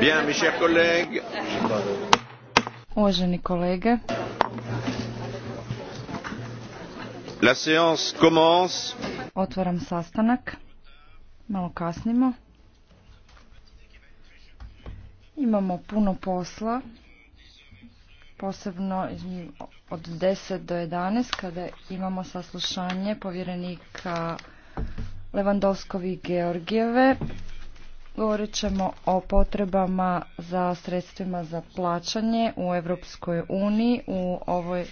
Bien, mes chers collègues. Uvaženi kolege. La séance commence. Otvaram sastanak. Malo kasnimo. Imamo puno posla posebno od 10 do 11 kada imamo saslušanje povjerenika Levandovskovi i Georgijeve. Govorit ćemo o potrebama za sredstvima za plaćanje u Europskoj uniji u ovoj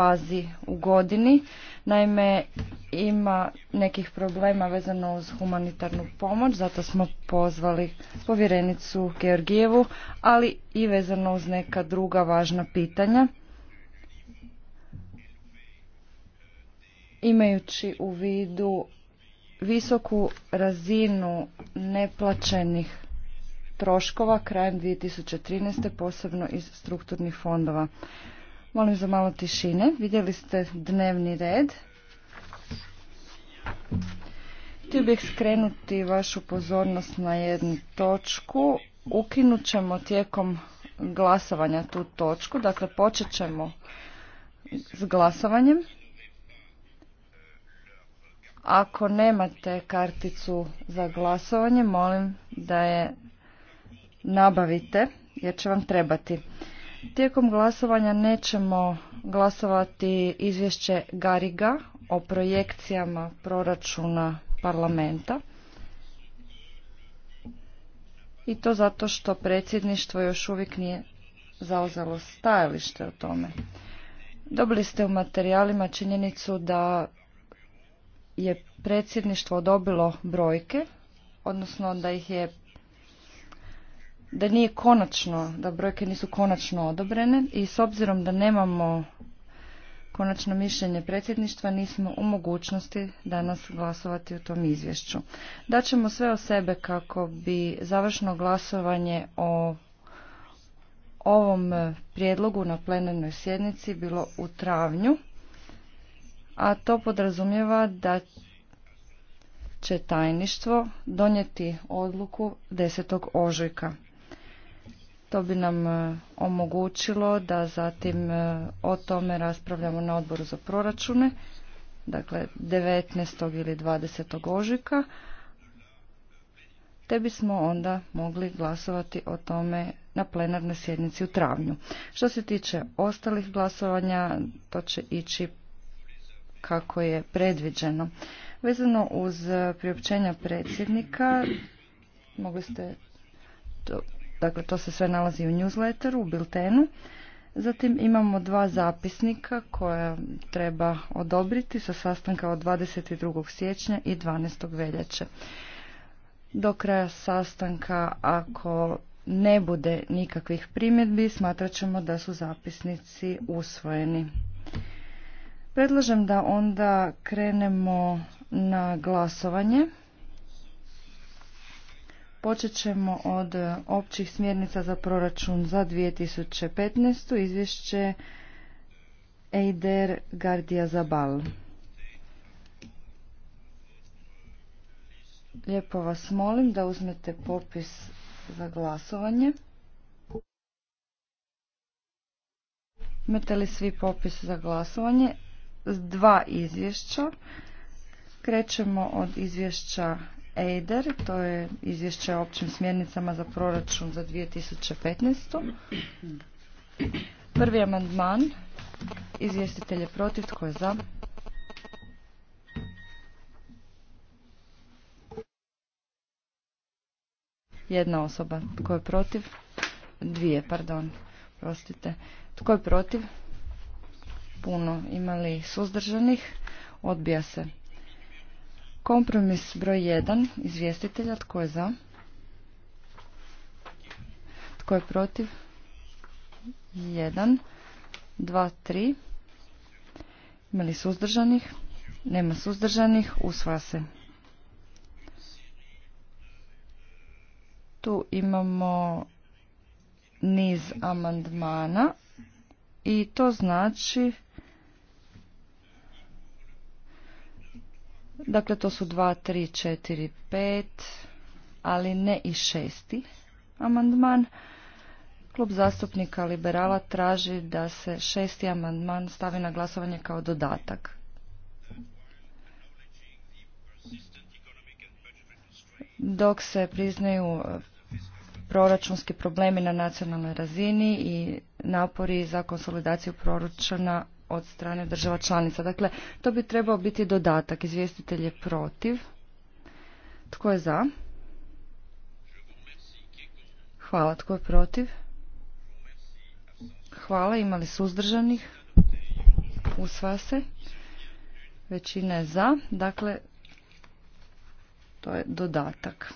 fazi u godini. Naime, ima nekih problema vezano uz humanitarnu pomoć, zato smo pozvali povjerenicu Georgijevu, ali i vezano uz neka druga važna pitanja. Imajući u vidu visoku razinu neplaćenih troškova krajem 2013. posebno iz strukturnih fondova. Molim za malo tišine. Vidjeli ste dnevni red. Htio bih skrenuti vašu pozornost na jednu točku. Ukinut ćemo tijekom glasovanja tu točku. Dakle, počet ćemo s glasovanjem. Ako nemate karticu za glasovanje, molim da je nabavite jer će vam trebati. Tijekom glasovanja nećemo glasovati izvješće Gariga o projekcijama proračuna parlamenta. I to zato što predsjedništvo još uvijek nije zauzelo stajalište o tome. Dobili ste u materijalima činjenicu da je predsjedništvo dobilo brojke, odnosno da ih je da nije konačno, da brojke nisu konačno odobrene i s obzirom da nemamo konačno mišljenje predsjedništva nismo u mogućnosti danas glasovati u tom izvješću. Daćemo sve o sebe kako bi završno glasovanje o ovom prijedlogu na plenarnoj sjednici bilo u travnju, a to podrazumijeva da će tajništvo donijeti odluku 10. ožujka. To bi nam e, omogućilo da zatim e, o tome raspravljamo na odboru za proračune, dakle 19. ili 20. ožujka, te bismo onda mogli glasovati o tome na plenarnoj sjednici u travnju. Što se tiče ostalih glasovanja, to će ići kako je predviđeno. Vezano uz e, priopćenja predsjednika, mogli ste Dakle, to se sve nalazi u newsletteru, u biltenu. Zatim imamo dva zapisnika koja treba odobriti sa sastanka od 22. siječnja i 12. veljače. Do kraja sastanka, ako ne bude nikakvih primjedbi, smatrat ćemo da su zapisnici usvojeni. Predlažem da onda krenemo na glasovanje. Počet ćemo od e, općih smjernica za proračun za 2015. Izvješće Eider Gardija Zabal. Lijepo vas molim da uzmete popis za glasovanje. Imate li svi popis za glasovanje? Dva izvješća. Krećemo od izvješća EIDER, to je izvješće o općim smjernicama za proračun za 2015. Prvi amandman, izvjestitelj je protiv, tko je za? Jedna osoba, tko je protiv? Dvije, pardon, prostite. Tko je protiv? Puno, imali suzdržanih? Odbija se. Kompromis broj 1 izvjestitelja. Tko je za? Tko je protiv? 1, 2, 3. Ima li suzdržanih? Nema suzdržanih. Usva se. Tu imamo niz amandmana i to znači Dakle, to su 2, 3, 4, 5, ali ne i šesti amandman. Klub zastupnika liberala traži da se šesti amandman stavi na glasovanje kao dodatak. Dok se priznaju e, proračunski problemi na nacionalnoj razini i napori za konsolidaciju proračuna od strane država članica. Dakle, to bi trebao biti dodatak. Izvjestitelj je protiv. Tko je za? Hvala. Tko je protiv? Hvala. Imali suzdržanih? Usva se. Većina je za. Dakle, to je dodatak.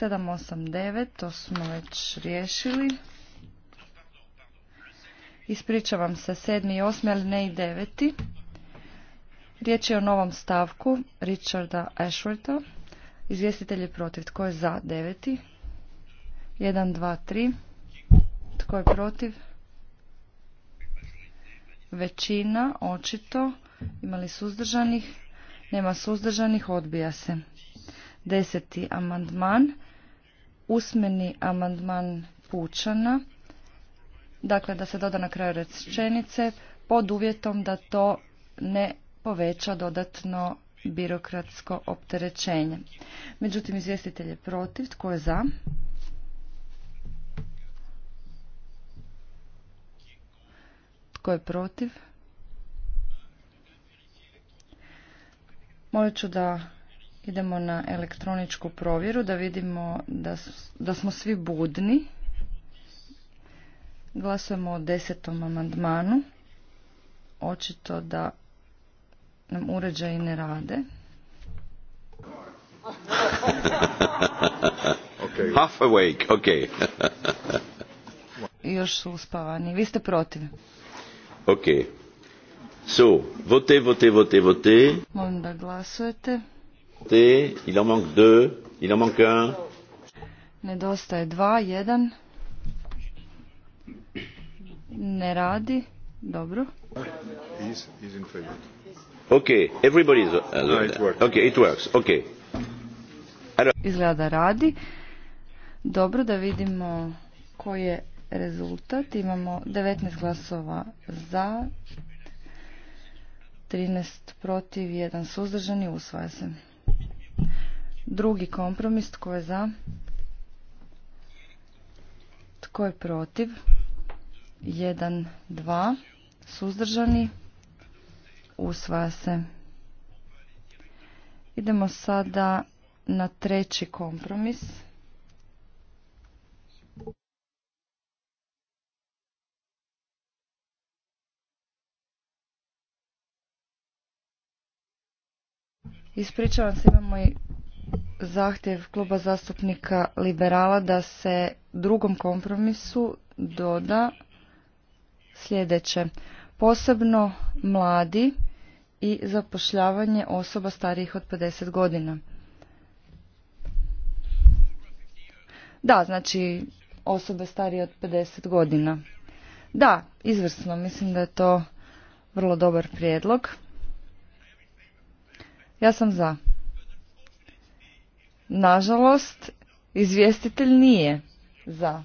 7, 8, 9, to smo već riješili. Ispričavam se, sedmi i osmi, ali ne i deveti. Riječ je o novom stavku Richarda Ashwortha. Izvjestitelj je protiv. Tko je za deveti? Jedan, dva, tri. Tko je protiv? Većina, očito. Imali suzdržanih? Nema suzdržanih, odbija se. Deseti amandman. Usmeni amandman Pučana dakle da se doda na kraju rečenice pod uvjetom da to ne poveća dodatno birokratsko opterećenje. Međutim, izvjestitelj je protiv. Tko je za? Tko je protiv? Molit ću da idemo na elektroničku provjeru, da vidimo da, da smo svi budni. Glasujemo o desetom amandmanu. Očito da nam uređaji ne rade. okay. Half awake, okay. Još su uspavani. Vi ste protiv. Ok. So, vote, vote, vote, vote. Molim da glasujete. Vote, il en manque deux, il en manque un. Nedostaje dva, jedan. Ne radi. Dobro. Okay, everybody's uh, okay, it works. Okay. Izgleda radi. Dobro da vidimo koji je rezultat. Imamo 19 glasova za, 13 protiv, 1 suzdržan i usvaja se. Drugi kompromis, tko je za? tko je protiv, Tko je protiv? 1, 2, suzdržani, usvaja se. Idemo sada na treći kompromis. Ispričavam se, imamo i zahtjev kluba zastupnika liberala da se drugom kompromisu doda sljedeće. Posebno mladi i zapošljavanje osoba starijih od 50 godina. Da, znači osobe starije od 50 godina. Da, izvrsno, mislim da je to vrlo dobar prijedlog. Ja sam za. Nažalost, izvjestitelj nije za.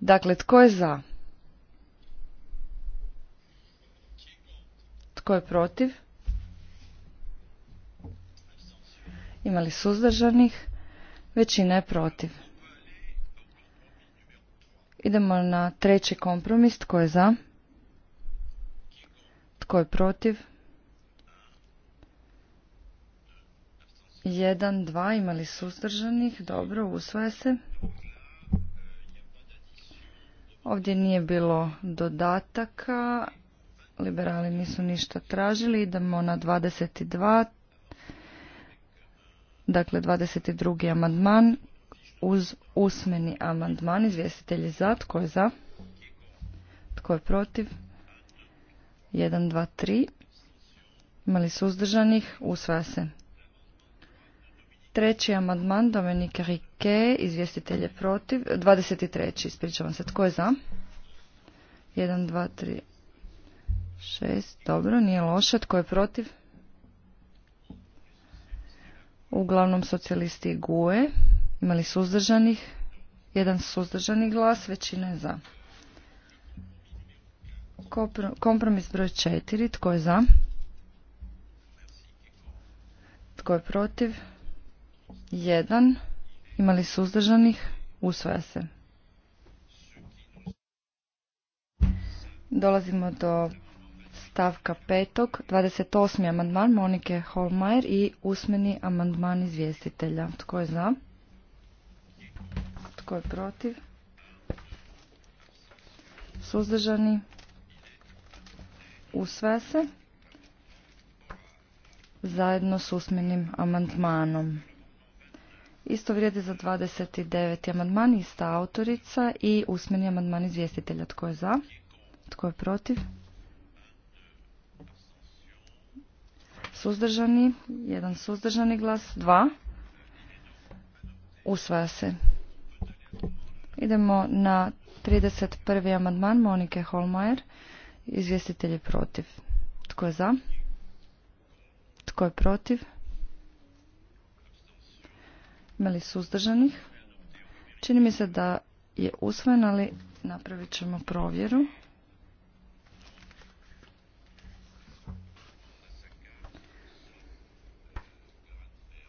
Dakle, tko je za? Tko je protiv? Imali suzdržanih? Većina je protiv. Idemo na treći kompromis. Tko je za? Tko je protiv? Jedan, dva. Imali suzdržanih? Dobro, usvaje se. Ovdje nije bilo dodataka. Liberali nisu ništa tražili. Idemo na 22. Dakle, 22. amandman uz usmeni amandman. Izvjestitelj je za. Tko je za? Tko je protiv? 1, 2, 3. Imali su suzdržanih? Usvaja se. Treći amandman, Dominik Rike, izvjestitelj je protiv. 23. ispričavam se. Tko je za? 1, 2, 3, 6. Dobro, nije loše. Tko je protiv? Uglavnom socijalisti guje. Imali suzdržanih. Jedan suzdržani glas, većina je za. Kompromis broj 4. Tko je za? Tko je protiv? 1. Imali suzdržanih? Usvaja se. Dolazimo do stavka petog, 28. amandman Monike Holmeier i usmeni amandman izvjestitelja. Tko je za? Tko je protiv? Suzdržani? Usvaja se. Zajedno s usmenim amandmanom. Isto vrijedi za 29. amandman, ista autorica i usmeni amandman izvjestitelja. Tko je za? Tko je protiv? Suzdržani, jedan suzdržani glas, dva. Usvaja se. Idemo na 31. amandman Monike Holmajer. Izvjestitelj je protiv. Tko je za? Tko je protiv? Imali suzdržanih? Čini mi se da je usvojen, ali napravit ćemo provjeru.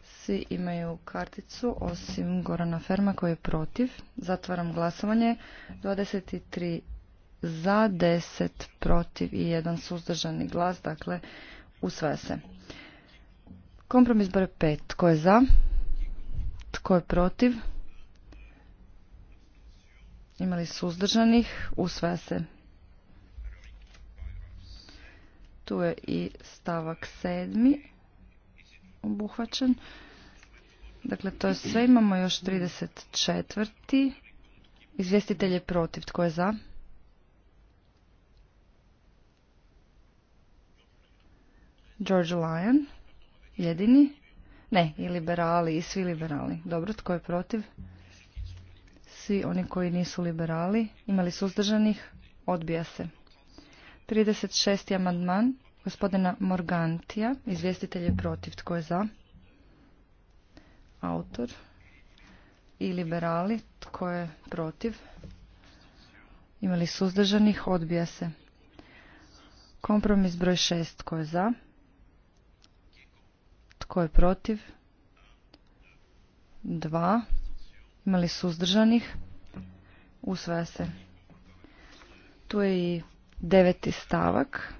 Svi imaju karticu, osim Gorana Ferma koji je protiv. Zatvaram glasovanje. 23 za, 10 protiv i jedan suzdržani glas, dakle usvaja se. Kompromis broj 5. Tko je za? Tko je protiv? Imali suzdržanih? Usvaja se. Tu je i stavak sedmi obuhvaćen. Dakle, to je sve. Imamo još 34. Izvjestitelj je protiv. Tko je za? George Lyon. Jedini. Ne, i liberali, i svi liberali. Dobro, tko je protiv? Svi oni koji nisu liberali. Imali suzdržanih? Odbija se. 36. amandman gospodina Morgantija. Izvjestitelj je protiv. Tko je za? Autor. I liberali. Tko je protiv? Imali suzdržanih? Odbija se. Kompromis broj 6. Tko je za? Tko je protiv? Dva. Imali suzdržanih? Usvaja se. Tu je i deveti stavak.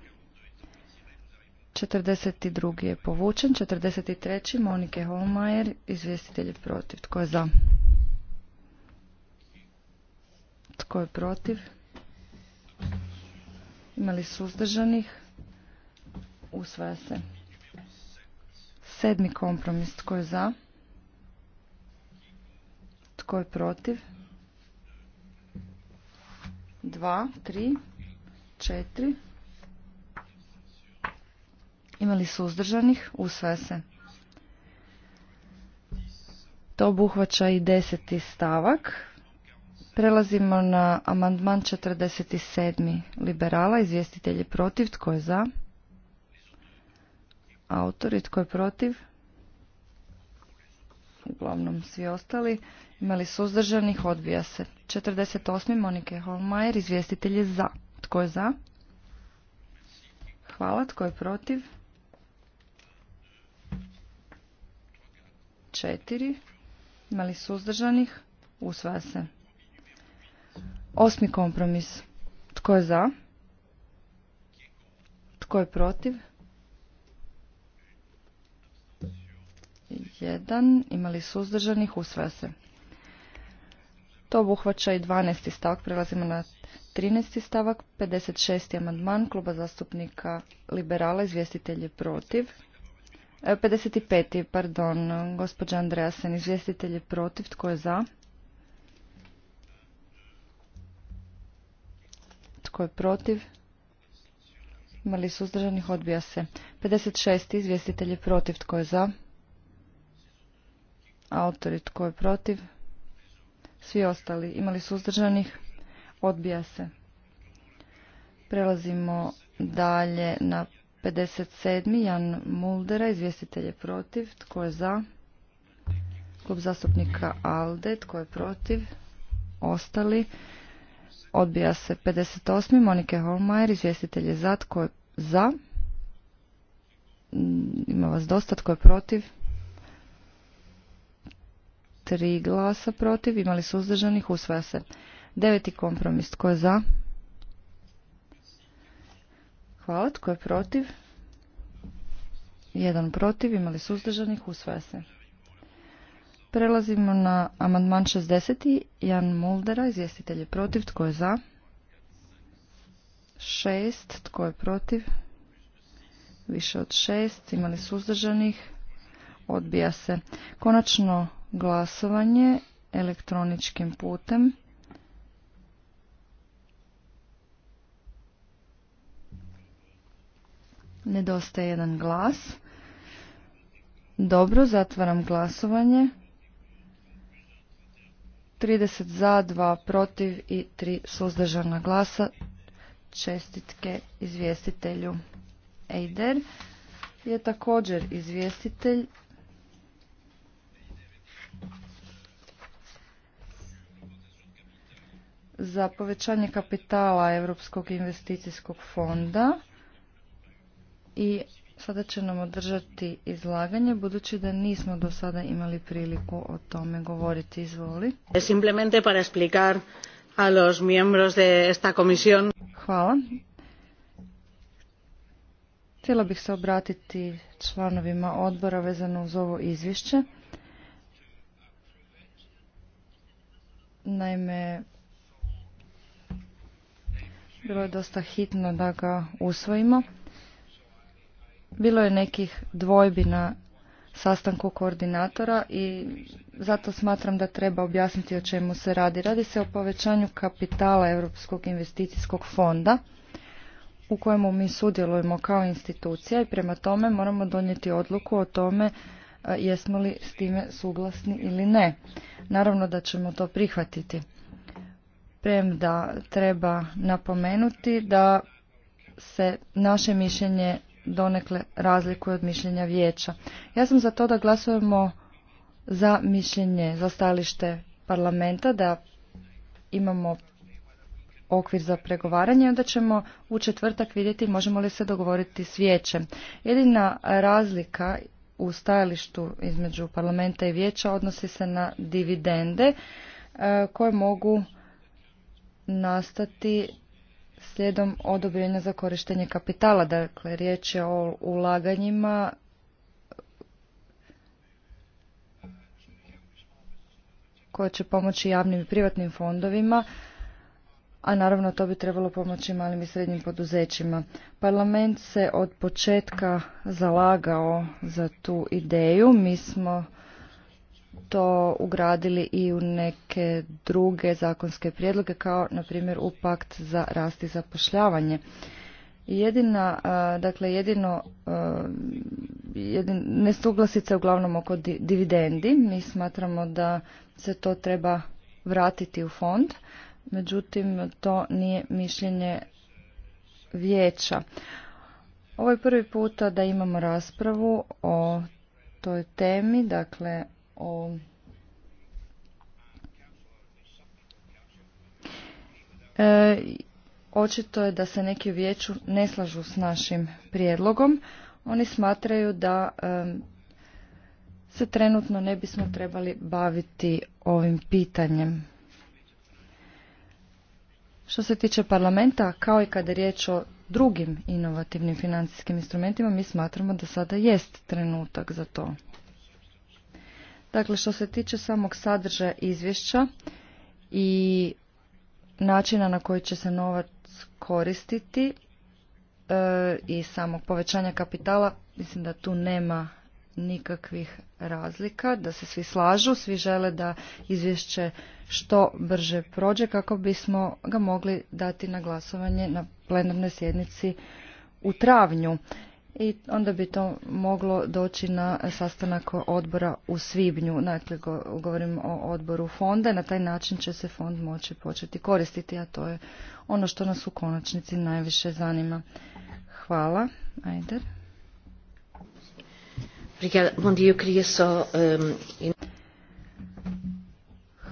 42. je povučen. 43. Monike Holmajer, izvjestitelj je protiv. Tko je za? Tko je protiv? Imali suzdržanih? Usvaja se. Sedmi kompromis. Tko je za? Tko je protiv? Dva, tri, četiri. Imali suzdržanih? Usvaja se. To obuhvaća i deseti stavak. Prelazimo na amandman 47. liberala. Izvjestitelj je protiv. Tko je za? autori, tko je protiv? Uglavnom svi ostali. Imali suzdržanih, odbija se. 48. Monike Holmajer, izvjestitelj je za. Tko je za? Hvala, tko je protiv? Četiri. Imali suzdržanih? Usvaja se. Osmi kompromis. Tko je za? Tko je protiv? 1. Imali suzdržanih? Usvaja se. To obuhvaća i 12. stavak. Prelazimo na 13. stavak. 56. amandman kluba zastupnika liberala. Izvjestitelj je protiv. 55. E, pardon. Gospođa Andreasen. Izvjestitelj je protiv. Tko je za? Tko je protiv? Imali suzdržanih? Odbija se. 56. Izvjestitelj je protiv. Tko je za? autori tko je protiv, svi ostali imali suzdržanih, odbija se. Prelazimo dalje na 57. Jan Muldera, izvjestitelj je protiv, tko je za, klub zastupnika ALDE, tko je protiv, ostali, odbija se 58. Monike Holmajer, izvjestitelj je za, tko je za, ima vas dosta, tko je protiv, Tri glasa protiv, imali suzdržanih, usvaja se. Deveti kompromis, tko je za? Hvala, tko je protiv? Jedan protiv, imali suzdržanih, usvaja se. Prelazimo na amandman 60. Jan Muldera, izvjestitelj je protiv, tko je za? Šest, tko je protiv? Više od šest, imali suzdržanih, odbija se. Konačno glasovanje elektroničkim putem. Nedostaje jedan glas. Dobro, zatvaram glasovanje. 30 za, 2 protiv i 3 suzdržana glasa. Čestitke izvjestitelju Eider je također izvjestitelj za povećanje kapitala Europskog investicijskog fonda i sada će nam održati izlaganje budući da nismo do sada imali priliku o tome govoriti. Izvoli. Simplemente para explicar a los miembros de esta Hvala. Htjela bih se obratiti članovima odbora vezano uz ovo izvješće. Naime, bilo je dosta hitno da ga usvojimo. Bilo je nekih dvojbi na sastanku koordinatora i zato smatram da treba objasniti o čemu se radi. Radi se o povećanju kapitala Europskog investicijskog fonda u kojemu mi sudjelujemo kao institucija i prema tome moramo donijeti odluku o tome e, jesmo li s time suglasni ili ne. Naravno da ćemo to prihvatiti premda treba napomenuti da se naše mišljenje donekle razlikuje od mišljenja vijeća. Ja sam za to da glasujemo za mišljenje, za stajalište parlamenta, da imamo okvir za pregovaranje, onda ćemo u četvrtak vidjeti možemo li se dogovoriti s vijećem. Jedina razlika u stajalištu između parlamenta i vijeća odnosi se na dividende e, koje mogu nastati slijedom odobrenja za korištenje kapitala. Dakle, riječ je o ulaganjima koja će pomoći javnim i privatnim fondovima, a naravno to bi trebalo pomoći malim i srednjim poduzećima. Parlament se od početka zalagao za tu ideju. Mi smo to ugradili i u neke druge zakonske prijedloge kao na primjer u pakt za rast i zapošljavanje. Jedina, dakle jedino jedin, nesuglasica uglavnom oko dividendi. Mi smatramo da se to treba vratiti u fond, međutim to nije mišljenje vijeća. Ovo je prvi puta da imamo raspravu o toj temi, dakle E, očito je da se neki u vijeću ne slažu s našim prijedlogom oni smatraju da e, se trenutno ne bismo trebali baviti ovim pitanjem što se tiče parlamenta kao i kada je riječ o drugim inovativnim financijskim instrumentima mi smatramo da sada jest trenutak za to Dakle, što se tiče samog sadržaja izvješća i načina na koji će se novac koristiti e, i samog povećanja kapitala, mislim da tu nema nikakvih razlika, da se svi slažu, svi žele da izvješće što brže prođe kako bismo ga mogli dati na glasovanje na plenarnoj sjednici u travnju i onda bi to moglo doći na sastanak odbora u svibnju. Dakle, govorim o odboru fonda. Na taj način će se fond moći početi koristiti, a to je ono što nas u konačnici najviše zanima. Hvala. Ajder. Ehm,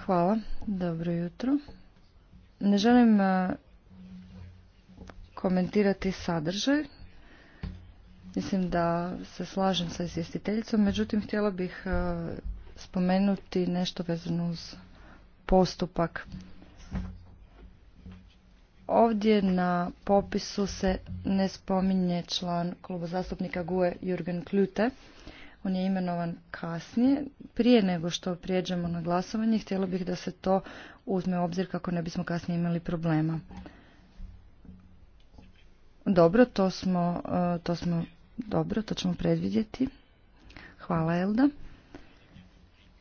Hvala. Dobro jutro. Ne želim eh, komentirati sadržaj Mislim da se slažem sa izvjestiteljicom, međutim htjela bih e, spomenuti nešto vezano uz postupak. Ovdje na popisu se ne spominje član kluba zastupnika GUE Jürgen Klute. On je imenovan kasnije. Prije nego što prijeđemo na glasovanje, htjela bih da se to uzme u obzir kako ne bismo kasnije imali problema. Dobro, to smo, e, to smo dobro, to ćemo predvidjeti. Hvala Elda.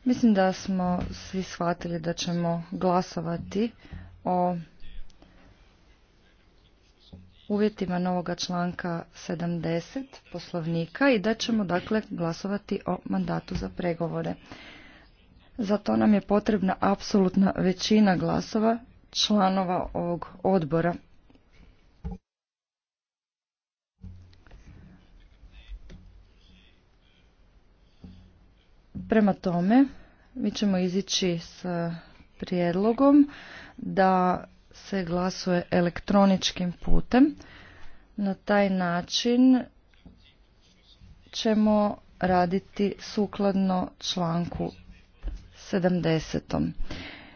Mislim da smo svi shvatili da ćemo glasovati o uvjetima novoga članka 70 poslovnika i da ćemo dakle glasovati o mandatu za pregovore. Za to nam je potrebna apsolutna većina glasova članova ovog odbora. Prema tome, mi ćemo izići s prijedlogom da se glasuje elektroničkim putem. Na taj način ćemo raditi sukladno članku 70.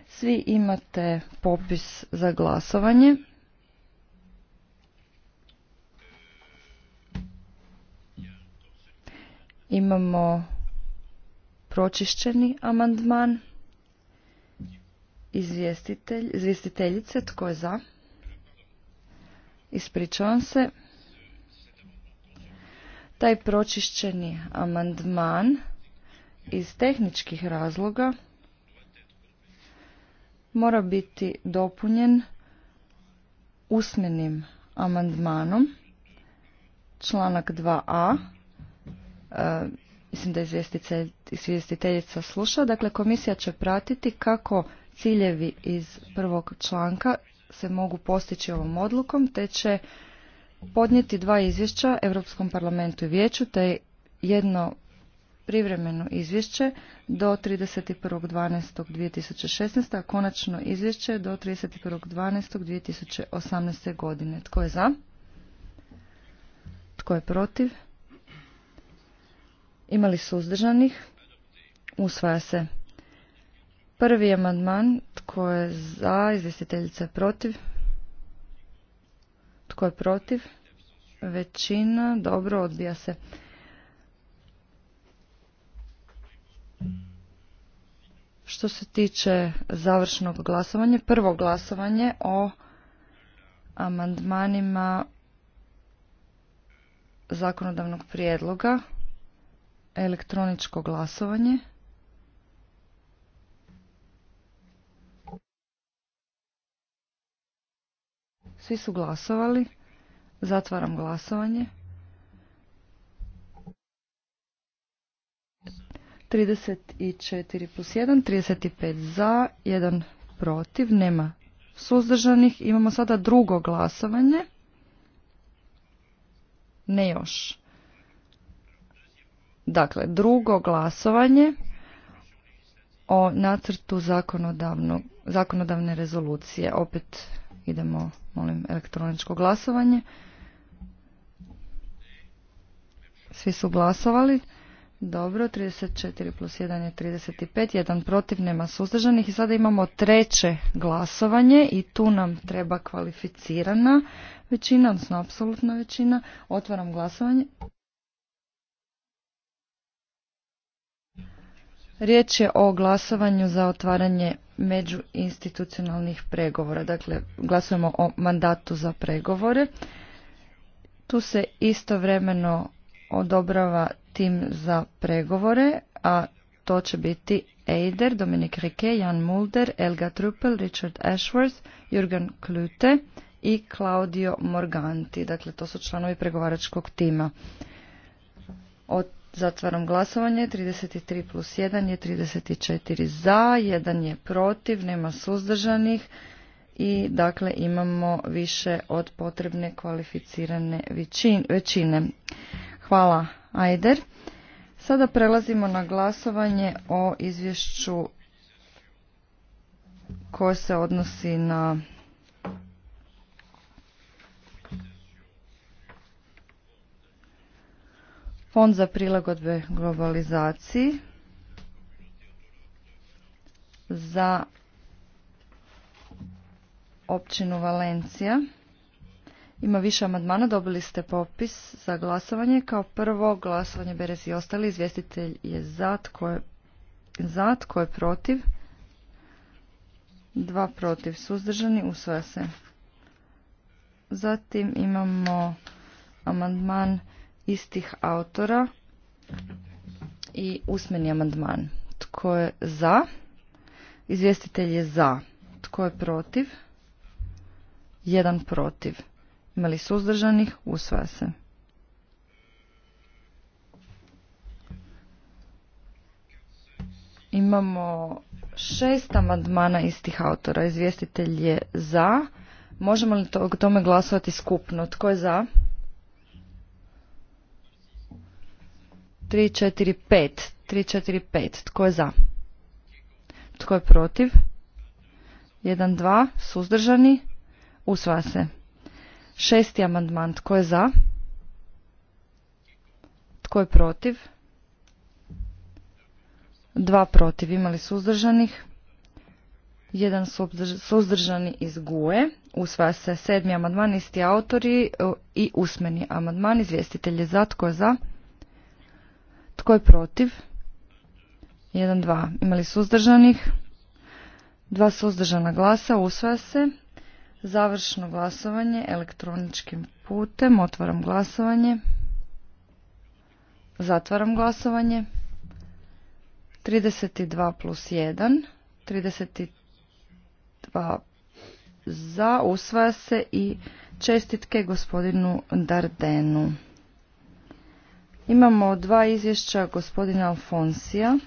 Svi imate popis za glasovanje. Imamo pročišćeni amandman izvjestitelj, izvjestiteljice tko je za ispričavam se taj pročišćeni amandman iz tehničkih razloga mora biti dopunjen usmenim amandmanom članak 2a mislim da je izvjestiteljica sluša, dakle komisija će pratiti kako ciljevi iz prvog članka se mogu postići ovom odlukom, te će podnijeti dva izvješća Europskom parlamentu i vijeću, te jedno privremeno izvješće do 31.12.2016, a konačno izvješće do 31.12.2018. godine. Tko je za? Tko je protiv? Imali suzdržanih? Usvaja se. Prvi amandman. Tko je za? Izvjestiteljica je protiv. Tko je protiv? Većina. Dobro, odbija se. Što se tiče završnog glasovanja, prvo glasovanje o amandmanima zakonodavnog prijedloga elektroničko glasovanje. Svi su glasovali. Zatvaram glasovanje. 34 plus 1, 35 za, 1 protiv, nema suzdržanih. Imamo sada drugo glasovanje. Ne još. Dakle, drugo glasovanje o nacrtu zakonodavne rezolucije. Opet idemo, molim, elektroničko glasovanje. Svi su glasovali. Dobro, 34 plus 1 je 35, jedan protiv, nema suzdržanih i sada imamo treće glasovanje i tu nam treba kvalificirana većina, odnosno apsolutna većina. Otvaram glasovanje. Riječ je o glasovanju za otvaranje međuinstitucionalnih pregovora. Dakle, glasujemo o mandatu za pregovore. Tu se istovremeno odobrava tim za pregovore, a to će biti Eider, Dominik Rike, Jan Mulder, Elga Truppel, Richard Ashworth, Jürgen Klute i Claudio Morganti. Dakle, to su članovi pregovaračkog tima. Od Zatvaram glasovanje. 33 plus 1 je 34 za, 1 je protiv, nema suzdržanih i dakle imamo više od potrebne kvalificirane većine. Hvala Ajder. Sada prelazimo na glasovanje o izvješću koje se odnosi na Fond za prilagodbe globalizaciji za općinu Valencija. Ima više amandmana, dobili ste popis za glasovanje. Kao prvo glasovanje Berez i ostali, izvjestitelj je za, tko je, za, tko je protiv. Dva protiv suzdržani, usvaja se. Zatim imamo amandman istih autora i usmeni amandman. Tko je za? Izvjestitelj je za. Tko je protiv? Jedan protiv. Imali suzdržanih? Usvaja se. Imamo šest amandmana istih autora. Izvjestitelj je za. Možemo li o tome glasovati skupno? Tko je za? 3, 4, 5, Tko je za? Tko je protiv? 1, 2. Suzdržani? Usvaja se. Šesti amandman. Tko je za? Tko je protiv? Dva protiv. Imali suzdržanih? Jedan suzdržani iz GUE. Usvaja se sedmi amandman, isti autori e, i usmeni amandman. Izvjestitelj je za. Tko je za? Tko je protiv? 1, 2. Imali suzdržanih? Dva suzdržana glasa. Usvaja se. Završno glasovanje elektroničkim putem. Otvaram glasovanje. Zatvaram glasovanje. 32 plus 1. 32 za. Usvaja se i čestitke gospodinu Dardenu. Imamo dva izvješća gospodina Alfonsija.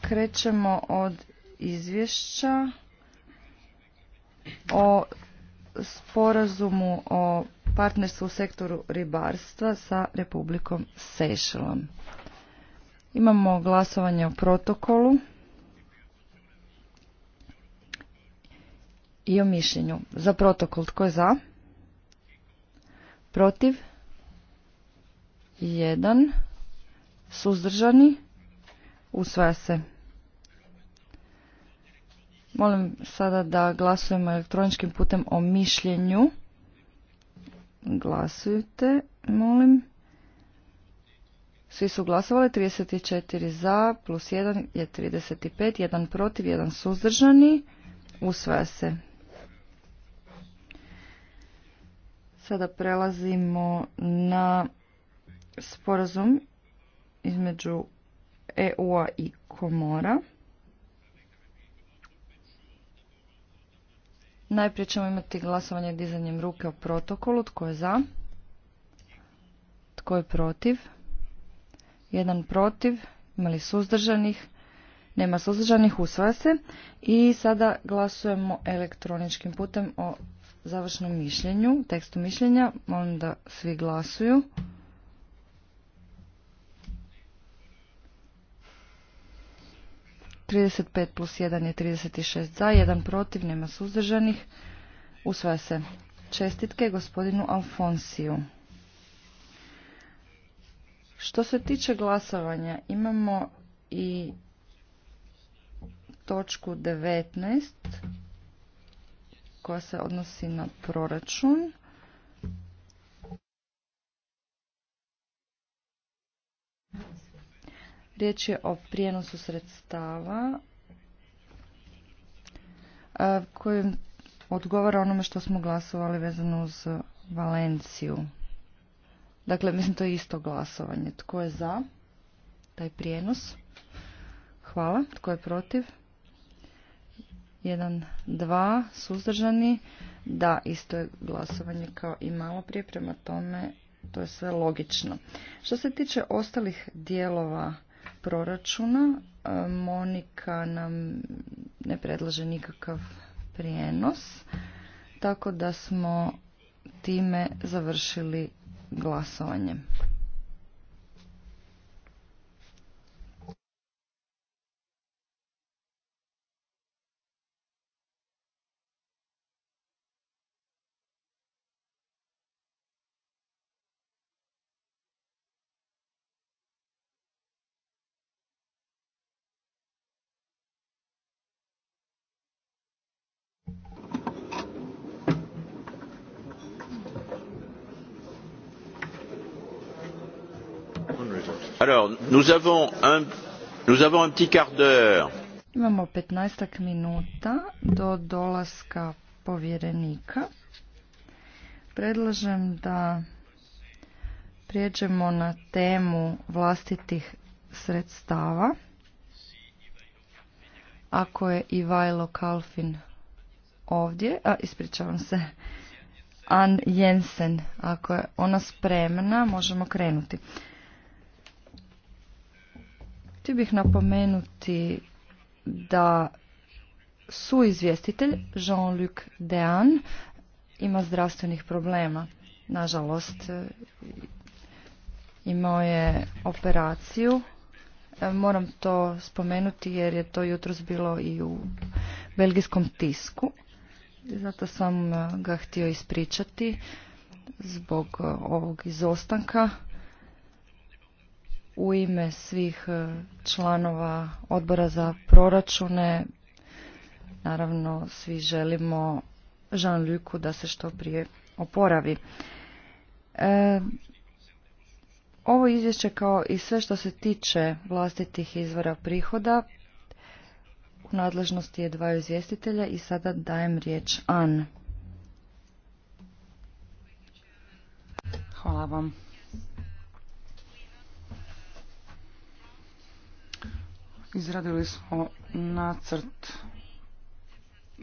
Krećemo od izvješća o sporazumu o partnerstvu u sektoru ribarstva sa Republikom Sešelom. Imamo glasovanje o protokolu i o mišljenju. Za protokol tko je za? Protiv? 1 suzdržani usvaja se Molim sada da glasujemo elektroničkim putem o mišljenju. Glasujte, molim. Svi su glasovali, 34 za, plus 1 je 35, 1 protiv, 1 suzdržani. Usvaja se. Sada prelazimo na sporazum između EU-a i Komora. Najprije ćemo imati glasovanje dizanjem ruke o protokolu. Tko je za? Tko je protiv? Jedan protiv. Imali suzdržanih? Nema suzdržanih. Usvaja se. I sada glasujemo elektroničkim putem o završnom mišljenju, tekstu mišljenja. Molim da svi glasuju. 35 plus 1 je 36 za, 1 protiv, nema suzdržanih. Usvaja se čestitke gospodinu Alfonsiju. Što se tiče glasovanja, imamo i točku 19 koja se odnosi na proračun. Riječ je o prijenosu sredstava koji odgovara onome što smo glasovali vezano uz Valenciju. Dakle, mislim to je isto glasovanje. Tko je za taj prijenos? Hvala. Tko je protiv? Jedan, dva suzdržani. Da, isto je glasovanje kao i malo prije, prema tome to je sve logično. Što se tiče ostalih dijelova proračuna. E, Monika nam ne predlaže nikakav prijenos, tako da smo time završili glasovanje. Imamo 15 minuta do dolaska povjerenika. Predlažem da prijeđemo na temu vlastitih sredstava. Ako je Ivajlo Kalfin ovdje, a ispričavam se, An Jensen, ako je ona spremna, možemo krenuti. Htio bih napomenuti da su izvjestitelj Jean-Luc Dean ima zdravstvenih problema. Nažalost, imao je operaciju. E, moram to spomenuti jer je to jutros bilo i u belgijskom tisku. Zato sam ga htio ispričati zbog ovog izostanka u ime svih e, članova odbora za proračune. Naravno, svi želimo Jean-Lucu da se što prije oporavi. E, ovo izvješće kao i sve što se tiče vlastitih izvora prihoda u nadležnosti je dva izvjestitelja i sada dajem riječ An. Hvala vam. Izradili smo nacrt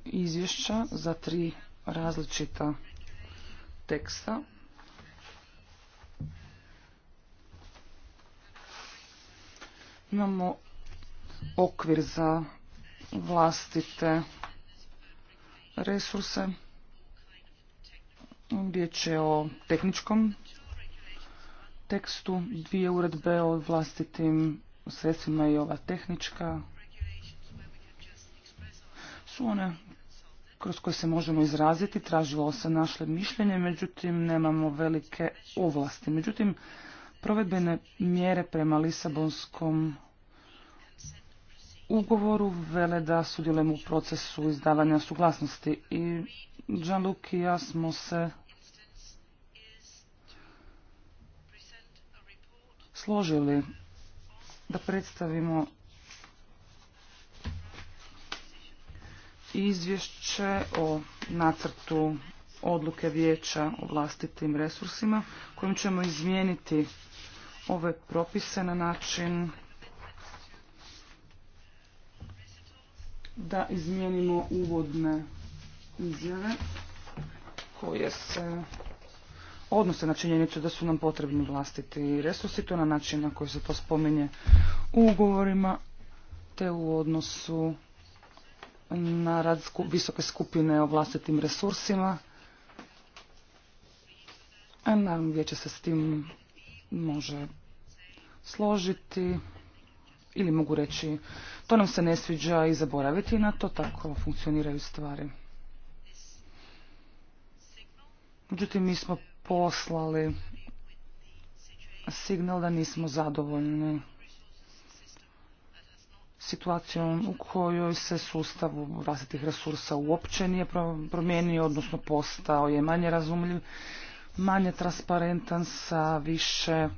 izvješća za tri različita teksta. Imamo okvir za vlastite resurse. Riječ je o tehničkom tekstu, dvije uredbe o vlastitim sredstvima i ova tehnička su one kroz koje se možemo izraziti. Tražilo se naše mišljenje, međutim nemamo velike ovlasti. Međutim, provedbene mjere prema Lisabonskom ugovoru vele da sudjelujemo u procesu izdavanja suglasnosti i Jean-Luc i ja smo se složili da predstavimo izvješće o nacrtu odluke vijeća o vlastitim resursima kojim ćemo izmijeniti ove propise na način da izmijenimo uvodne izjave koje se odnose na činjenicu da su nam potrebni vlastiti resursi, to na način na koji se to spominje u ugovorima, te u odnosu na rad visoke skupine o vlastitim resursima. A naravno vijeće se s tim može složiti ili mogu reći to nam se ne sviđa i zaboraviti na to, tako funkcioniraju stvari. Međutim, mi smo poslali signal da nismo zadovoljni situacijom u kojoj se sustav vlastitih resursa uopće nije promijenio, odnosno postao je manje razumljiv, manje transparentan sa više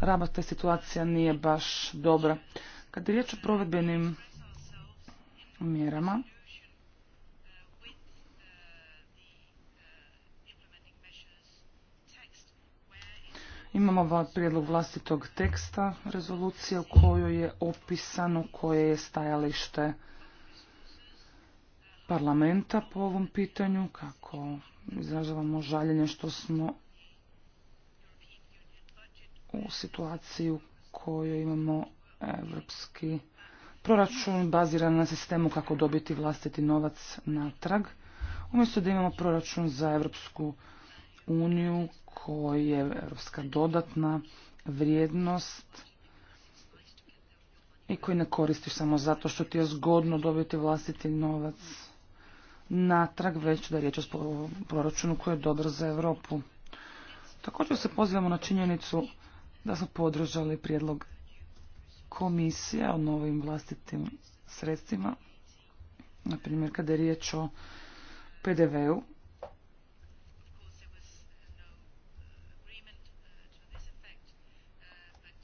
rabata situacija nije baš dobra. Kad je riječ o provedbenim mjerama, Imamo prijedlog vlastitog teksta rezolucije u kojoj je opisano koje je stajalište parlamenta po ovom pitanju, kako izražavamo žaljenje što smo u situaciji u kojoj imamo evropski proračun baziran na sistemu kako dobiti vlastiti novac natrag, umjesto da imamo proračun za evropsku uniju koji je europska dodatna vrijednost i koji ne koristiš samo zato što ti je zgodno dobiti vlastiti novac natrag, već da je riječ o proračunu koji je dobar za Europu. Također se pozivamo na činjenicu da smo podržali prijedlog komisije o novim vlastitim sredstvima, na primjer kada je riječ o PDV-u,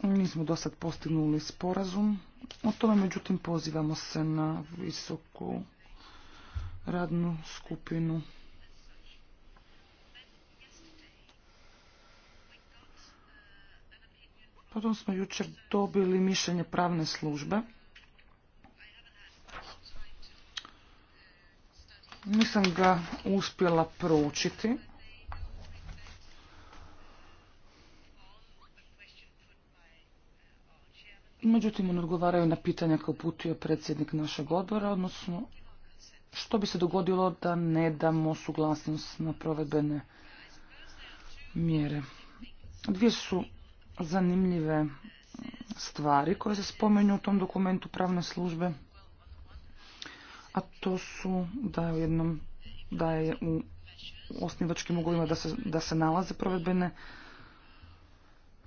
Nismo do sad postignuli sporazum. O tome međutim pozivamo se na visoku radnu skupinu. Potom smo jučer dobili mišljenje pravne službe. Nisam ga uspjela proučiti. Međutim, on odgovaraju na pitanja kao putio predsjednik našeg odbora, odnosno što bi se dogodilo da ne damo suglasnost na provedbene mjere. Dvije su zanimljive stvari koje se spomenju u tom dokumentu pravne službe, a to su da je u jednom da je u osnivačkim ugovima da se, da se nalaze provedbene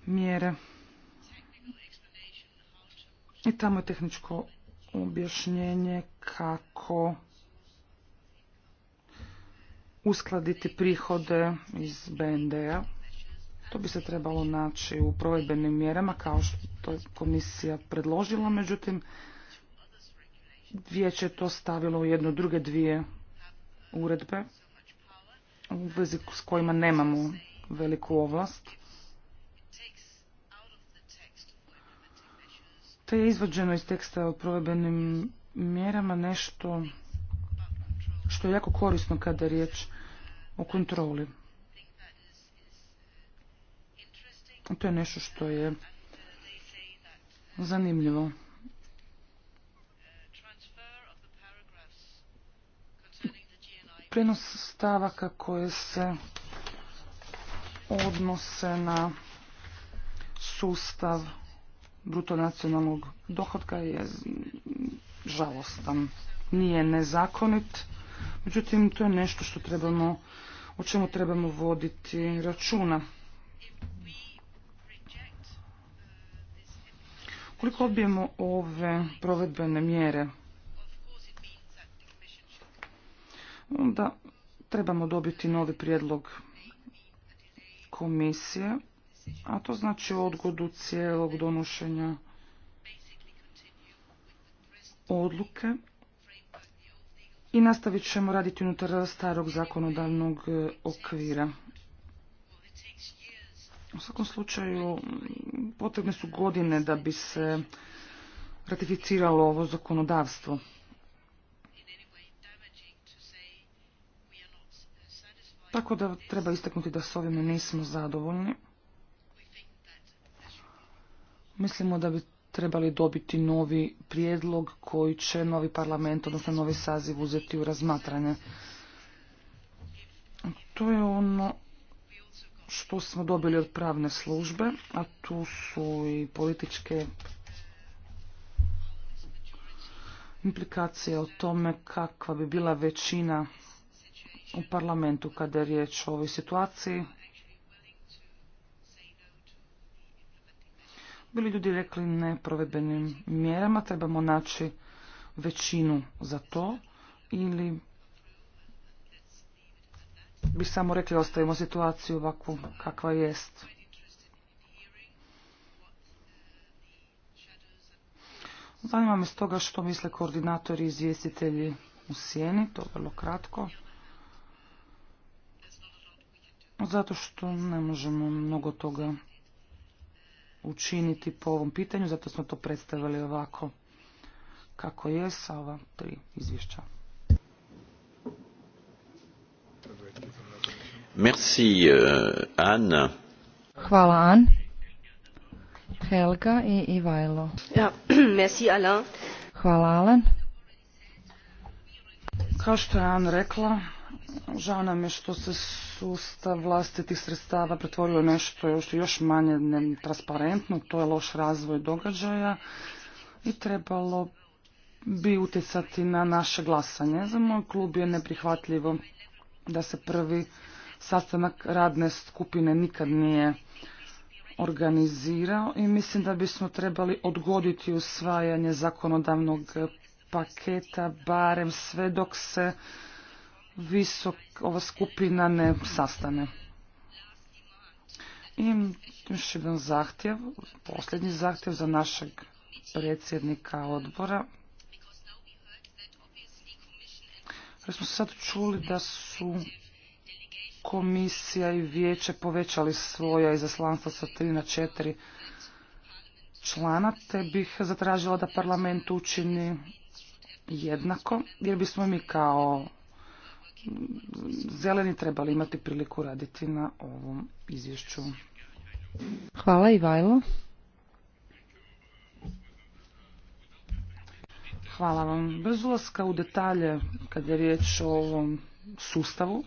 mjere. I tamo je tehničko objašnjenje kako uskladiti prihode iz BND-a. To bi se trebalo naći u provedbenim mjerama kao što je komisija predložila, međutim vijeće je to stavilo u jedno druge dvije uredbe u vezi s kojima nemamo veliku ovlast. To je izvođeno iz teksta o provedbenim mjerama nešto što je jako korisno kada je riječ o kontroli. To je nešto što je zanimljivo. Prenos stavaka koje se odnose na sustav bruto nacionalnog dohodka je žalostan. Nije nezakonit, međutim to je nešto što trebamo, o čemu trebamo voditi računa. Koliko odbijemo ove provedbene mjere, onda trebamo dobiti novi prijedlog komisije a to znači odgodu cijelog donošenja odluke i nastavit ćemo raditi unutar starog zakonodavnog e, okvira. U svakom slučaju potrebne su godine da bi se ratificiralo ovo zakonodavstvo. Tako da treba istaknuti da s ovime nismo zadovoljni. Mislimo da bi trebali dobiti novi prijedlog koji će novi parlament, odnosno novi saziv uzeti u razmatranje. To je ono što smo dobili od pravne službe, a tu su i političke implikacije o tome kakva bi bila većina u parlamentu kada je riječ o ovoj situaciji. bili ljudi rekli provedbenim mjerama, trebamo naći većinu za to ili bi samo rekli ostavimo situaciju ovakvu kakva jest. Zanima me stoga što misle koordinatori i izvjestitelji u sjeni, to vrlo kratko. Zato što ne možemo mnogo toga učiniti po ovom pitanju, zato smo to predstavili ovako kako je sa ova tri izvješća. Merci, uh, Anna. Hvala, Anne. Helga i Ivajlo. Ja, merci, Alain. Hvala, Alain. Kao što je Anne rekla, Žao nam je što se sustav vlastitih sredstava pretvorio nešto još, još manje transparentno, to je loš razvoj događaja i trebalo bi utjecati na naše glasanje. Za moj klub je neprihvatljivo da se prvi sastanak radne skupine nikad nije organizirao i mislim da bismo trebali odgoditi usvajanje zakonodavnog paketa barem sve dok se visok, ova skupina ne sastane. I još jedan zahtjev, posljednji zahtjev za našeg predsjednika odbora. Jer smo sad čuli da su komisija i vijeće povećali svoja izaslanstva sa 3 na 4 člana, te bih zatražila da parlament učini jednako, jer bismo mi kao zeleni trebali imati priliku raditi na ovom izvješću. Hvala i Vajlo. Hvala vam. Bez ulaska u detalje kad je riječ o ovom sustavu,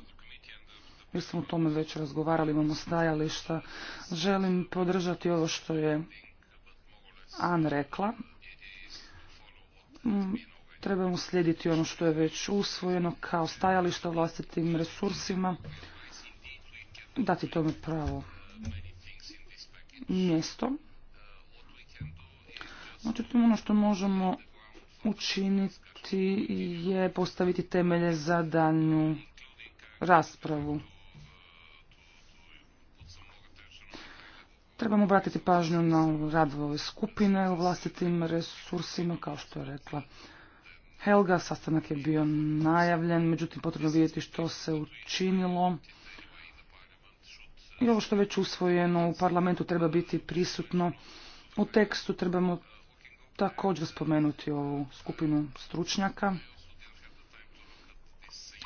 Mi smo o tome već razgovarali, imamo stajališta, želim podržati ovo što je An rekla. Trebamo slijediti ono što je već usvojeno kao stajalište o vlastitim resursima, dati tome pravo mjesto. Međutim, ono što možemo učiniti je postaviti temelje za danju raspravu. Trebamo obratiti pažnju na rad skupine o vlastitim resursima, kao što je rekla Helga. Sastanak je bio najavljen, međutim potrebno vidjeti što se učinilo. I ovo što je već usvojeno u parlamentu treba biti prisutno. U tekstu trebamo također spomenuti ovu skupinu stručnjaka.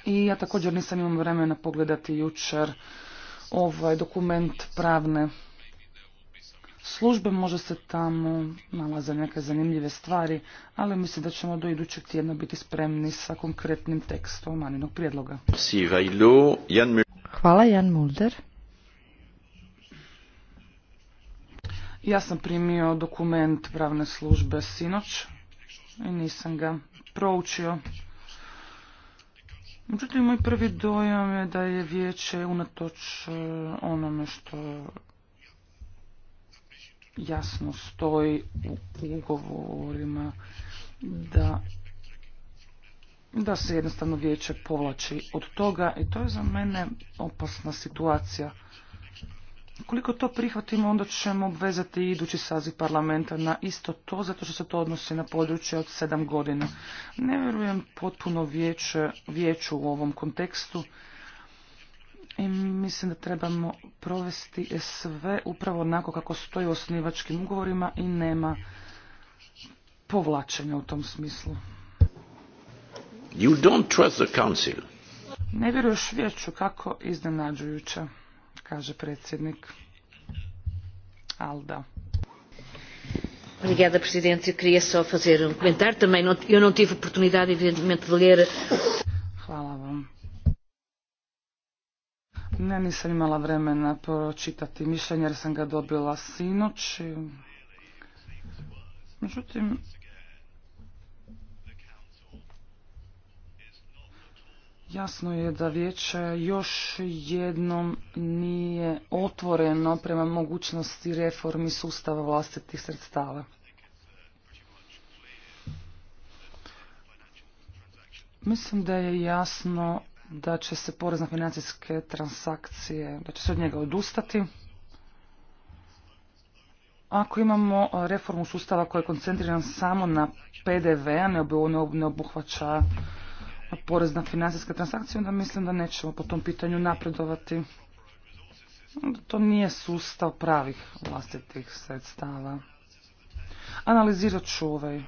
I ja također nisam imam vremena pogledati jučer ovaj dokument pravne službe, može se tamo nalaze neke zanimljive stvari, ali mislim da ćemo do idućeg tjedna biti spremni sa konkretnim tekstom Maninog prijedloga. Hvala Jan Mulder. Ja sam primio dokument pravne službe sinoć i nisam ga proučio. Međutim, moj prvi dojam je da je vijeće unatoč e, onome što jasno stoji u ugovorima da da se jednostavno vijeće povlači od toga i to je za mene opasna situacija. Koliko to prihvatimo, onda ćemo obvezati idući saziv parlamenta na isto to, zato što se to odnosi na područje od sedam godina. Ne vjerujem potpuno vijeće, vijeću u ovom kontekstu i mislim da trebamo provesti sve upravo onako kako stoji u osnivačkim ugovorima i nema povlačenja u tom smislu. You don't trust the council. Ne vjeruješ vijeću kako iznenađujuće, kaže predsjednik. Alda. Obrigada, Presidente. Eu queria só fazer um comentário. Também não, eu não tive oportunidade, evidentemente, de ler Ne, nisam imala vremena pročitati mišljenje jer sam ga dobila sinoć. Međutim, jasno je da vijeće još jednom nije otvoreno prema mogućnosti reformi sustava vlastitih sredstava. Mislim da je jasno da će se porez na financijske transakcije, da će se od njega odustati. Ako imamo reformu sustava koja je koncentriran samo na PDV, a ne obuhvaća porez na financijske transakcije, onda mislim da nećemo po tom pitanju napredovati. To nije sustav pravih vlastitih sredstava. Analizirat ću ovaj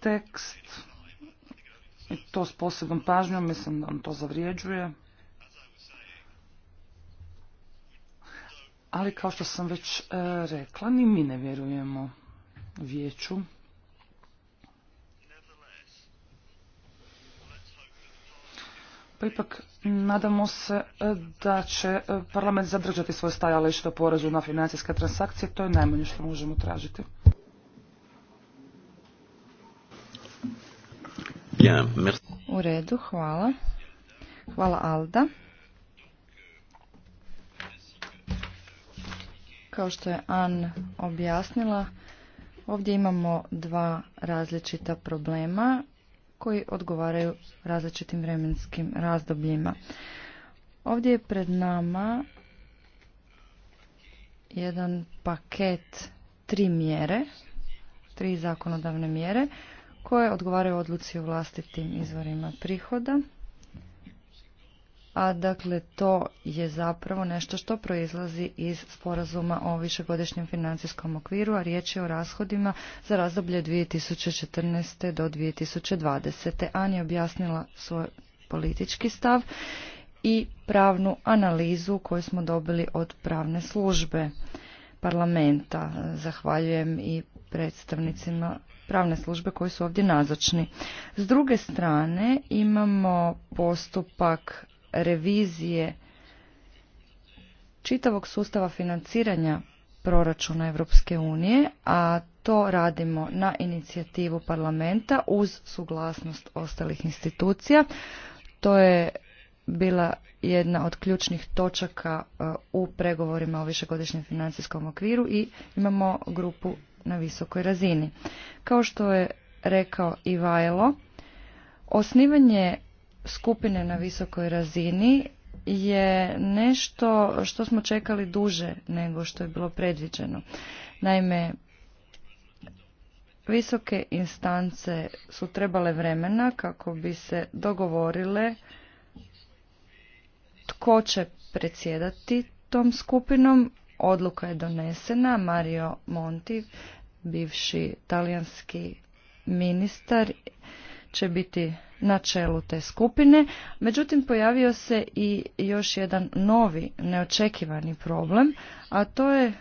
tekst i to s posebnom pažnjom, mislim da vam to zavrijeđuje. Ali kao što sam već e, rekla, ni mi ne vjerujemo vijeću. Pa ipak nadamo se e, da će e, parlament zadržati svoje stajalište o porezu na financijske transakcije. To je najmanje što možemo tražiti. U redu, hvala. Hvala Alda. Kao što je An objasnila, ovdje imamo dva različita problema koji odgovaraju različitim vremenskim razdobljima. Ovdje je pred nama jedan paket tri mjere, tri zakonodavne mjere koje odgovaraju odluci o vlastitim izvorima prihoda. A dakle, to je zapravo nešto što proizlazi iz sporazuma o višegodišnjem financijskom okviru, a riječ je o rashodima za razdoblje 2014. do 2020. Ani je objasnila svoj politički stav i pravnu analizu koju smo dobili od pravne službe parlamenta. Zahvaljujem i predstavnicima pravne službe koji su ovdje nazočni. S druge strane imamo postupak revizije čitavog sustava financiranja proračuna Europske unije, a to radimo na inicijativu parlamenta uz suglasnost ostalih institucija. To je bila jedna od ključnih točaka e, u pregovorima o višegodišnjem financijskom okviru i imamo grupu na visokoj razini. Kao što je rekao i Vajlo, osnivanje skupine na visokoj razini je nešto što smo čekali duže nego što je bilo predviđeno. Naime, visoke instance su trebale vremena kako bi se dogovorile tko će predsjedati tom skupinom. Odluka je donesena, Mario Monti bivši talijanski ministar će biti na čelu te skupine. Međutim, pojavio se i još jedan novi neočekivani problem, a to je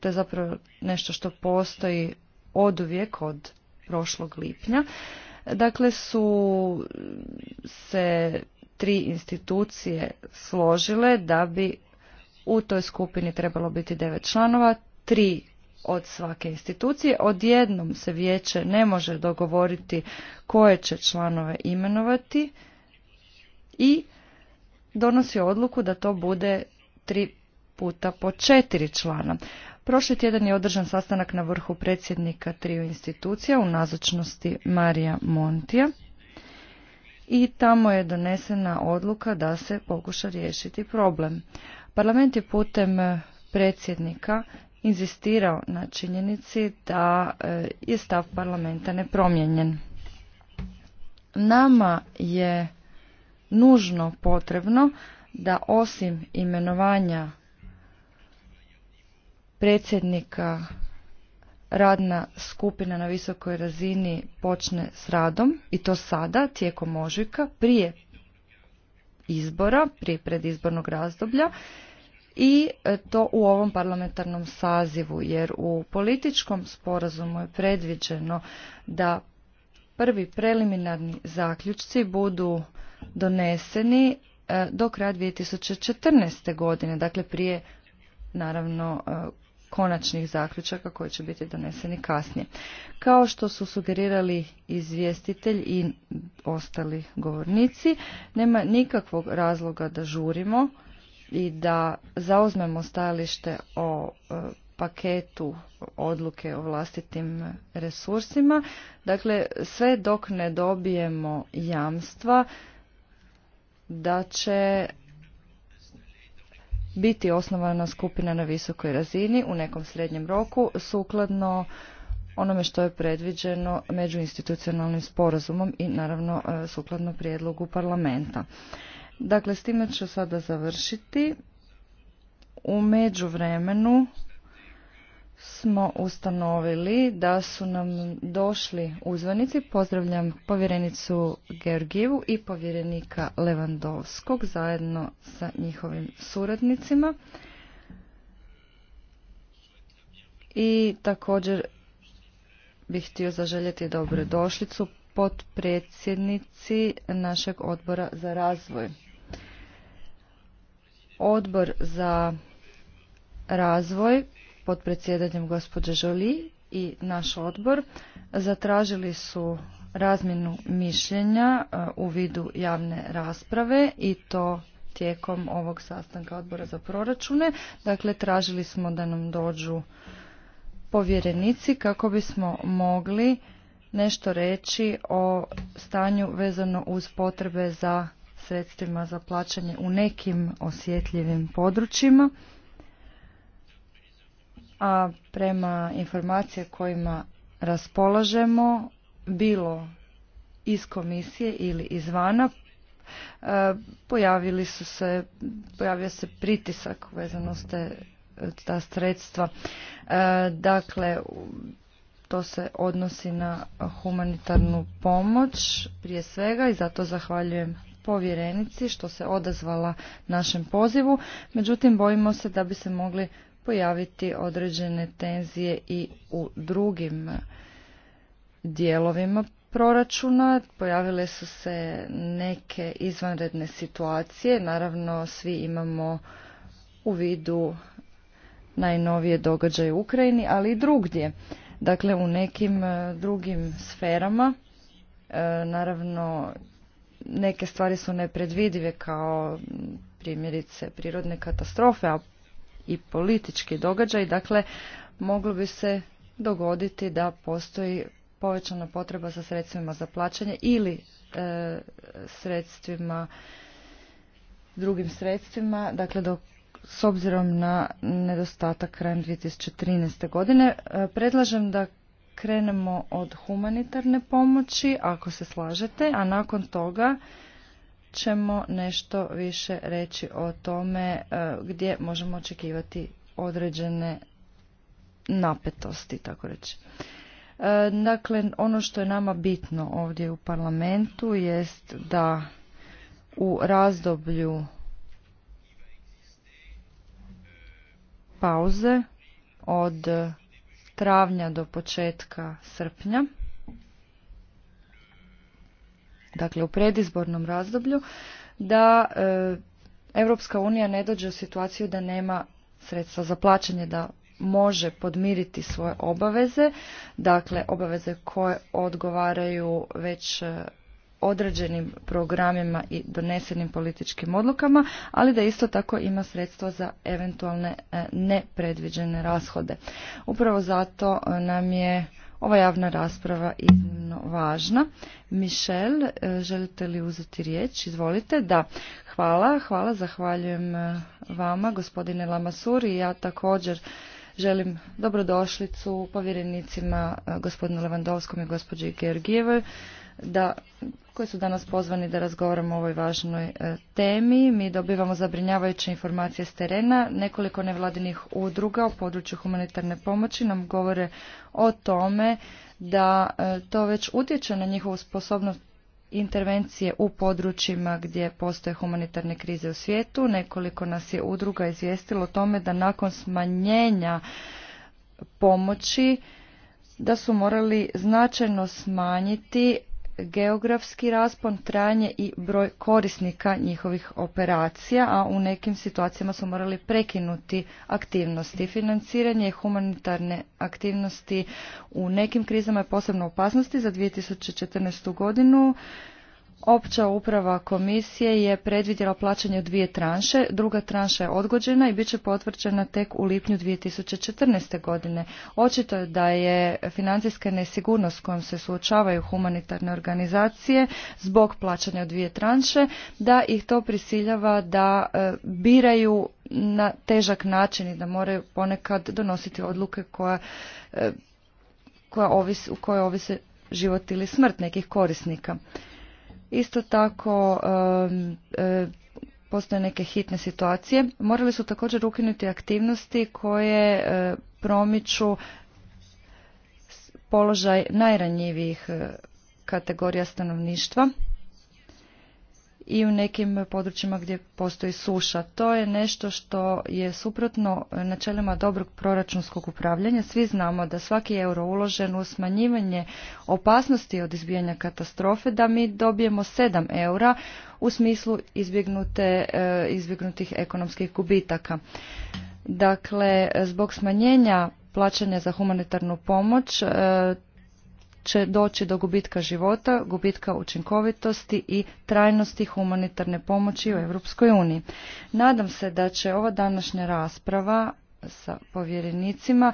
to je zapravo nešto što postoji oduvijek od prošlog lipnja. Dakle, su se tri institucije složile da bi u toj skupini trebalo biti devet članova, tri od svake institucije. Odjednom se vijeće ne može dogovoriti koje će članove imenovati i donosi odluku da to bude tri puta po četiri člana. Prošli tjedan je održan sastanak na vrhu predsjednika triju institucija u nazočnosti Marija Montija i tamo je donesena odluka da se pokuša riješiti problem. Parlament je putem predsjednika inzistirao na činjenici da e, je stav parlamenta nepromjenjen. Nama je nužno potrebno da osim imenovanja predsjednika radna skupina na visokoj razini počne s radom i to sada tijekom ožujka prije izbora, prije predizbornog razdoblja i e, to u ovom parlamentarnom sazivu jer u političkom sporazumu je predviđeno da prvi preliminarni zaključci budu doneseni e, do kraja 2014. godine, dakle prije naravno e, konačnih zaključaka koji će biti doneseni kasnije. Kao što su sugerirali izvjestitelj i ostali govornici, nema nikakvog razloga da žurimo i da zauzmemo stajalište o e, paketu odluke o vlastitim resursima. Dakle, sve dok ne dobijemo jamstva da će biti osnovana skupina na visokoj razini u nekom srednjem roku sukladno onome što je predviđeno međuinstitucionalnim sporazumom i naravno e, sukladno prijedlogu parlamenta. Dakle, s time ću sada završiti. U međuvremenu smo ustanovili da su nam došli uzvanici. Pozdravljam povjerenicu Georgijevu i povjerenika Levandovskog zajedno sa njihovim suradnicima. I također bih htio zaželjeti dobrodošlicu potpredsjednici našeg odbora za razvoj. Odbor za razvoj pod predsjedanjem gospođe Žoli i naš odbor zatražili su razmjenu mišljenja e, u vidu javne rasprave i to tijekom ovog sastanka odbora za proračune. Dakle, tražili smo da nam dođu povjerenici kako bismo mogli nešto reći o stanju vezano uz potrebe za sredstvima za plaćanje u nekim osjetljivim područjima. A prema informacije kojima raspolažemo, bilo iz komisije ili izvana, e, pojavili su se, pojavio se pritisak vezano s ta sredstva. E, dakle, to se odnosi na humanitarnu pomoć prije svega i zato zahvaljujem povjerenici što se odazvala našem pozivu, međutim bojimo se da bi se mogli pojaviti određene tenzije i u drugim dijelovima proračuna. Pojavile su se neke izvanredne situacije, naravno svi imamo u vidu najnovije događaje u Ukrajini, ali i drugdje. Dakle, u nekim eh, drugim sferama, eh, naravno neke stvari su nepredvidive kao primjerice prirodne katastrofe a i politički događaj dakle moglo bi se dogoditi da postoji povećana potreba za sredstvima za plaćanje ili e, sredstvima drugim sredstvima dakle do s obzirom na nedostatak krajem 2013. godine e, predlažem da krenemo od humanitarne pomoći, ako se slažete, a nakon toga ćemo nešto više reći o tome e, gdje možemo očekivati određene napetosti, tako reći. E, dakle, ono što je nama bitno ovdje u parlamentu jest da u razdoblju pauze od travnja do početka srpnja, dakle u predizbornom razdoblju, da Europska unija ne dođe u situaciju da nema sredstva za plaćanje, da može podmiriti svoje obaveze, dakle obaveze koje odgovaraju već e, određenim programima i donesenim političkim odlukama, ali da isto tako ima sredstva za eventualne e, nepredviđene rashode. Upravo zato e, nam je ova javna rasprava iznimno važna. Mišel, e, želite li uzeti riječ? Izvolite. Da, hvala. Hvala, zahvaljujem vama, gospodine Lamasur i ja također želim dobrodošlicu povjerenicima gospodinu Levandovskom i gospođi Georgijevoj da, koji su danas pozvani da razgovaramo o ovoj važnoj e, temi. Mi dobivamo zabrinjavajuće informacije s terena. Nekoliko nevladinih udruga u području humanitarne pomoći nam govore o tome da e, to već utječe na njihovu sposobnost intervencije u područjima gdje postoje humanitarne krize u svijetu. Nekoliko nas je udruga izvijestilo o tome da nakon smanjenja pomoći da su morali značajno smanjiti geografski raspon, trajanje i broj korisnika njihovih operacija, a u nekim situacijama su morali prekinuti aktivnosti. Financiranje humanitarne aktivnosti u nekim krizama je posebno opasnosti za 2014. godinu Opća uprava komisije je predvidjela plaćanje u dvije tranše, druga tranša je odgođena i bit će potvrđena tek u lipnju 2014. godine. Očito je da je financijska nesigurnost s kojom se suočavaju humanitarne organizacije zbog plaćanja u dvije tranše, da ih to prisiljava da e, biraju na težak način i da moraju ponekad donositi odluke koja, e, koja u kojoj ovise život ili smrt nekih korisnika. Isto tako e, postoje neke hitne situacije. Morali su također ukinuti aktivnosti koje e, promiču položaj najranjivijih e, kategorija stanovništva i u nekim područjima gdje postoji suša. To je nešto što je suprotno načelima dobrog proračunskog upravljanja. Svi znamo da svaki euro uložen u smanjivanje opasnosti od izbijanja katastrofe, da mi dobijemo 7 eura u smislu izbjegnute, e, izbjegnutih ekonomskih gubitaka. Dakle, zbog smanjenja plaćanja za humanitarnu pomoć e, će doći do gubitka života, gubitka učinkovitosti i trajnosti humanitarne pomoći u Europskoj uniji. Nadam se da će ova današnja rasprava sa povjerenicima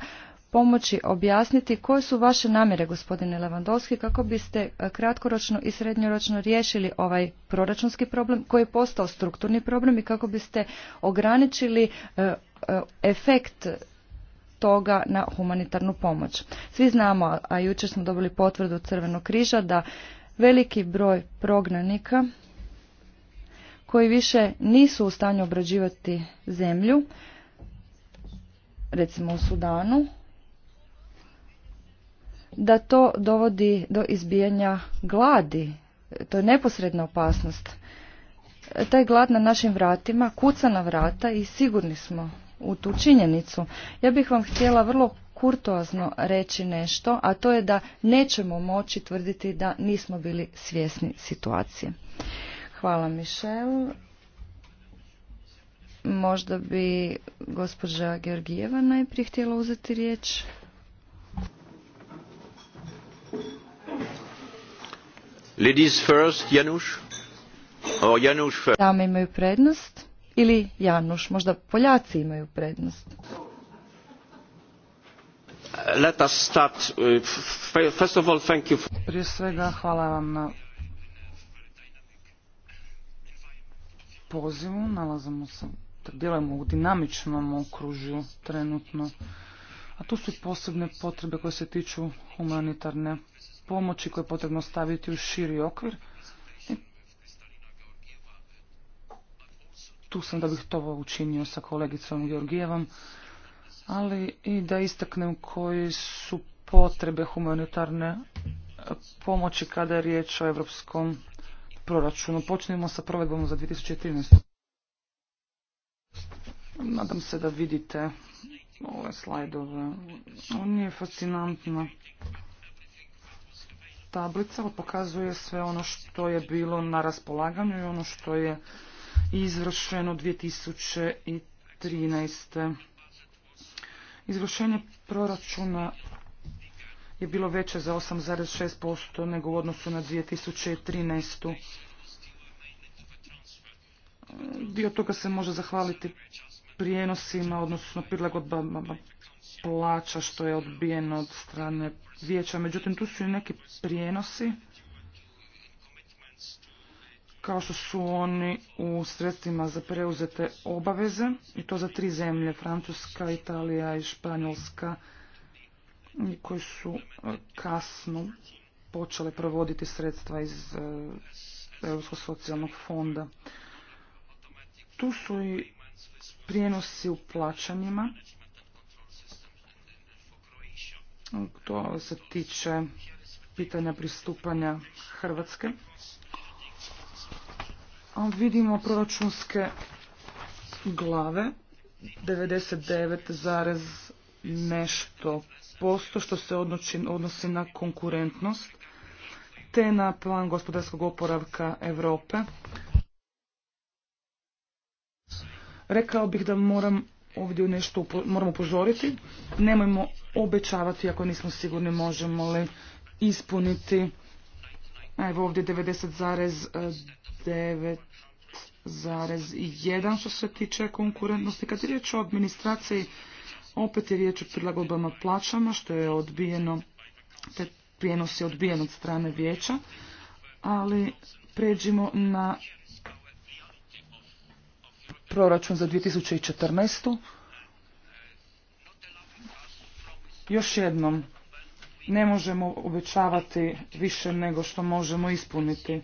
pomoći objasniti koje su vaše namjere, gospodine Levandovski, kako biste kratkoročno i srednjoročno riješili ovaj proračunski problem koji je postao strukturni problem i kako biste ograničili e, e, efekt toga na humanitarnu pomoć. Svi znamo, a jučer smo dobili potvrdu od Crvenog križa, da veliki broj prognanika koji više nisu u stanju obrađivati zemlju, recimo u Sudanu, da to dovodi do izbijanja gladi. To je neposredna opasnost. Taj glad na našim vratima kuca na vrata i sigurni smo u tu činjenicu. Ja bih vam htjela vrlo kurtoazno reći nešto, a to je da nećemo moći tvrditi da nismo bili svjesni situacije. Hvala Mišel. Možda bi gospođa Georgijeva najprije htjela uzeti riječ. Ladies first, Dame imaju prednost. Ili Januš, možda Poljaci imaju prednost. Uh, thank you. Prije svega hvala vam na pozivu. Nalazimo se, djelujemo u dinamičnom okružju trenutno. A tu su posebne potrebe koje se tiču humanitarne pomoći koje je potrebno staviti u širi okvir. tu sam da bih to učinio sa kolegicom Georgijevom, ali i da istaknem koji su potrebe humanitarne pomoći kada je riječ o evropskom proračunu. Počnemo sa provedbom za 2013. Nadam se da vidite ove slajdove. On je fascinantna tablica, pokazuje sve ono što je bilo na raspolaganju i ono što je izvršeno 2013. Izvršenje proračuna je bilo veće za 8,6% nego u odnosu na 2013. Dio toga se može zahvaliti prijenosima, odnosno prilagodbama plaća što je odbijeno od strane vijeća. Međutim, tu su i neki prijenosi kao što su oni u sredstvima za preuzete obaveze i to za tri zemlje, Francuska, Italija i Španjolska, koji su e, kasno počele provoditi sredstva iz e, Europskog socijalnog fonda. Tu su i prijenosi u plaćanjima. To se tiče pitanja pristupanja Hrvatske vidimo proračunske glave 99, nešto posto što se odnosi, odnosi na konkurentnost te na plan gospodarskog oporavka Europe. Rekao bih da moram ovdje nešto moramo upozoriti. Nemojmo obećavati ako nismo sigurni možemo li ispuniti Evo ovdje 90.9.1 e, što se tiče konkurentnosti. Kad je riječ o administraciji, opet je riječ o prilagodbama plaćama, što je odbijeno, te prijenos je odbijen od strane vijeća, ali pređimo na proračun za 2014. Još jednom, ne možemo obećavati više nego što možemo ispuniti.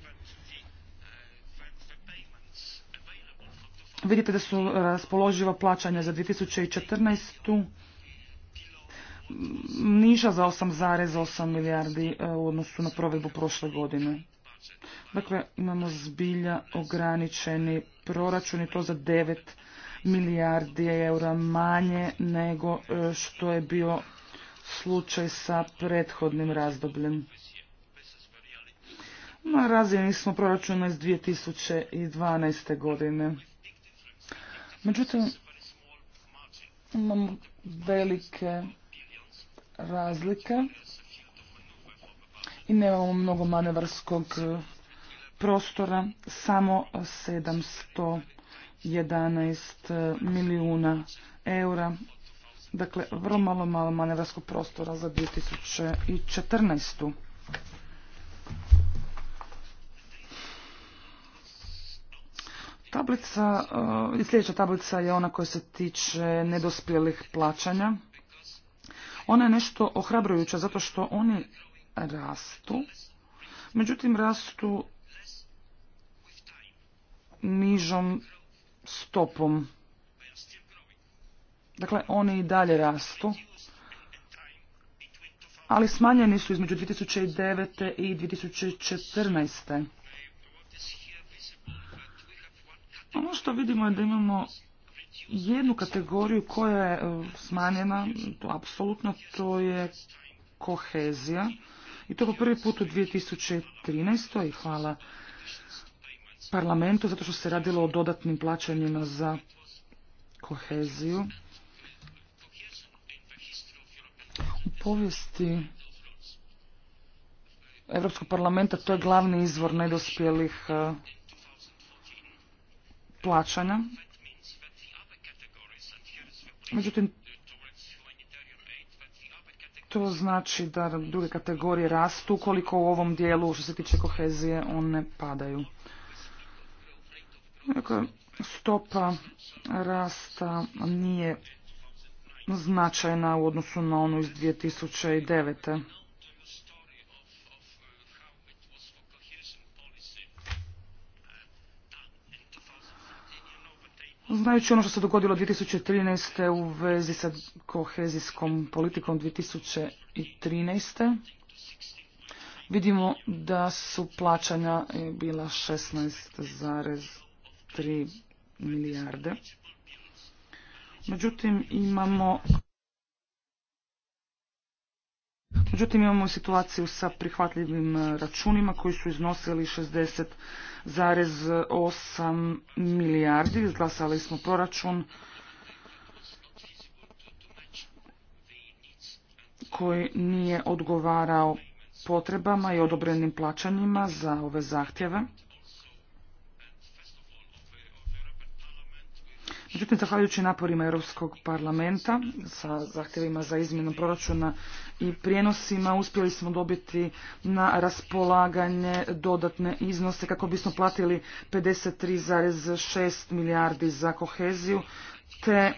Vidite da su raspoloživa plaćanja za 2014. niža za 8,8 milijardi e, u odnosu na provedbu prošle godine. Dakle, imamo zbilja ograničeni proračun i to za 9 milijardi eura manje nego e, što je bio slučaj sa prethodnim razdobljem. Na razini smo proračuna iz 2012. godine. Međutim, imamo velike razlike i nemamo mnogo manevarskog prostora, samo 711 milijuna eura Dakle, vrlo malo, malo manevarskog prostora za 2014. Tablica, e, i sljedeća tablica je ona koja se tiče nedospjelih plaćanja. Ona je nešto ohrabrujuća zato što oni rastu, međutim rastu nižom stopom. Dakle, oni i dalje rastu, ali smanjeni su između 2009. i 2014. Ono što vidimo je da imamo jednu kategoriju koja je e, smanjena, to apsolutno, to je kohezija. I to po prvi put u 2013. i hvala parlamentu zato što se radilo o dodatnim plaćanjima za koheziju. povijesti Europskog parlamenta to je glavni izvor nedospjelih e, plaćanja. Međutim, to znači da druge kategorije rastu, ukoliko u ovom dijelu što se tiče kohezije one padaju. stopa rasta nije značajna u odnosu na onu iz 2009. Znajući ono što se dogodilo 2013. u vezi sa kohezijskom politikom 2013. vidimo da su plaćanja bila 16,3 milijarde. Međutim, imamo... Međutim, imamo situaciju sa prihvatljivim e, računima koji su iznosili 60,8 milijardi. Izglasali smo proračun koji nije odgovarao potrebama i odobrenim plaćanjima za ove zahtjeve. Međutim, zahvaljujući naporima Europskog parlamenta sa zahtjevima za izmjenom proračuna i prijenosima uspjeli smo dobiti na raspolaganje dodatne iznose kako bismo platili 53,6 milijardi za koheziju te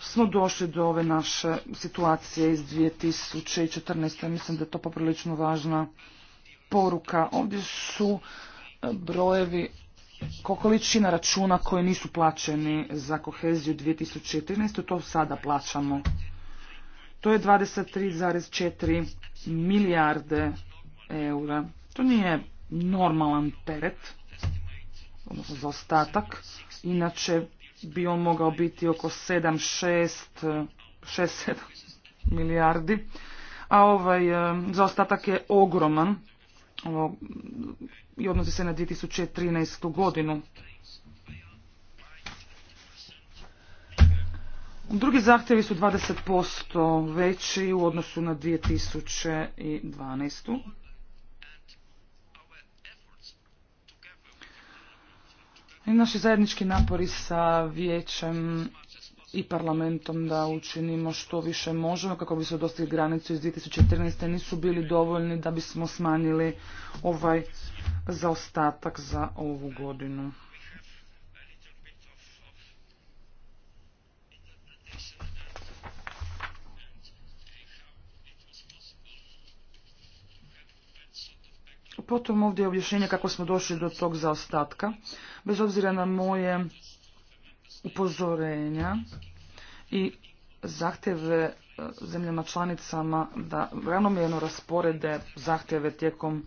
smo došli do ove naše situacije iz 2014. Mislim da je to poprilično važna poruka. Ovdje su brojevi količina računa koji nisu plaćeni za koheziju 2013. To sada plaćamo. To je 23,4 milijarde eura. To nije normalan teret, odnosno za ostatak. Inače bi on mogao biti oko 7-6 milijardi. A ovaj zaostatak je ogroman. Ovo, I odnosi se na 2013. godinu. Drugi zahtjevi su 20% veći u odnosu na 2012. I naši zajednički napori sa vijećem i parlamentom da učinimo što više možemo kako bi se dostigli granicu iz 2014. nisu bili dovoljni da bismo smanjili ovaj zaostatak za ovu godinu. Potom ovdje je objašnjenje kako smo došli do tog zaostatka. Bez obzira na moje upozorenja i zahtjeve e, zemljama članicama da ravnomjerno rasporede zahtjeve tijekom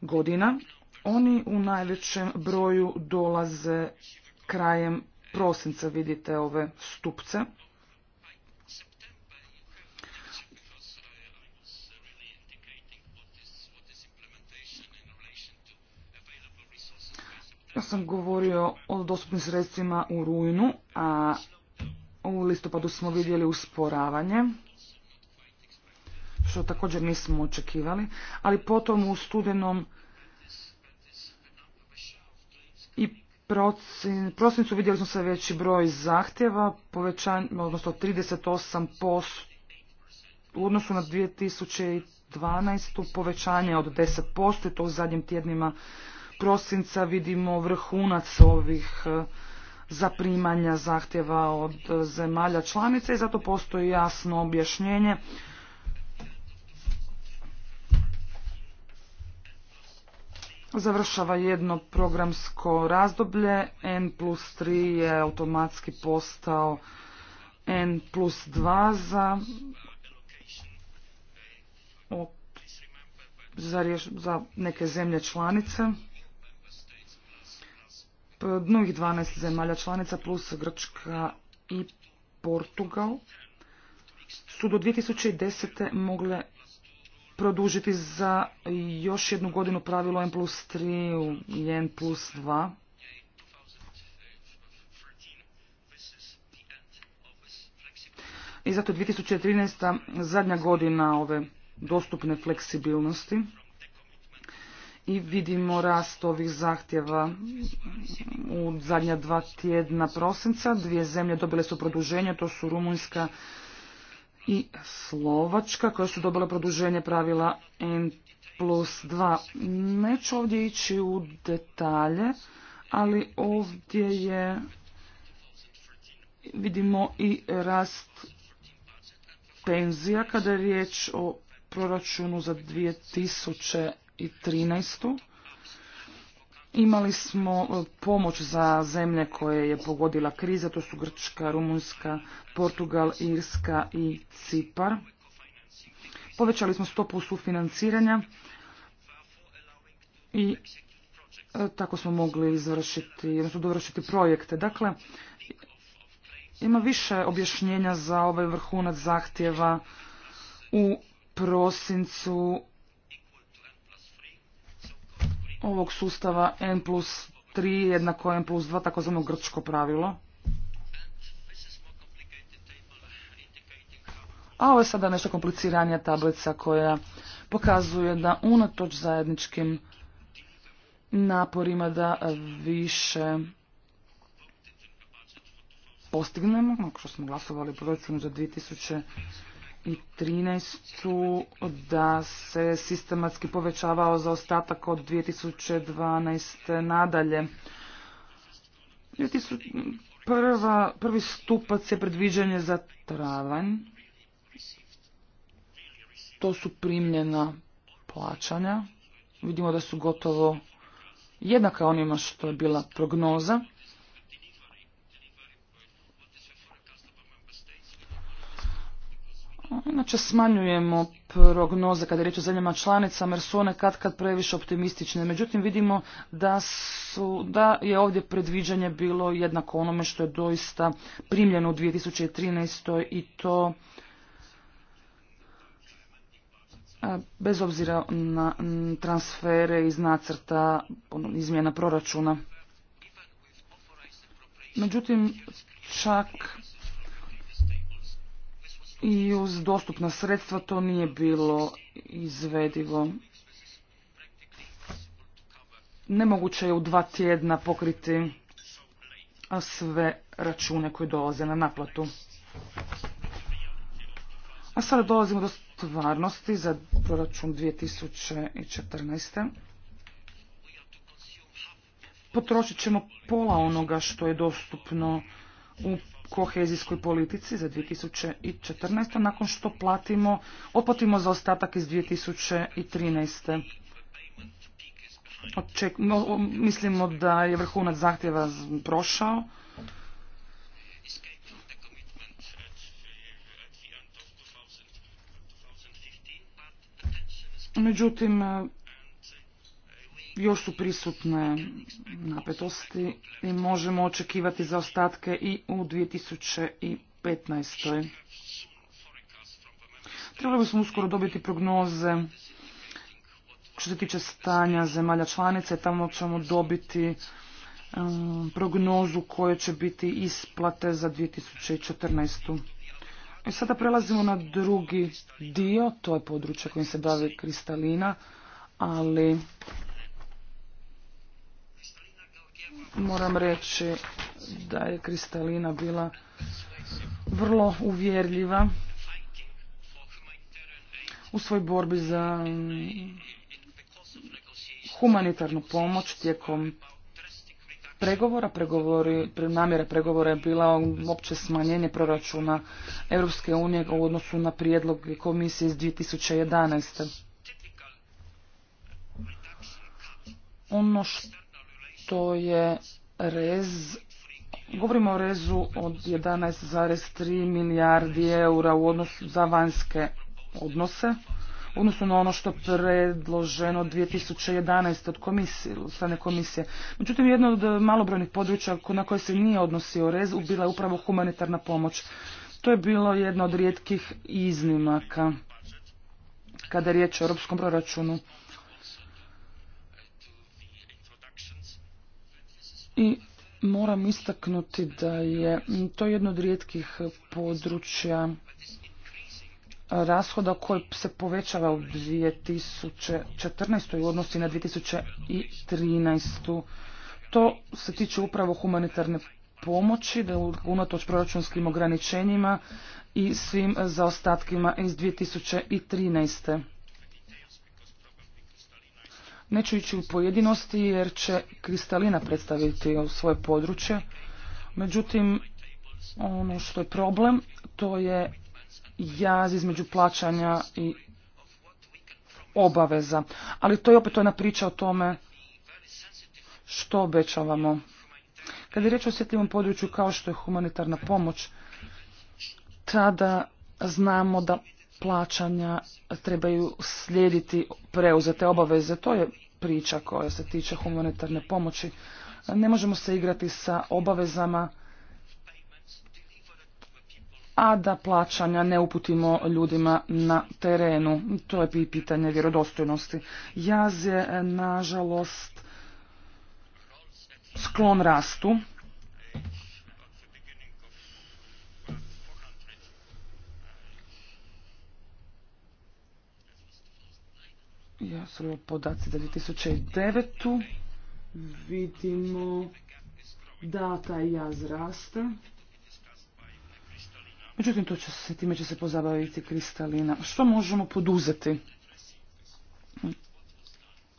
godina. Oni u najvećem broju dolaze krajem prosinca, vidite ove stupce. sam govorio o dostupnim sredstvima u rujnu, a u listopadu smo vidjeli usporavanje, što također nismo očekivali, ali potom u studenom i prosincu vidjeli smo sve veći broj zahtjeva, povećanje, odnosno 38% u odnosu na 2012. povećanje od 10% i to u zadnjim tjednima prosinca vidimo vrhunac ovih e, zaprimanja zahtjeva od e, zemalja članica i zato postoji jasno objašnjenje Završava jedno programsko razdoblje, N plus 3 je automatski postao N plus 2 za, za, za neke zemlje članice novih 12 zemalja članica plus Grčka i Portugal su do 2010. mogle produžiti za još jednu godinu pravilo N plus 3 i N plus 2. I zato je 2013. zadnja godina ove dostupne fleksibilnosti i vidimo rast ovih zahtjeva u zadnja dva tjedna prosinca. Dvije zemlje dobile su produženje, to su Rumunjska i Slovačka, koje su dobile produženje pravila N plus 2. Neću ovdje ići u detalje, ali ovdje je vidimo i rast penzija kada je riječ o proračunu za 2000 2013. Imali smo e, pomoć za zemlje koje je pogodila kriza, to su Grčka, Rumunjska, Portugal, Irska i Cipar. Povećali smo stopu sufinanciranja i e, tako smo mogli izvršiti, odnosno dovršiti projekte. Dakle, ima više objašnjenja za ovaj vrhunac zahtjeva u prosincu ovog sustava N plus 3 jednako N plus 2, takozvano grčko pravilo. A ovo je sada nešto kompliciranija tablica koja pokazuje da unatoč zajedničkim naporima da više postignemo, ako što smo glasovali projekciju za 2000 2013. da se sistematski povećavao za ostatak od 2012. nadalje. Prva, prvi stupac je predviđanje za travanj. To su primljena plaćanja. Vidimo da su gotovo jednaka onima što je bila prognoza. Inače smanjujemo prognoze kada je riječ o zemljama članicama jer su one kad kad previše optimistične. Međutim vidimo da, su, da je ovdje predviđanje bilo jednako onome što je doista primljeno u 2013. i to bez obzira na transfere iz nacrta ono, izmjena proračuna. Međutim, čak i uz dostupna sredstva to nije bilo izvedivo. Nemoguće je u dva tjedna pokriti sve račune koji dolaze na naplatu. A sada dolazimo do stvarnosti za proračun 2014. Potrošit ćemo pola onoga što je dostupno u kohezijskoj politici za 2014. nakon što platimo, opotimo za ostatak iz 2013. Oček, no, mislimo da je vrhunac zahtjeva prošao. Međutim, još su prisutne napetosti i možemo očekivati zaostatke i u 2015. Trebali bismo uskoro dobiti prognoze što se tiče stanja zemalja članice, tamo ćemo dobiti um, prognozu koje će biti isplate za 2014. I e, sada prelazimo na drugi dio, to je područje kojim se bave kristalina, ali Moram reći da je Kristalina bila vrlo uvjerljiva u svoj borbi za mm, humanitarnu pomoć tijekom pregovora. Pregovori, namjera pregovora je bila opće smanjenje proračuna Europske unije u odnosu na prijedlog komisije iz 2011. Ono što to je rez Govorimo o rezu od 11,3 milijardi eura u odnosu za vanjske odnose, odnosno na ono što je predloženo 2011. od komisije, od strane komisije. Međutim, jedno od malobrojnih područja na koje se nije odnosio rez bila je upravo humanitarna pomoć. To je bilo jedno od rijetkih iznimaka kada je riječ o europskom proračunu. i moram istaknuti da je to jedno od rijetkih područja rashoda koji se povećava u 2014. u odnosu na 2013. To se tiče upravo humanitarne pomoći, da unatoč proračunskim ograničenjima i svim zaostatkima iz 2013. Neću ići u pojedinosti jer će Kristalina predstaviti svoje područje. Međutim, ono što je problem, to je jaz između plaćanja i obaveza. Ali to je opet ona priča o tome što obećavamo. Kad je riječ o osjetljivom području kao što je humanitarna pomoć, tada znamo da plaćanja trebaju slijediti preuzete obaveze. To je priča koja se tiče humanitarne pomoći. Ne možemo se igrati sa obavezama, a da plaćanja ne uputimo ljudima na terenu. To je pitanje vjerodostojnosti. Jaz je, eh, nažalost, sklon rastu Ja su podaci za 2009. Vidimo da taj jaz raste. Međutim, to će se, time će se pozabaviti kristalina. Što možemo poduzeti?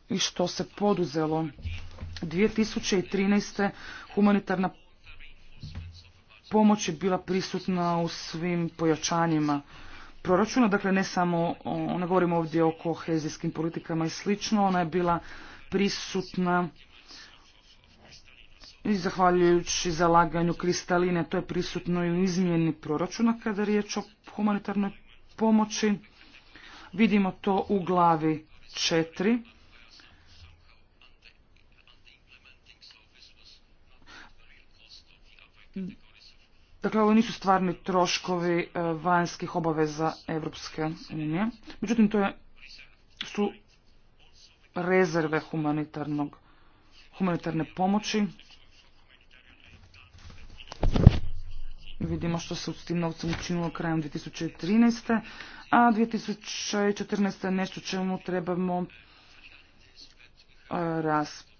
I što se poduzelo? 2013. humanitarna pomoć je bila prisutna u svim pojačanjima proračuna, dakle ne samo, o, ne govorimo ovdje o kohezijskim politikama i slično, ona je bila prisutna i zahvaljujući zalaganju kristaline, to je prisutno i u izmjeni proračuna kada je riječ o humanitarnoj pomoći. Vidimo to u glavi četiri Dakle, ovo nisu stvarni troškovi e, vanjskih obaveza Evropske unije. Međutim, to su rezerve humanitarne pomoći. Vidimo što se s tim novcem učinilo krajem 2013. A 2014. je nešto čemu trebamo e, raspraviti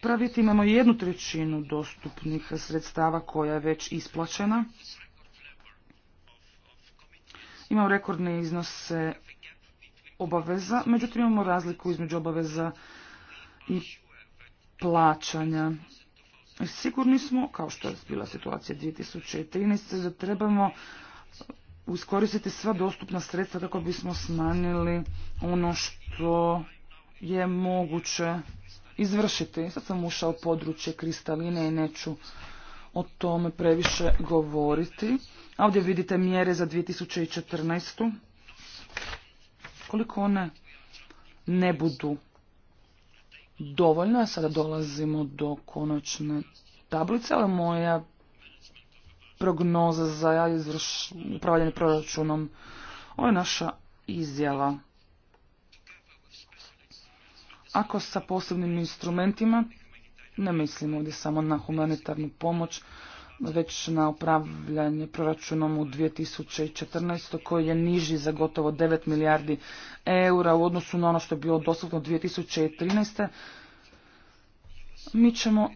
Praviti Imamo jednu trećinu dostupnih sredstava koja je već isplaćena. Imamo rekordne iznose obaveza, međutim imamo razliku između obaveza i plaćanja. Sigurni smo, kao što je bila situacija 2013. da trebamo uskoristiti sva dostupna sredstva kako bismo smanjili ono što je moguće izvršiti. Sad sam ušao u područje kristaline i neću o tome previše govoriti. ovdje vidite mjere za 2014. Koliko one ne budu dovoljno, sada dolazimo do konačne tablice, ali moja prognoza za izvrš, upravljanje proračunom, ovo je naša izjava. Ako sa posebnim instrumentima, ne mislim ovdje samo na humanitarnu pomoć, već na upravljanje proračunom u 2014. koji je niži za gotovo 9 milijardi eura u odnosu na ono što je bilo tisuće 2013. Mi ćemo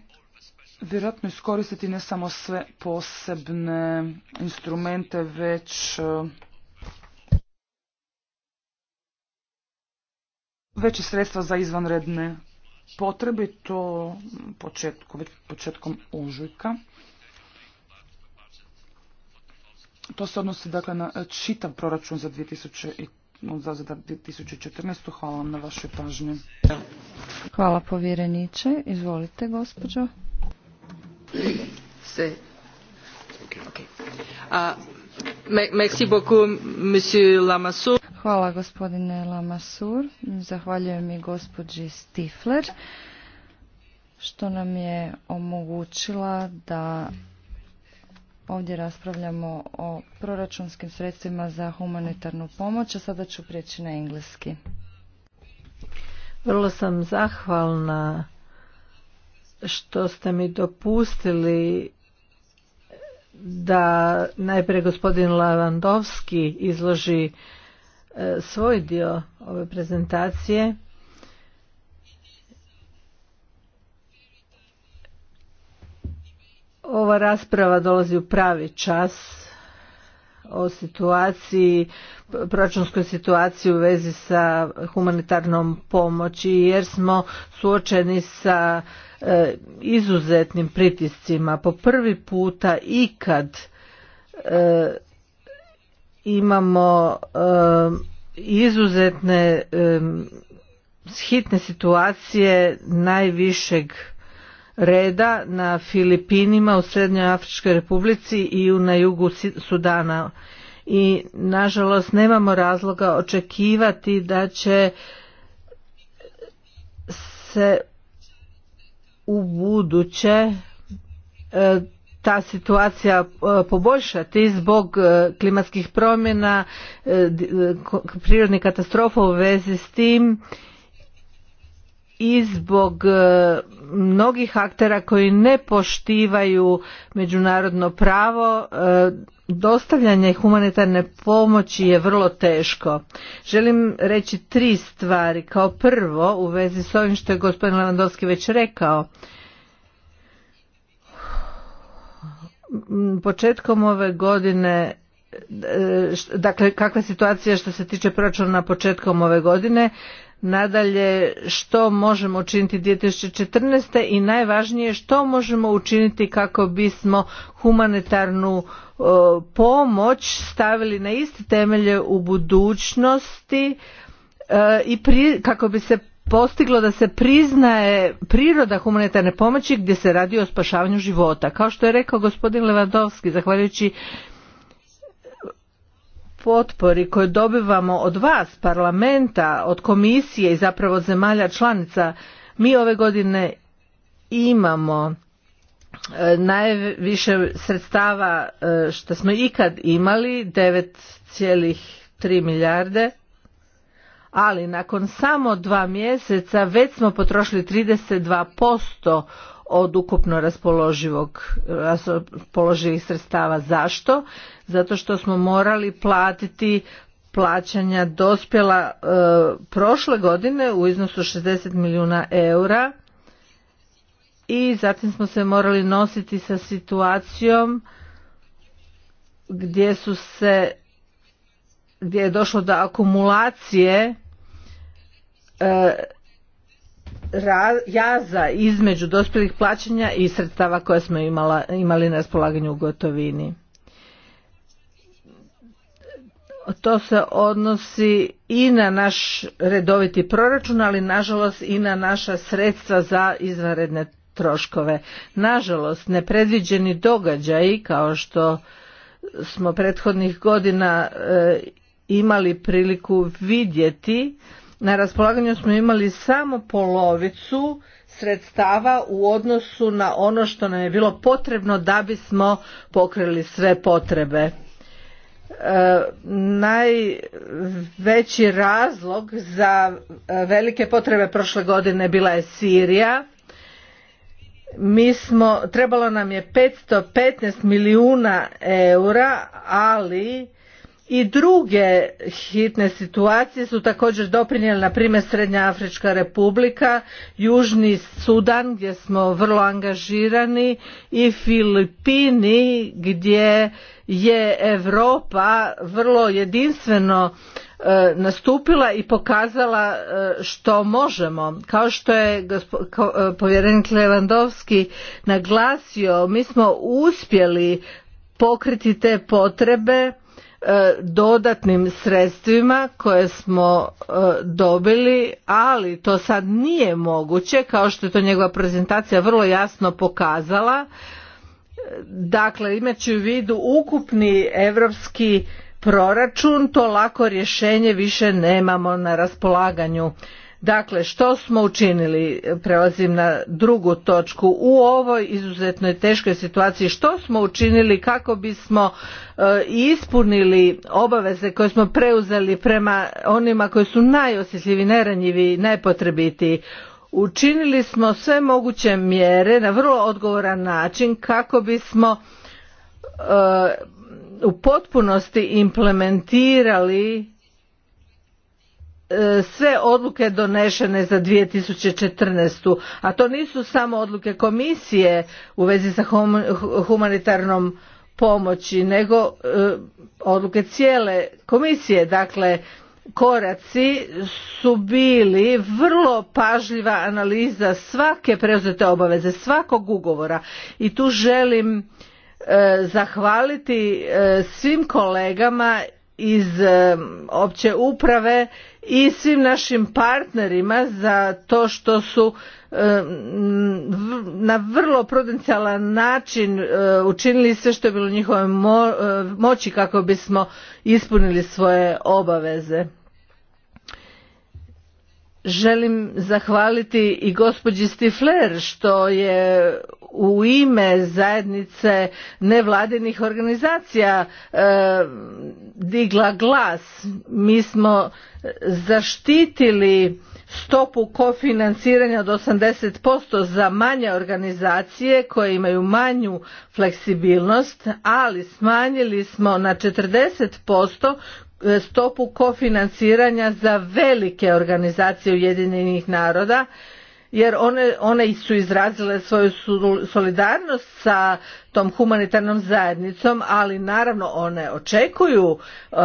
vjerojatno iskoristiti ne samo sve posebne instrumente, već veće sredstva za izvanredne potrebe, to početkom, početkom ožujka. To se odnosi dakle na čitav proračun za 2000 za 2014. Hvala vam na vašoj pažnji. Hvala povjereniče. Izvolite, gospođo. Se. Hvala gospodine Lamassur. Zahvaljujem i gospođi Stifler što nam je omogućila da ovdje raspravljamo o proračunskim sredstvima za humanitarnu pomoć, a sada ću prijeći na engleski. Vrlo sam zahvalna što ste mi dopustili da najprije gospodin Lavandovski izloži e, svoj dio ove prezentacije. Ova rasprava dolazi u pravi čas o situaciji, proračunskoj situaciji u vezi sa humanitarnom pomoći jer smo suočeni sa E, izuzetnim pritiscima. Po prvi puta ikad e, imamo e, izuzetne hitne situacije najvišeg reda na Filipinima, u Srednjoj Afričkoj Republici i na jugu Sudana. I nažalost nemamo razloga očekivati da će se u buduće e, ta situacija e, poboljšati zbog e, klimatskih promjena, prirodnih katastrofa u vezi s tim i zbog e, mnogih aktera koji ne poštivaju međunarodno pravo e, dostavljanje humanitarne pomoći je vrlo teško. Želim reći tri stvari. Kao prvo u vezi s ovim što je gospodin Levandovski već rekao. Početkom ove godine e, dakle kakva je situacija što se tiče proračuna početkom ove godine nadalje što možemo učiniti 2014. i najvažnije što možemo učiniti kako bismo humanitarnu e, pomoć stavili na isti temelje u budućnosti e, i kako bi se postiglo da se priznaje priroda humanitarne pomoći gdje se radi o spašavanju života. Kao što je rekao gospodin Levandovski, zahvaljujući potpori koju dobivamo od vas, parlamenta, od komisije i zapravo zemalja članica, mi ove godine imamo e, najviše sredstava e, što smo ikad imali, 9,3 milijarde, ali nakon samo dva mjeseca već smo potrošili 32% od ukupno raspoloživog raspoloživih sredstava zašto zato što smo morali platiti plaćanja dospjela e, prošle godine u iznosu 60 milijuna eura i zatim smo se morali nositi sa situacijom gdje su se gdje je došlo do akumulacije e, jaza između dospjelih plaćanja i sredstava koje smo imali na raspolaganju u gotovini. To se odnosi i na naš redoviti proračun, ali nažalost i na naša sredstva za izvanredne troškove. Nažalost, nepredviđeni događaji kao što smo prethodnih godina e, imali priliku vidjeti na raspolaganju smo imali samo polovicu sredstava u odnosu na ono što nam je bilo potrebno da bismo pokrili sve potrebe. E, najveći razlog za e, velike potrebe prošle godine bila je Sirija. Mi smo, trebalo nam je 515 milijuna eura, ali i druge hitne situacije su također doprinijele na primjer Srednja Afrička Republika, Južni Sudan gdje smo vrlo angažirani i Filipini gdje je Europa vrlo jedinstveno e, nastupila i pokazala e, što možemo. Kao što je e, povjerenik Lewandowski naglasio, mi smo uspjeli pokriti te potrebe E, dodatnim sredstvima koje smo e, dobili, ali to sad nije moguće, kao što je to njegova prezentacija vrlo jasno pokazala. Dakle, imajući u vidu ukupni europski proračun, to lako rješenje više nemamo na raspolaganju. Dakle, što smo učinili, prelazim na drugu točku, u ovoj izuzetnoj teškoj situaciji, što smo učinili kako bismo e, ispunili obaveze koje smo preuzeli prema onima koji su najosjetljiviji, najranjiviji, najpotrebitiji učinili smo sve moguće mjere na vrlo odgovoran način kako bismo e, u potpunosti implementirali sve odluke donešene za 2014. a to nisu samo odluke komisije u vezi sa humanitarnom pomoći nego e, odluke cijele komisije dakle koraci su bili vrlo pažljiva analiza svake preuzete obaveze svakog ugovora i tu želim e, zahvaliti e, svim kolegama iz opće uprave i svim našim partnerima za to što su na vrlo prudencijalan način e, učinili sve što je bilo njihove moći kako bismo ispunili svoje obaveze. Želim zahvaliti i gospođi Stifler što je u ime zajednice nevladinih organizacija e, digla glas. Mi smo zaštitili stopu kofinanciranja od 80% za manje organizacije koje imaju manju fleksibilnost, ali smanjili smo na 40% e, stopu kofinanciranja za velike organizacije Ujedinjenih naroda jer one, su izrazile svoju solidarnost sa tom humanitarnom zajednicom ali naravno one očekuju e,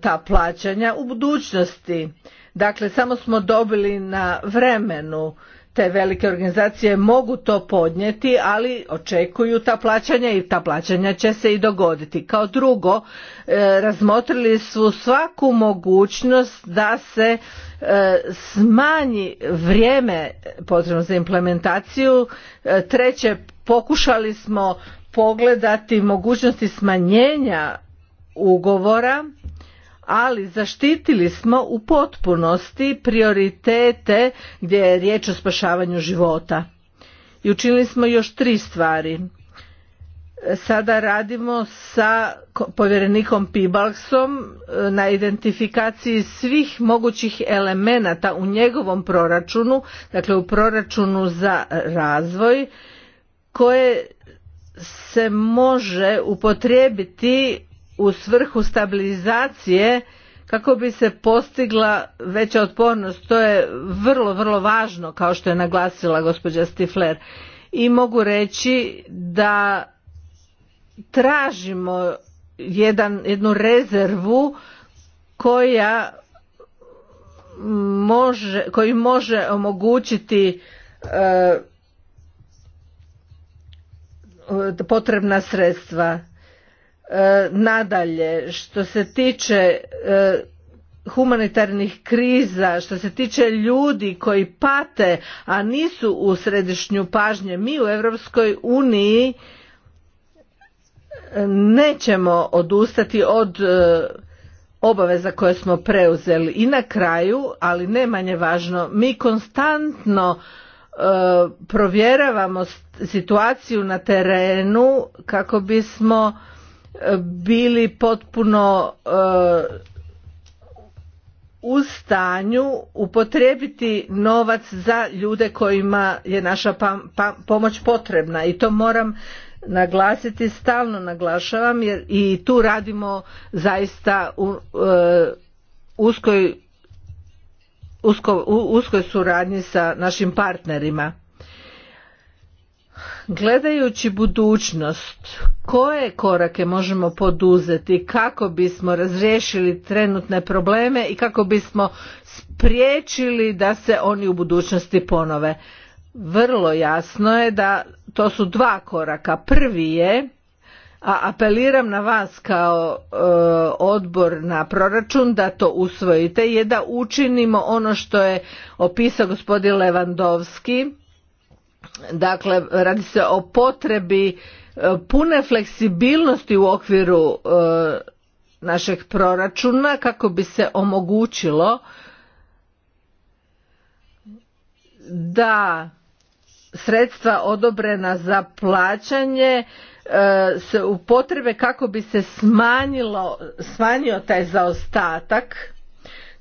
ta plaćanja u budućnosti dakle samo smo dobili na vremenu te velike organizacije mogu to podnijeti ali očekuju ta plaćanja i ta plaćanja će se i dogoditi kao drugo e, razmotrili su svaku mogućnost da se E, smanji vrijeme potrebno za implementaciju. E, treće, pokušali smo pogledati mogućnosti smanjenja ugovora, ali zaštitili smo u potpunosti prioritete gdje je riječ o spašavanju života. I učinili smo još tri stvari sada radimo sa povjerenikom Pibalksom e, na identifikaciji svih mogućih elemenata u njegovom proračunu, dakle u proračunu za razvoj koje se može upotrijebiti u svrhu stabilizacije kako bi se postigla veća otpornost. To je vrlo, vrlo važno kao što je naglasila gospođa Stifler. I mogu reći da tražimo jedan, jednu rezervu koja može, koji može omogućiti e, potrebna sredstva. E, nadalje, što se tiče e, humanitarnih kriza, što se tiče ljudi koji pate, a nisu u središnju pažnje, mi u Europskoj uniji nećemo odustati od e, obaveza koje smo preuzeli i na kraju, ali ne manje važno, mi konstantno e, provjeravamo situaciju na terenu kako bismo e, bili potpuno u stanju upotrijebiti novac za ljude kojima je naša pomoć potrebna i to moram naglasiti, stalno naglašavam jer i tu radimo zaista u e, uskoj u uskoj suradnji sa našim partnerima. Gledajući budućnost, koje korake možemo poduzeti kako bismo razriješili trenutne probleme i kako bismo spriječili da se oni u budućnosti ponove? vrlo jasno je da to su dva koraka. Prvi je a apeliram na vas kao e, odbor na proračun da to usvojite je da učinimo ono što je opisao gospodin Levandovski dakle radi se o potrebi e, pune fleksibilnosti u okviru e, našeg proračuna kako bi se omogućilo da sredstva odobrena za plaćanje e, se upotrebe kako bi se smanjilo, smanjio taj zaostatak.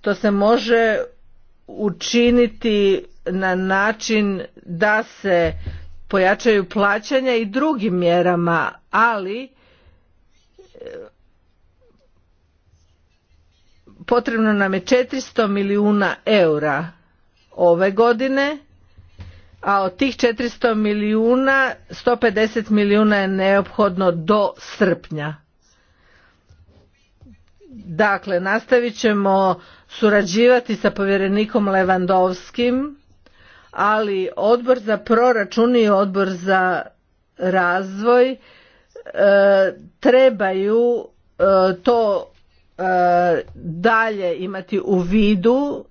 To se može učiniti na način da se pojačaju plaćanja i drugim mjerama, ali e, potrebno nam je 400 milijuna eura ove godine a od tih 400 milijuna 150 milijuna je neophodno do srpnja. Dakle, nastavit ćemo surađivati sa povjerenikom Levandovskim, ali odbor za proračun i odbor za razvoj e, trebaju e, to e, dalje imati u vidu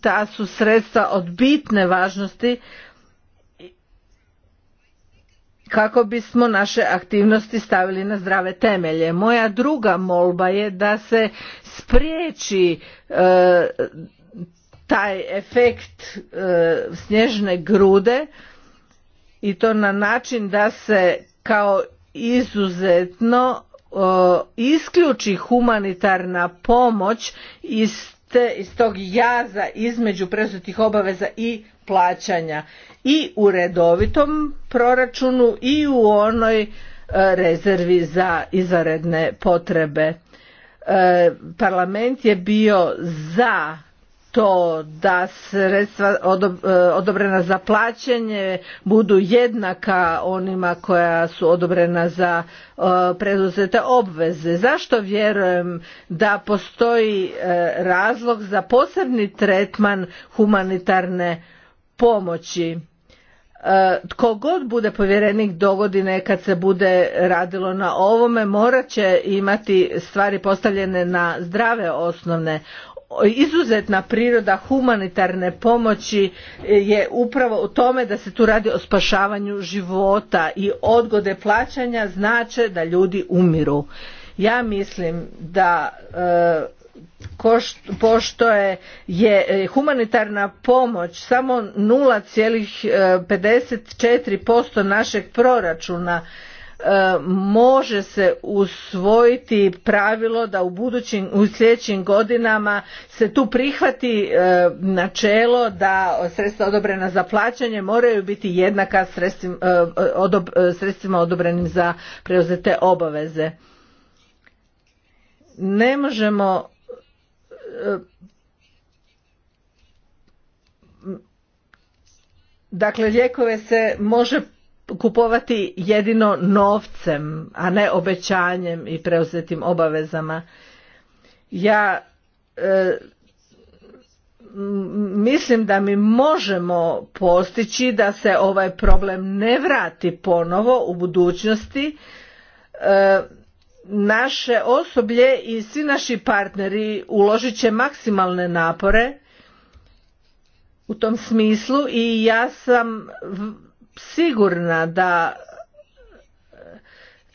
ta su sredstva od bitne važnosti kako bismo naše aktivnosti stavili na zdrave temelje. Moja druga molba je da se spriječi e, taj efekt e, snježne grude i to na način da se kao izuzetno e, isključi humanitarna pomoć iz te iz tog jaza između preuzetih obaveza i plaćanja i u redovitom proračunu i u onoj e, rezervi za izvanredne potrebe e, parlament je bio za to da sredstva e, odobrena za plaćanje budu jednaka onima koja su odobrena za e, preduzete obveze. Zašto vjerujem da postoji e, razlog za posebni tretman humanitarne pomoći? Tko god bude povjerenik dogodine kad se bude radilo na ovome morat će imati stvari postavljene na zdrave osnovne izuzetna priroda humanitarne pomoći e, je upravo u tome da se tu radi o spašavanju života i odgode plaćanja znače da ljudi umiru. Ja mislim da e, pošto je, je humanitarna pomoć samo 0,54% e, našeg proračuna E, može se usvojiti pravilo da u budućim u sljedećim godinama se tu prihvati e, načelo da sredstva odobrena za plaćanje moraju biti jednaka sredstvima e, odobrenim za preuzete obaveze ne možemo dakle lijekove se može kupovati jedino novcem, a ne obećanjem i preuzetim obavezama. Ja e, mislim da mi možemo postići da se ovaj problem ne vrati ponovo u budućnosti. E, naše osoblje i svi naši partneri uložit će maksimalne napore u tom smislu i ja sam sigurna da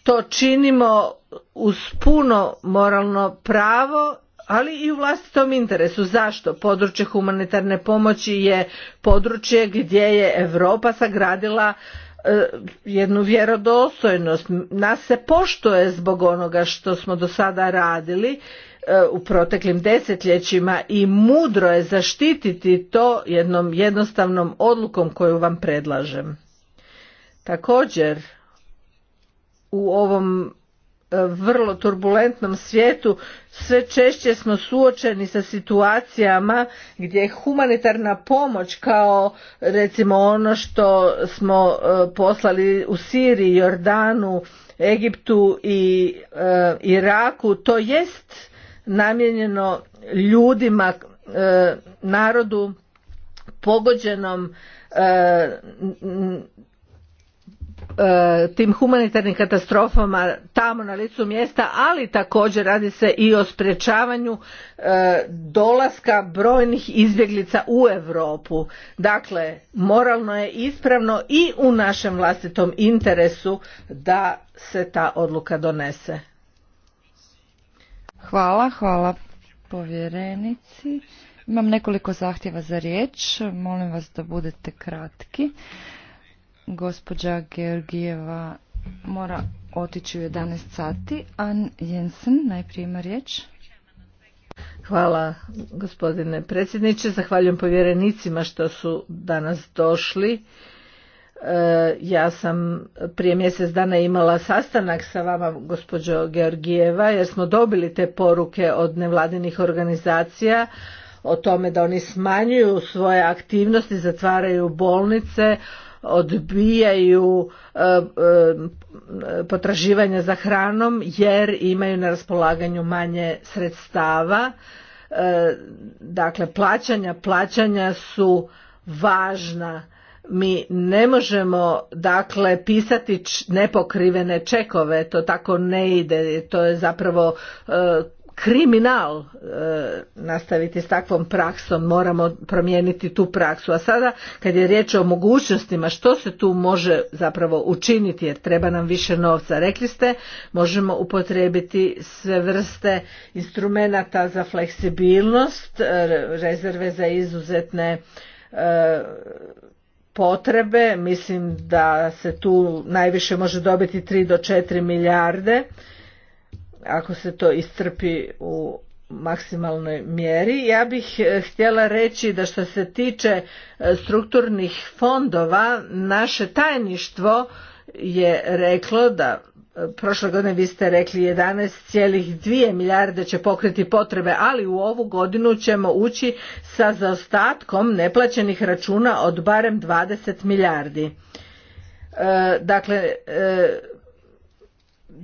to činimo uz puno moralno pravo ali i u vlastitom interesu. Zašto? Područje humanitarne pomoći je područje gdje je Europa sagradila e, jednu vjerodostojnost. Nas se poštuje zbog onoga što smo do sada radili e, u proteklim desetljećima i mudro je zaštititi to jednom jednostavnom odlukom koju vam predlažem. Također, u ovom e, vrlo turbulentnom svijetu sve češće smo suočeni sa situacijama gdje humanitarna pomoć kao recimo ono što smo e, poslali u Siriji, Jordanu, Egiptu i e, Iraku to jest namijenjeno ljudima narodu pogođenom E, tim humanitarnim katastrofama tamo na licu mjesta, ali također radi se i o sprječavanju e, dolaska brojnih izbjeglica u Europu. Dakle, moralno je ispravno i u našem vlastitom interesu da se ta odluka donese. Hvala, hvala povjerenici. Imam nekoliko zahtjeva za riječ, molim vas da budete kratki. Gospođa Georgijeva mora otići u 11 sati. An Jensen najprije ima riječ. Hvala gospodine predsjedniče. Zahvaljujem povjerenicima što su danas došli. E, ja sam prije mjesec dana imala sastanak sa vama, gospođo Georgijeva, jer smo dobili te poruke od nevladinih organizacija o tome da oni smanjuju svoje aktivnosti, zatvaraju bolnice, odbijaju e, e, potraživanja za hranom jer imaju na raspolaganju manje sredstava e, dakle plaćanja plaćanja su važna mi ne možemo dakle pisati nepokrivene čekove to tako ne ide to je zapravo kriminal e, nastaviti s takvom praksom, moramo promijeniti tu praksu. A sada kad je riječ o mogućnostima što se tu može zapravo učiniti jer treba nam više novca. Rekli ste možemo upotrijebiti sve vrste instrumenata za fleksibilnost, e, rezerve za izuzetne e, potrebe, mislim da se tu najviše može dobiti 3 do 4 milijarde ako se to iscrpi u maksimalnoj mjeri. Ja bih e, htjela reći da što se tiče e, strukturnih fondova, naše tajništvo je reklo da e, prošle godine vi ste rekli 11,2 milijarde će pokriti potrebe, ali u ovu godinu ćemo ući sa zaostatkom neplaćenih računa od barem 20 milijardi. Dakle,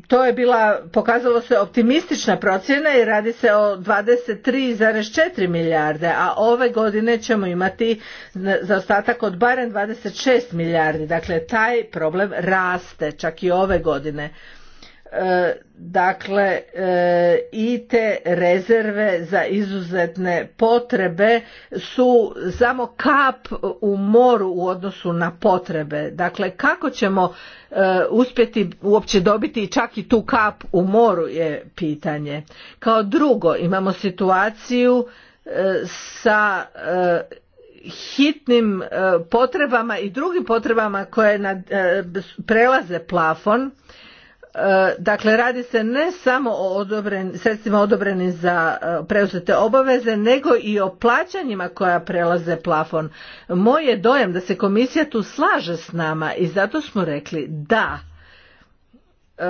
to je bila, pokazalo se optimistična procjena i radi se o 23,4 milijarde, a ove godine ćemo imati zaostatak od barem 26 milijardi. Dakle, taj problem raste čak i ove godine. E, dakle e, i te rezerve za izuzetne potrebe su samo kap u moru u odnosu na potrebe dakle kako ćemo e, uspjeti uopće dobiti čak i tu kap u moru je pitanje kao drugo imamo situaciju sa hitnim potrebama i drugim potrebama koje prelaze plafon E, dakle, radi se ne samo o odobren, sredstvima odobrenim za e, preuzete obaveze, nego i o plaćanjima koja prelaze plafon. Moj je dojam da se komisija tu slaže s nama i zato smo rekli da e,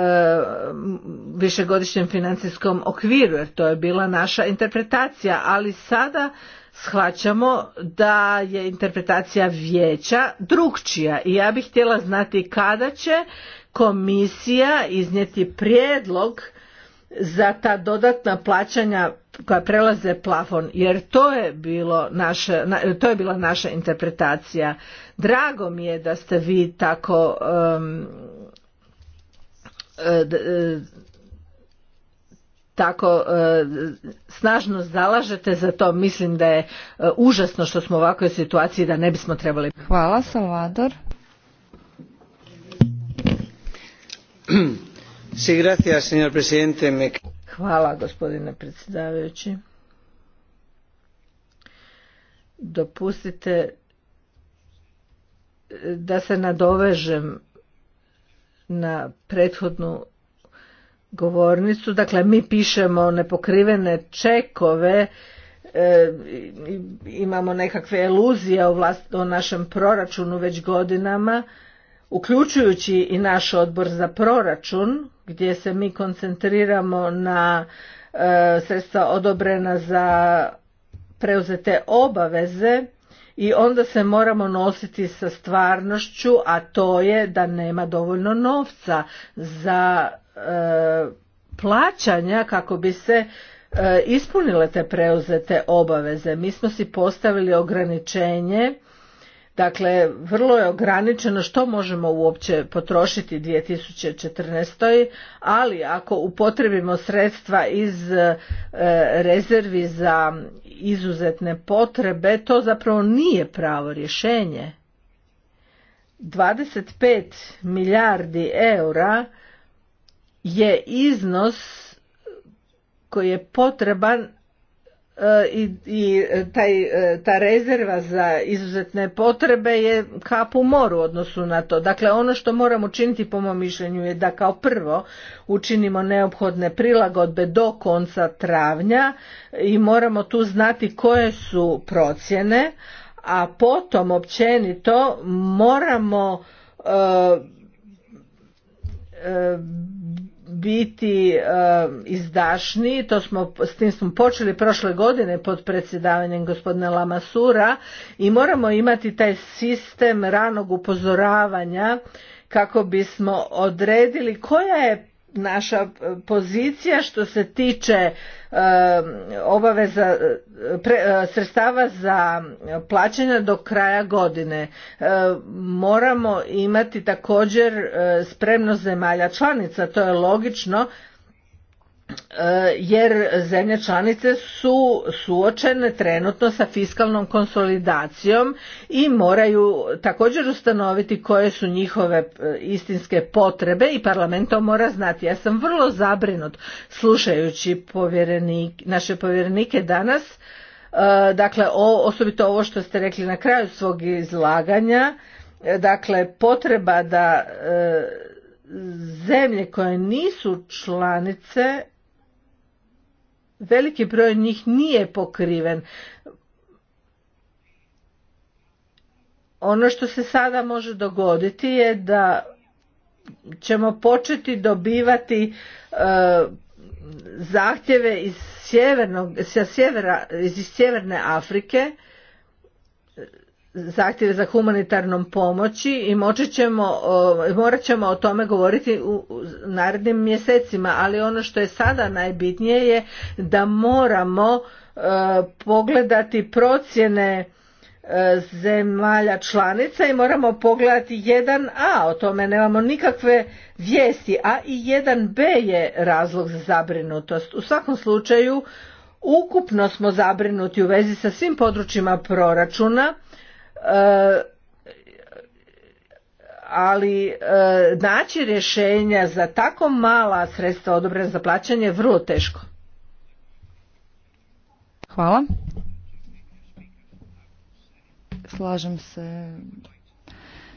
višegodišnjem financijskom okviru, jer to je bila naša interpretacija, ali sada shvaćamo da je interpretacija vijeća drukčija. i ja bih htjela znati kada će komisija iznijeti prijedlog za ta dodatna plaćanja koja prelaze plafon jer to je, bilo naše, to je bila naša interpretacija. Drago mi je da ste vi tako e, e, tako e, snažno zalažete za to. Mislim da je užasno što smo u ovakvoj situaciji da ne bismo trebali. Hvala Salvador. Hvala gospodine predsjedavajući. Dopustite da se nadovežem na prethodnu govornicu. Dakle, mi pišemo nepokrivene čekove, e, imamo nekakve eluzije o, o našem proračunu već godinama uključujući i naš odbor za proračun gdje se mi koncentriramo na e, sredstva odobrena za preuzete obaveze i onda se moramo nositi sa stvarnošću a to je da nema dovoljno novca za e, plaćanja kako bi se e, ispunile te preuzete obaveze mi smo si postavili ograničenje Dakle, vrlo je ograničeno što možemo uopće potrošiti 2014. Ali ako upotrebimo sredstva iz e, rezervi za izuzetne potrebe, to zapravo nije pravo rješenje. 25 milijardi eura je iznos koji je potreban E, i, i e, taj, e, ta rezerva za izuzetne potrebe je kap u moru u odnosu na to. Dakle, ono što moramo učiniti po mom mišljenju je da kao prvo učinimo neophodne prilagodbe do konca travnja i moramo tu znati koje su procjene, a potom općenito moramo biti eh, izdašniji, to smo, s tim smo počeli prošle godine pod predsjedavanjem gospodina Lamasura i moramo imati taj sistem ranog upozoravanja kako bismo odredili koja je naša pozicija što se tiče um, obaveza uh, uh, sredstava za plaćanja do kraja godine uh, moramo imati također spremnost zemalja članica to je logično E, jer zemlje članice su suočene trenutno sa fiskalnom konsolidacijom i moraju također ustanoviti koje su njihove e, istinske potrebe i parlament to mora znati. Ja sam vrlo zabrinut slušajući naše povjerenike danas, e, dakle osobito ovo što ste rekli na kraju svog izlaganja, dakle potreba da zemlje koje nisu članice veliki broj njih nije pokriven. Ono što se sada može dogoditi je da ćemo početi dobivati e, zahtjeve iz, sjevernog, sjevera, iz sjeverne Afrike zahtjeve za humanitarnom pomoći i moći ćemo, morat ćemo o tome govoriti u narednim mjesecima, ali ono što je sada najbitnije je da moramo e, pogledati procjene e, zemalja članica i moramo pogledati 1a, o tome nemamo nikakve vijesti, a i 1b je razlog za zabrinutost. U svakom slučaju ukupno smo zabrinuti u vezi sa svim područjima proračuna ali e, naći rješenja za tako mala sredstva odobrena za plaćanje je vrlo teško. Hvala. Slažem se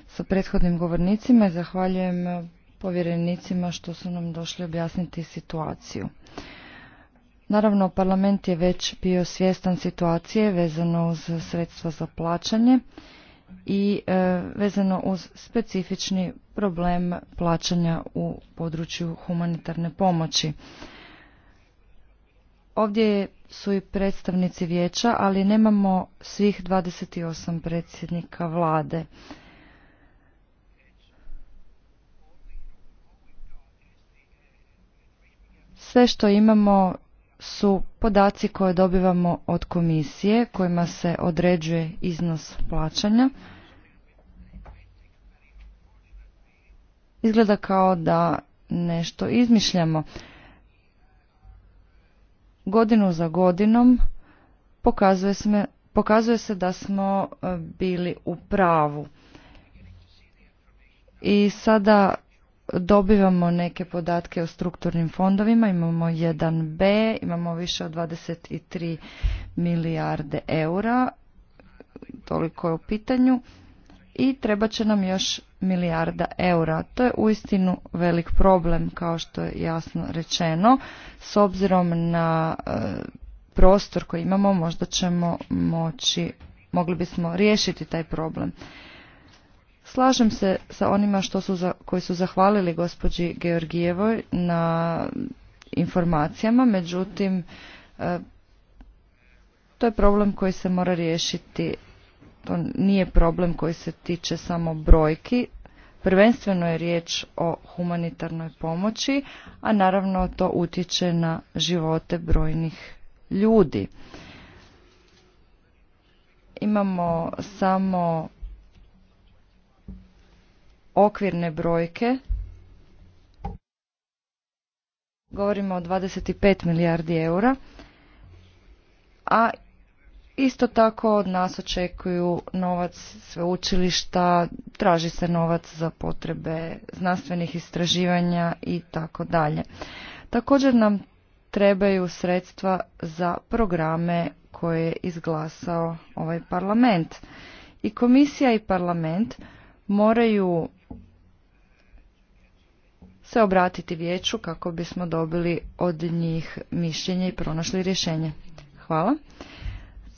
sa prethodnim govornicima i zahvaljujem povjerenicima što su nam došli objasniti situaciju. Naravno, parlament je već bio svjestan situacije vezano uz sredstva za plaćanje i e, vezano uz specifični problem plaćanja u području humanitarne pomoći. Ovdje su i predstavnici vijeća, ali nemamo svih 28 predsjednika vlade. Sve što imamo su podaci koje dobivamo od komisije kojima se određuje iznos plaćanja. Izgleda kao da nešto izmišljamo. Godinu za godinom pokazuje se, pokazuje se da smo e, bili u pravu. I sada dobivamo neke podatke o strukturnim fondovima, imamo 1B, imamo više od 23 milijarde eura, toliko je u pitanju, i treba će nam još milijarda eura. To je uistinu velik problem, kao što je jasno rečeno, s obzirom na e, prostor koji imamo, možda ćemo moći, mogli bismo riješiti taj problem. Slažem se sa onima što su za, koji su zahvalili gospođi Georgijevoj na informacijama, međutim, e, to je problem koji se mora riješiti. To nije problem koji se tiče samo brojki. Prvenstveno je riječ o humanitarnoj pomoći, a naravno to utječe na živote brojnih ljudi. Imamo samo okvirne brojke. Govorimo o 25 milijardi eura. A isto tako od nas očekuju novac sveučilišta, traži se novac za potrebe znanstvenih istraživanja i tako dalje. Također nam trebaju sredstva za programe koje je izglasao ovaj parlament. I komisija i parlament moraju se obratiti vijeću kako bismo dobili od njih mišljenje i pronašli rješenje. Hvala.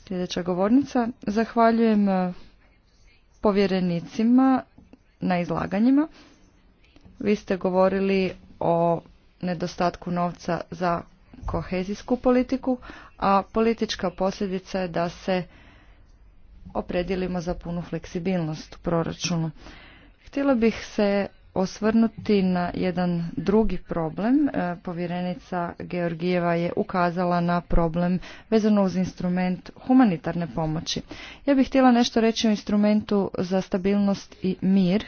Sljedeća govornica. Zahvaljujem e, povjerenicima na izlaganjima. Vi ste govorili o nedostatku novca za kohezijsku politiku, a politička posljedica je da se opredjelimo za punu fleksibilnost u proračunu. Htjela bih se osvrnuti na jedan drugi problem. E, povjerenica Georgijeva je ukazala na problem vezano uz instrument humanitarne pomoći. Ja bih htjela nešto reći o instrumentu za stabilnost i mir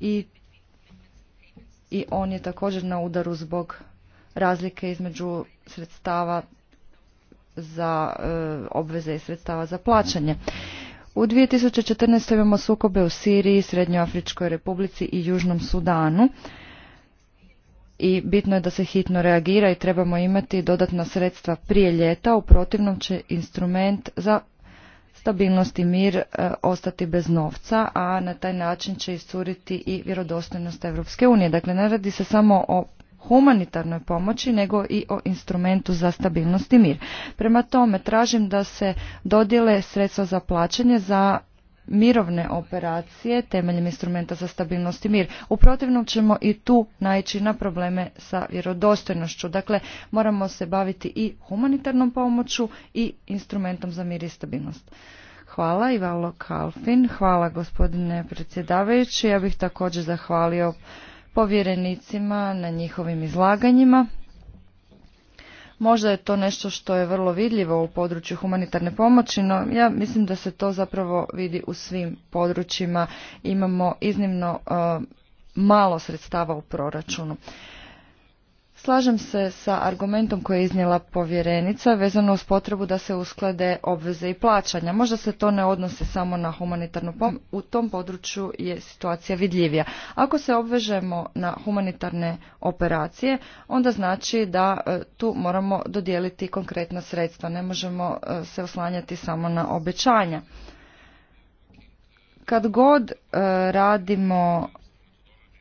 i, i on je također na udaru zbog razlike između sredstava za e, obveze i sredstava za plaćanje. U 2014. imamo sukobe u Siriji, Srednjoafričkoj republici i Južnom Sudanu i bitno je da se hitno reagira i trebamo imati dodatna sredstva prije ljeta, u protivnom će instrument za stabilnost i mir e, ostati bez novca, a na taj način će iscuriti i vjerodostojnost Europske unije. Dakle, ne radi se samo o humanitarnoj pomoći nego i o instrumentu za stabilnost i mir. Prema tome tražim da se dodjele sredstva za plaćanje za mirovne operacije temeljem instrumenta za stabilnost i mir. U protivnom ćemo i tu naići na probleme sa vjerodostojnošću. Dakle, moramo se baviti i humanitarnom pomoću i instrumentom za mir i stabilnost. Hvala Ivalo Kalfin, hvala gospodine predsjedavajući. Ja bih također zahvalio povjerenicima na njihovim izlaganjima. Možda je to nešto što je vrlo vidljivo u području humanitarne pomoći, no ja mislim da se to zapravo vidi u svim područjima. Imamo iznimno eh, malo sredstava u proračunu. Slažem se sa argumentom koji je iznijela povjerenica vezano uz potrebu da se usklade obveze i plaćanja. Možda se to ne odnose samo na humanitarnu pomoć, u tom području je situacija vidljivija. Ako se obvežemo na humanitarne operacije, onda znači da e, tu moramo dodijeliti konkretna sredstva, ne možemo e, se oslanjati samo na obećanja. Kad god e, radimo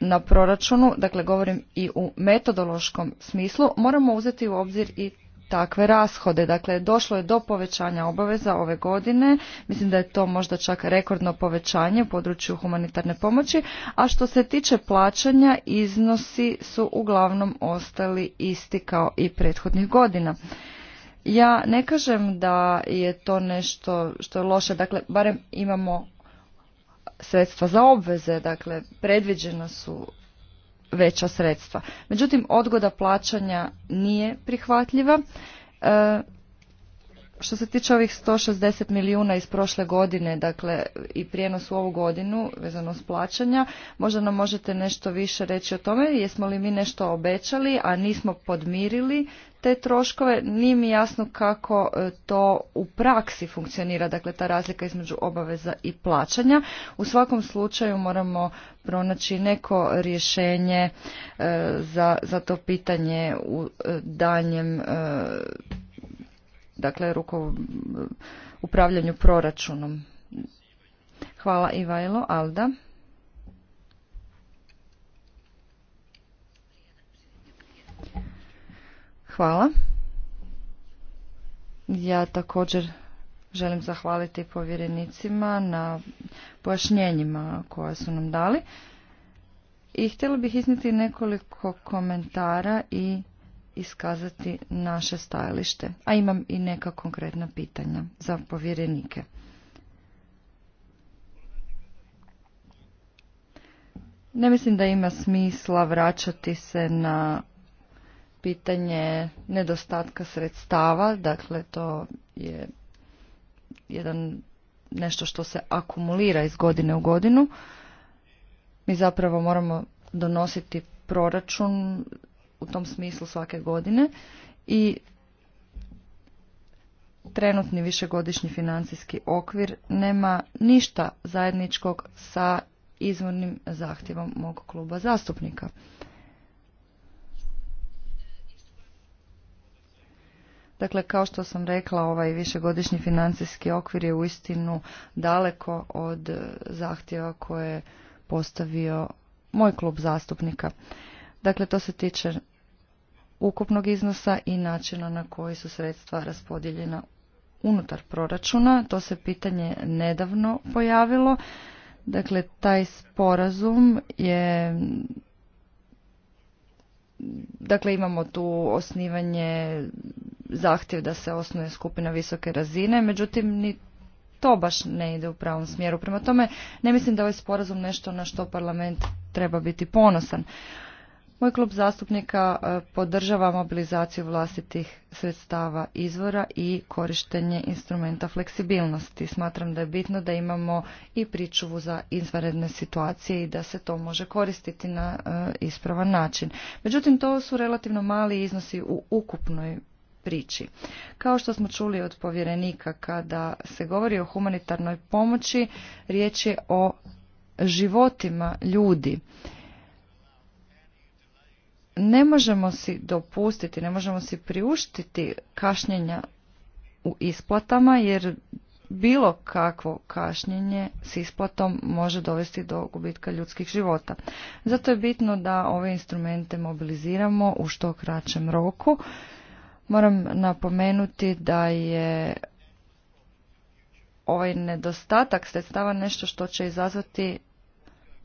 na proračunu, dakle govorim i u metodološkom smislu, moramo uzeti u obzir i takve rashode. Dakle, došlo je do povećanja obaveza ove godine, mislim da je to možda čak rekordno povećanje u području humanitarne pomoći, a što se tiče plaćanja, iznosi su uglavnom ostali isti kao i prethodnih godina. Ja ne kažem da je to nešto što je loše, dakle, barem imamo sredstva za obveze, dakle predviđena su veća sredstva. Međutim, odgoda plaćanja nije prihvatljiva. E, što se tiče ovih 160 milijuna iz prošle godine, dakle i prijenos u ovu godinu vezano s plaćanja, možda nam možete nešto više reći o tome, jesmo li mi nešto obećali, a nismo podmirili te troškove, nije mi jasno kako e, to u praksi funkcionira, dakle ta razlika između obaveza i plaćanja. U svakom slučaju moramo pronaći neko rješenje e, za, za to pitanje u e, danjem dakle ruko, upravljanju proračunom. Hvala Ivajlo. Alda. Hvala. Ja također želim zahvaliti povjerenicima na pojašnjenjima koja su nam dali. I htjela bih izniti nekoliko komentara i iskazati naše stajalište, a imam i neka konkretna pitanja za povjerenike. Ne mislim da ima smisla vraćati se na pitanje nedostatka sredstava, dakle to je jedan nešto što se akumulira iz godine u godinu. Mi zapravo moramo donositi proračun u tom smislu svake godine i trenutni višegodišnji financijski okvir nema ništa zajedničkog sa izvornim zahtjevom mog kluba zastupnika. Dakle, kao što sam rekla, ovaj višegodišnji financijski okvir je uistinu daleko od zahtjeva koje je postavio moj klub zastupnika. Dakle, to se tiče ukupnog iznosa i načina na koji su sredstva raspodijeljena unutar proračuna. To se pitanje nedavno pojavilo. Dakle, taj sporazum je... Dakle, imamo tu osnivanje, zahtjev da se osnuje skupina visoke razine, međutim, ni to baš ne ide u pravom smjeru. Prema tome, ne mislim da ovaj sporazum nešto na što parlament treba biti ponosan. Moj klub zastupnika e, podržava mobilizaciju vlastitih sredstava izvora i korištenje instrumenta fleksibilnosti. Smatram da je bitno da imamo i pričuvu za izvanredne situacije i da se to može koristiti na e, ispravan način. Međutim, to su relativno mali iznosi u ukupnoj priči. Kao što smo čuli od povjerenika kada se govori o humanitarnoj pomoći, riječ je o životima ljudi ne možemo si dopustiti, ne možemo si priuštiti kašnjenja u isplatama jer bilo kakvo kašnjenje s isplatom može dovesti do gubitka ljudskih života. Zato je bitno da ove instrumente mobiliziramo u što kraćem roku. Moram napomenuti da je ovaj nedostatak sredstava nešto što će izazvati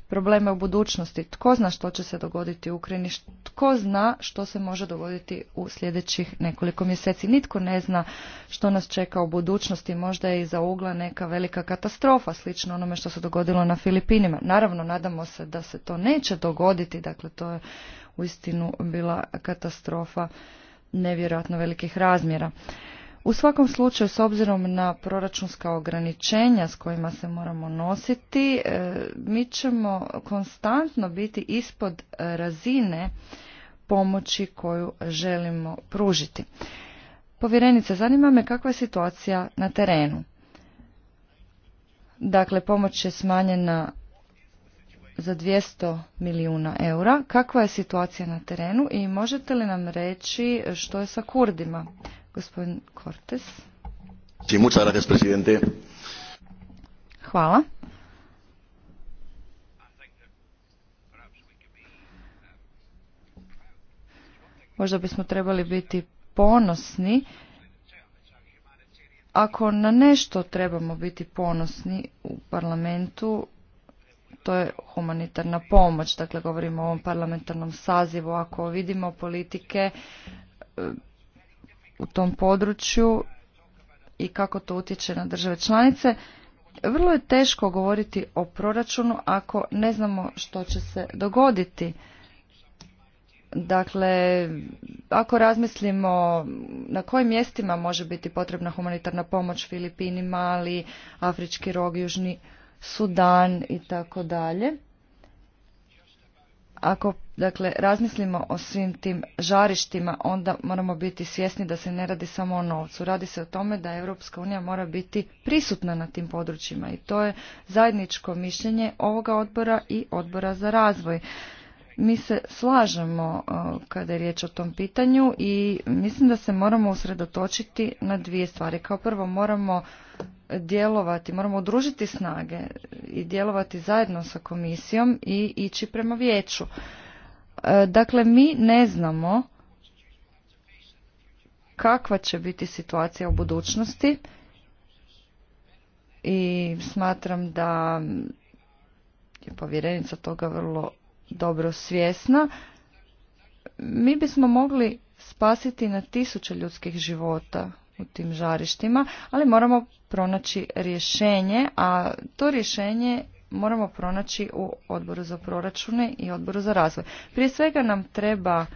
probleme u budućnosti. Tko zna što će se dogoditi u Ukrajini, tko zna što se može dogoditi u sljedećih nekoliko mjeseci. Nitko ne zna što nas čeka u budućnosti, možda je iza ugla neka velika katastrofa, slično onome što se dogodilo na Filipinima. Naravno, nadamo se da se to neće dogoditi, dakle to je uistinu bila katastrofa nevjerojatno velikih razmjera. U svakom slučaju, s obzirom na proračunska ograničenja s kojima se moramo nositi, e, mi ćemo konstantno biti ispod razine pomoći koju želimo pružiti. Povjerenice, zanima me kakva je situacija na terenu. Dakle, pomoć je smanjena za 200 milijuna eura. Kakva je situacija na terenu i možete li nam reći što je sa Kurdima? Gospodin Hvala. Možda bismo trebali biti ponosni. Ako na nešto trebamo biti ponosni u parlamentu, to je humanitarna pomoć. Dakle, govorimo o ovom parlamentarnom sazivu. Ako vidimo politike u tom području i kako to utječe na države članice. Vrlo je teško govoriti o proračunu ako ne znamo što će se dogoditi. Dakle, ako razmislimo na kojim mjestima može biti potrebna humanitarna pomoć Filipini, Mali, Afrički rog, Južni Sudan i tako dalje. Ako dakle razmislimo o svim tim žarištima, onda moramo biti svjesni da se ne radi samo o novcu. Radi se o tome da Europska unija mora biti prisutna na tim područjima i to je zajedničko mišljenje ovoga odbora i odbora za razvoj. Mi se slažemo e, kada je riječ o tom pitanju i mislim da se moramo usredotočiti na dvije stvari. Kao prvo moramo djelovati, moramo udružiti snage i djelovati zajedno sa komisijom i ići prema vijeću. E, dakle, mi ne znamo kakva će biti situacija u budućnosti i smatram da je povjerenica toga vrlo dobro svjesna, mi bismo mogli spasiti na tisuće ljudskih života u tim žarištima, ali moramo pronaći rješenje, a to rješenje moramo pronaći u odboru za proračune i odboru za razvoj. Prije svega nam treba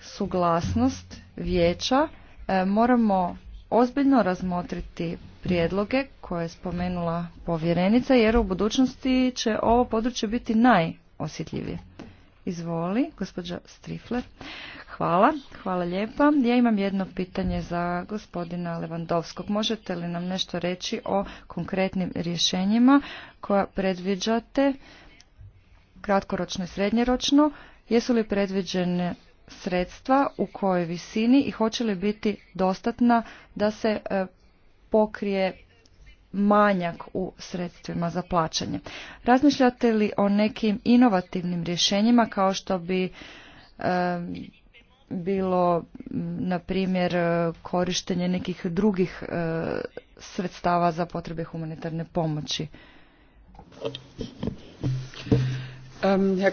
suglasnost vijeća, e, moramo ozbiljno razmotriti prijedloge koje je spomenula povjerenica jer u budućnosti će ovo područje biti naj osjetljivije. Izvoli, gospođa Strifler. Hvala, hvala lijepa. Ja imam jedno pitanje za gospodina Levandovskog. Možete li nam nešto reći o konkretnim rješenjima koja predviđate kratkoročno i srednjeročno? Jesu li predviđene sredstva u kojoj visini i hoće li biti dostatna da se e, pokrije manjak u sredstvima za plaćanje. Razmišljate li o nekim inovativnim rješenjima kao što bi bilo na primjer korištenje nekih drugih e, sredstava za potrebe humanitarne pomoći. Um, ja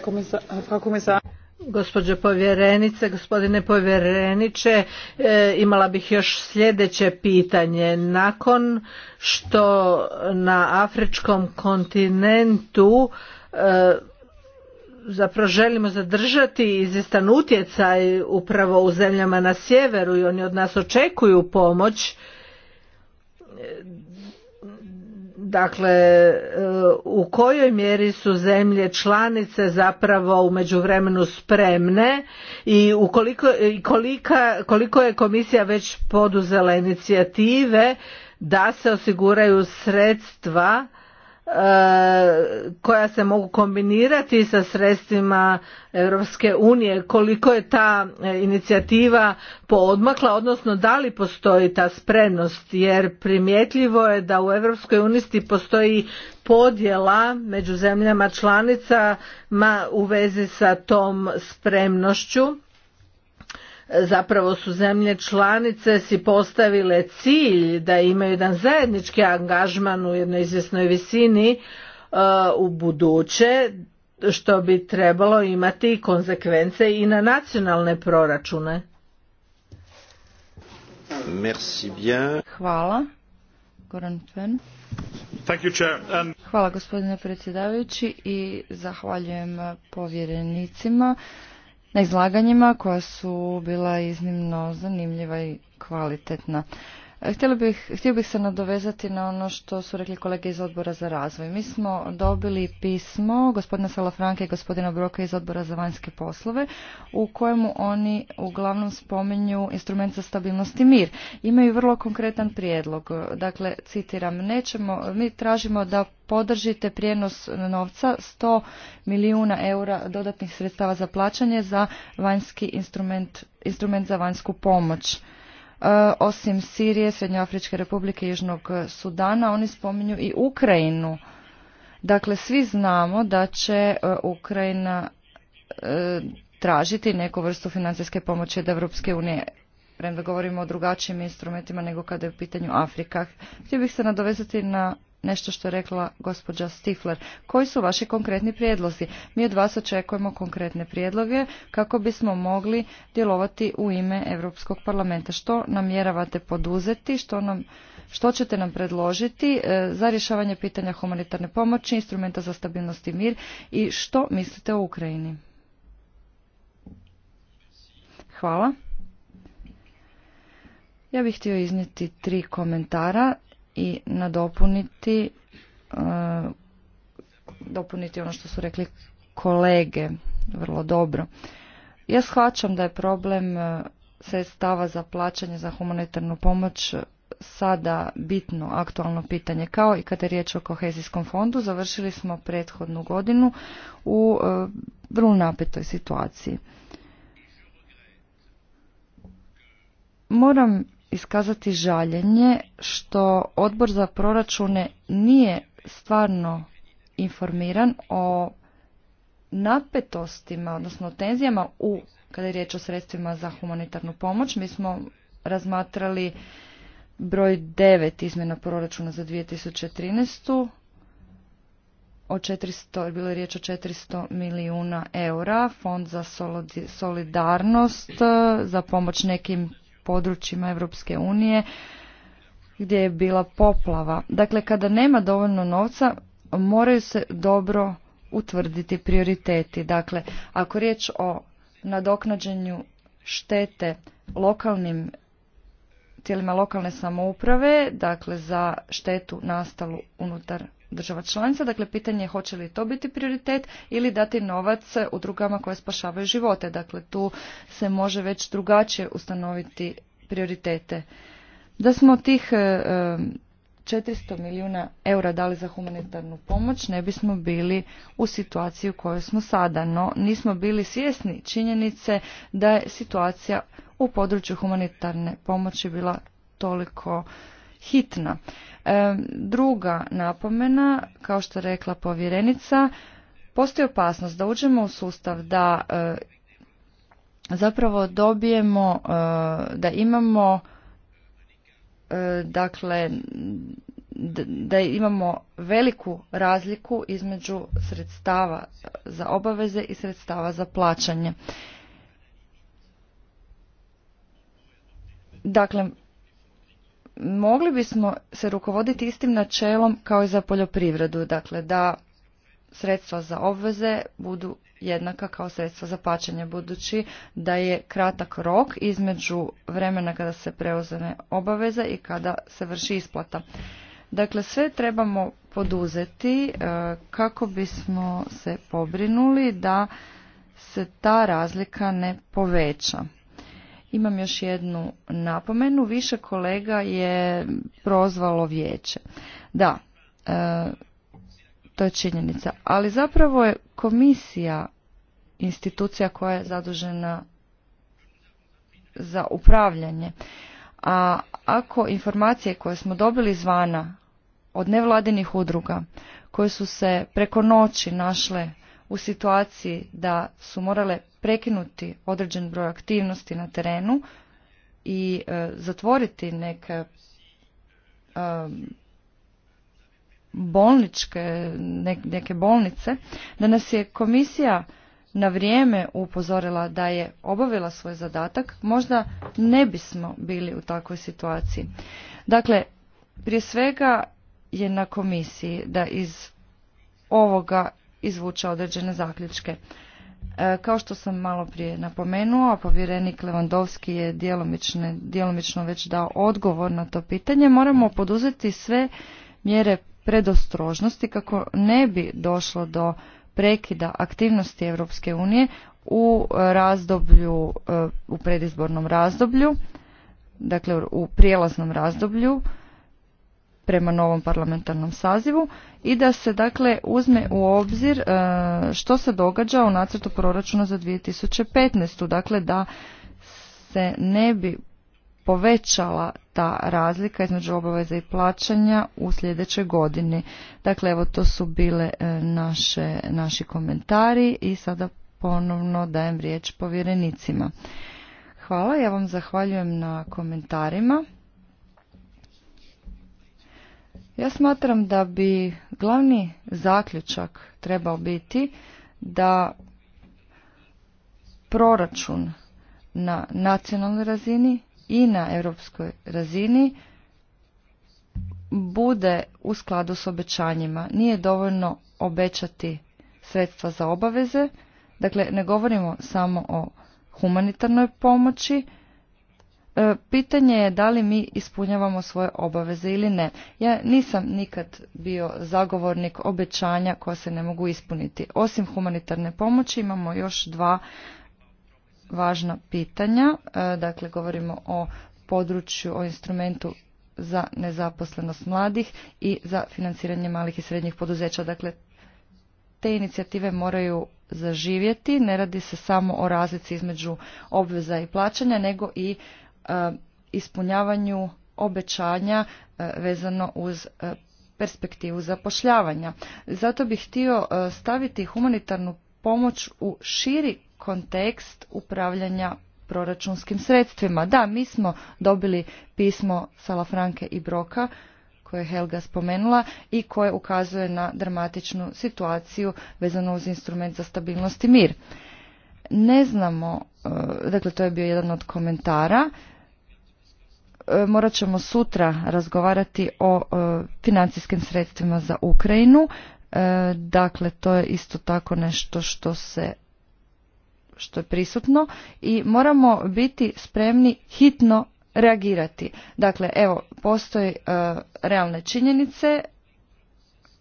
komisar, Gospođo povjerenice, gospodine povjereniče, e, imala bih još sljedeće pitanje. Nakon što na afričkom kontinentu e, zapravo želimo zadržati izvjestan utjecaj upravo u zemljama na sjeveru i oni od nas očekuju pomoć, Dakle, e, u kojoj mjeri su zemlje članice zapravo u međuvremenu spremne i koliko je komisija već poduzela inicijative da se osiguraju sredstva E, koja se mogu kombinirati sa sredstvima Europske unije koliko je ta e, inicijativa poodmakla odnosno da li postoji ta spremnost jer primjetljivo je da u Europskoj postoji podjela među zemljama članicama u vezi sa tom spremnošću zapravo su zemlje članice si postavile cilj da imaju jedan zajednički angažman u jednoj izvjesnoj visini e, u buduće što bi trebalo imati konsekvence i na nacionalne proračune. Merci bien. Hvala. Um, Hvala gospodine predsjedavajući i zahvaljujem povjerenicima na izlaganjima koja su bila iznimno zanimljiva i kvalitetna. Htjela bih, htio bih se nadovezati na ono što su rekli kolege iz odbora za razvoj. Mi smo dobili pismo gospodina Salafranke i gospodina Broka iz odbora za vanjske poslove u kojemu oni uglavnom spominju instrument za stabilnost i mir. Imaju vrlo konkretan prijedlog. Dakle, citiram, nećemo, mi tražimo da podržite prijenos novca 100 milijuna eura dodatnih sredstava za plaćanje za vanjski instrument, instrument za vanjsku pomoć E, osim Sirije, Srednjoafričke republike i Južnog Sudana, oni spominju i Ukrajinu. Dakle, svi znamo da će e, Ukrajina e, tražiti neku vrstu financijske pomoći od Europske unije premda govorimo o drugačijim instrumentima nego kada je u pitanju Afrika. Htio bih se nadovezati na nešto što je rekla gospođa Stifler. Koji su vaši konkretni prijedlozi? Mi od vas očekujemo konkretne prijedloge kako bismo mogli djelovati u ime Europskog parlamenta. Što namjeravate poduzeti? Što što ćete nam predložiti e, za rješavanje pitanja humanitarne pomoći, instrumenta za stabilnost i mir i što mislite o Ukrajini? Hvala. Ja bih htio iznijeti tri komentara i nadopuniti e, dopuniti ono što su rekli kolege vrlo dobro. Ja shvaćam da je problem e, sredstava za plaćanje za humanitarnu pomoć sada bitno aktualno pitanje. Kao i kada je riječ o kohezijskom fondu, završili smo prethodnu godinu u e, vrlo napetoj situaciji. Moram iskazati žaljenje što odbor za proračune nije stvarno informiran o napetostima, odnosno tenzijama u, kada je riječ o sredstvima za humanitarnu pomoć. Mi smo razmatrali broj 9 izmjena proračuna za 2013. O 400, bilo je riječ o 400 milijuna eura, fond za solidarnost, za pomoć nekim područjima Europske unije gdje je bila poplava. Dakle, kada nema dovoljno novca, moraju se dobro utvrditi prioriteti. Dakle, ako riječ o nadoknađenju štete lokalnim tijelima lokalne samouprave, dakle za štetu nastalu unutar država članica. Dakle, pitanje je hoće li to biti prioritet ili dati novac drugama koje spašavaju živote. Dakle, tu se može već drugačije ustanoviti prioritete. Da smo tih 400 e, e, milijuna eura dali za humanitarnu pomoć, ne bismo bili u situaciji u kojoj smo sada, no nismo bili svjesni činjenice da je situacija u području humanitarne pomoći bila toliko hitna. E, druga napomena, kao što rekla povjerenica, postoji opasnost da uđemo u sustav da e, zapravo dobijemo, e, da imamo dakle da imamo veliku razliku između sredstava za obaveze i sredstava za plaćanje. Dakle, mogli bismo se rukovoditi istim načelom kao i za poljoprivredu, dakle da sredstva za obveze budu jednaka kao sredstva za plaćanje, budući da je kratak rok između vremena kada se preuzeme obaveza i kada se vrši isplata. Dakle, sve trebamo poduzeti e, kako bismo se pobrinuli da se ta razlika ne poveća. Imam još jednu napomenu. Više kolega je prozvalo vijeće. Da, e, to je činjenica. Ali zapravo je komisija institucija koja je zadužena za upravljanje. A ako informacije koje smo dobili zvana od nevladinih udruga koje su se preko noći našle u situaciji da su morale prekinuti određen broj aktivnosti na terenu i e, zatvoriti neke e, bolničke, neke bolnice, da nas je komisija na vrijeme upozorila da je obavila svoj zadatak, možda ne bismo bili u takvoj situaciji. Dakle, prije svega je na komisiji da iz ovoga izvuče određene zaključke. E, kao što sam malo prije napomenuo, povjerenik Levandovski je djelomično već dao odgovor na to pitanje. Moramo poduzeti sve mjere predostrožnosti kako ne bi došlo do prekida aktivnosti Europske unije u razdoblju, e, u predizbornom razdoblju, dakle u prijelaznom razdoblju prema novom parlamentarnom sazivu i da se dakle uzme u obzir e, što se događa u nacrtu proračuna za 2015. Dakle da se ne bi povećala ta razlika između obaveza i plaćanja u sljedećoj godini. Dakle, evo to su bile e, naše, naši komentari i sada ponovno dajem riječ povjerenicima. Hvala, ja vam zahvaljujem na komentarima. Ja smatram da bi glavni zaključak trebao biti da proračun na nacionalnoj razini i na europskoj razini bude u skladu s obećanjima. Nije dovoljno obećati sredstva za obaveze, dakle ne govorimo samo o humanitarnoj pomoći, E, pitanje je da li mi ispunjavamo svoje obaveze ili ne. Ja nisam nikad bio zagovornik obećanja koja se ne mogu ispuniti. Osim humanitarne pomoći imamo još dva važna pitanja. E, dakle, govorimo o području, o instrumentu za nezaposlenost mladih i za financiranje malih i srednjih poduzeća. Dakle, te inicijative moraju zaživjeti. Ne radi se samo o razlici između obveza i plaćanja, nego i E, ispunjavanju obećanja e, vezano uz e, perspektivu zapošljavanja. Zato bih htio staviti humanitarnu pomoć u širi kontekst upravljanja proračunskim sredstvima. Da, mi smo dobili pismo Salafranke i Broka koje je Helga spomenula i koje ukazuje na dramatičnu situaciju vezano uz instrument za stabilnost i mir. Ne znamo, dakle to je bio jedan od komentara, E, morat ćemo sutra razgovarati o e, financijskim sredstvima za Ukrajinu. E, dakle, to je isto tako nešto što se što je prisutno i moramo biti spremni hitno reagirati. Dakle, evo, postoje realne činjenice,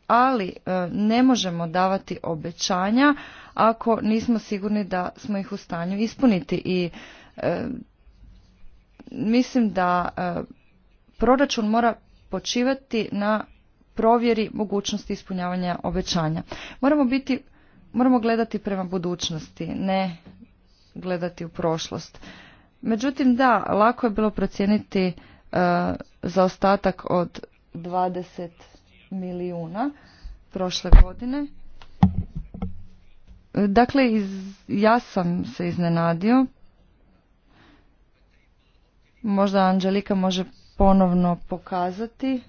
ali ne možemo davati obećanja ako nismo sigurni da smo ih u stanju ispuniti i mislim da e, proračun mora počivati na provjeri mogućnosti ispunjavanja obećanja. Moramo biti, moramo gledati prema budućnosti, ne gledati u prošlost. Međutim, da, lako je bilo procijeniti za e, zaostatak od 20 milijuna prošle godine. Dakle, iz, ja sam se iznenadio Možda Anđelika može ponovno pokazati.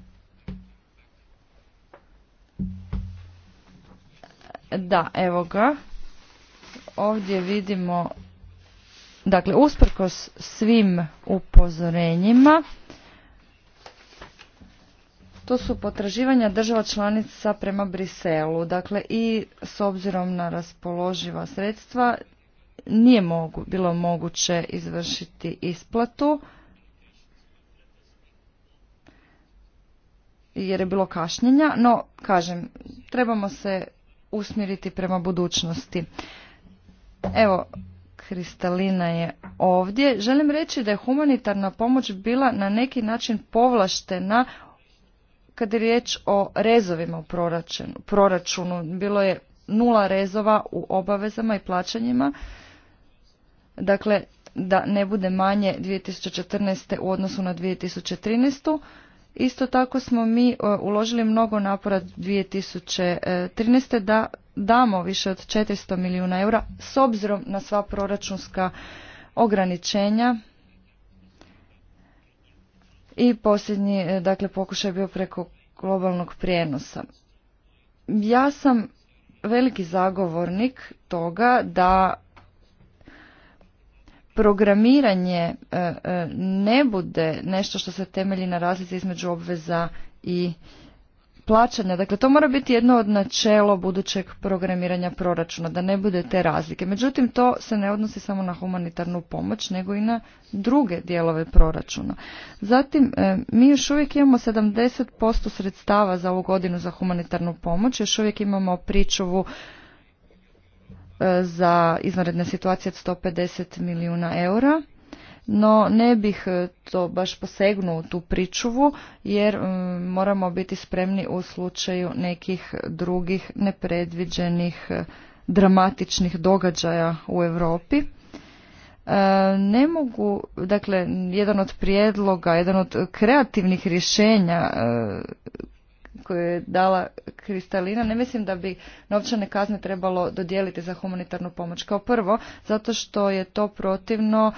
Da, evo ga. Ovdje vidimo, dakle, usprkos svim upozorenjima, to su potraživanja država članica prema Briselu. Dakle, i s obzirom na raspoloživa sredstva nije bilo moguće izvršiti isplatu. jer je bilo kašnjenja, no kažem, trebamo se usmjeriti prema budućnosti. Evo, Kristalina je ovdje. Želim reći da je humanitarna pomoć bila na neki način povlaštena kad je riječ o rezovima u proračunu. proračunu. Bilo je nula rezova u obavezama i plaćanjima. Dakle, da ne bude manje 2014. u odnosu na 2013. Isto tako smo mi e, uložili mnogo napora 2013. da damo više od 400 milijuna eura s obzirom na sva proračunska ograničenja i posljednji e, dakle, pokušaj bio preko globalnog prijenosa. Ja sam veliki zagovornik toga da programiranje e, e, ne bude nešto što se temelji na razlici između obveza i plaćanja. Dakle, to mora biti jedno od načelo budućeg programiranja proračuna, da ne bude te razlike. Međutim, to se ne odnosi samo na humanitarnu pomoć, nego i na druge dijelove proračuna. Zatim, e, mi još uvijek imamo 70% sredstava za ovu godinu za humanitarnu pomoć, još uvijek imamo pričovu za izvanredne situacije od 150 milijuna eura. No ne bih e, to baš posegnuo u tu pričuvu jer moramo biti spremni u slučaju nekih drugih nepredviđenih e, dramatičnih događaja u Europi. E, ne mogu, dakle, jedan od prijedloga, jedan od kreativnih rješenja koju je dala Kristalina, ne mislim da bi novčane kazne trebalo dodijeliti za humanitarnu pomoć. Kao prvo, zato što je to protivno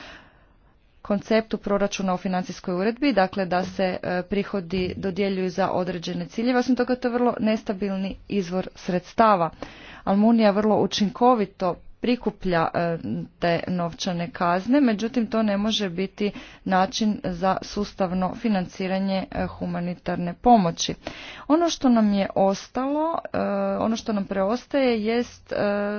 konceptu proračuna o financijskoj uredbi, dakle da se e, prihodi dodjeljuju za određene ciljeve. Osim toga, to je vrlo nestabilni izvor sredstava. Almunija vrlo učinkovito prikuplja e, te novčane kazne, međutim to ne može biti način za sustavno financiranje e, humanitarne pomoći. Ono što nam je ostalo, e, ono što nam preostaje jest,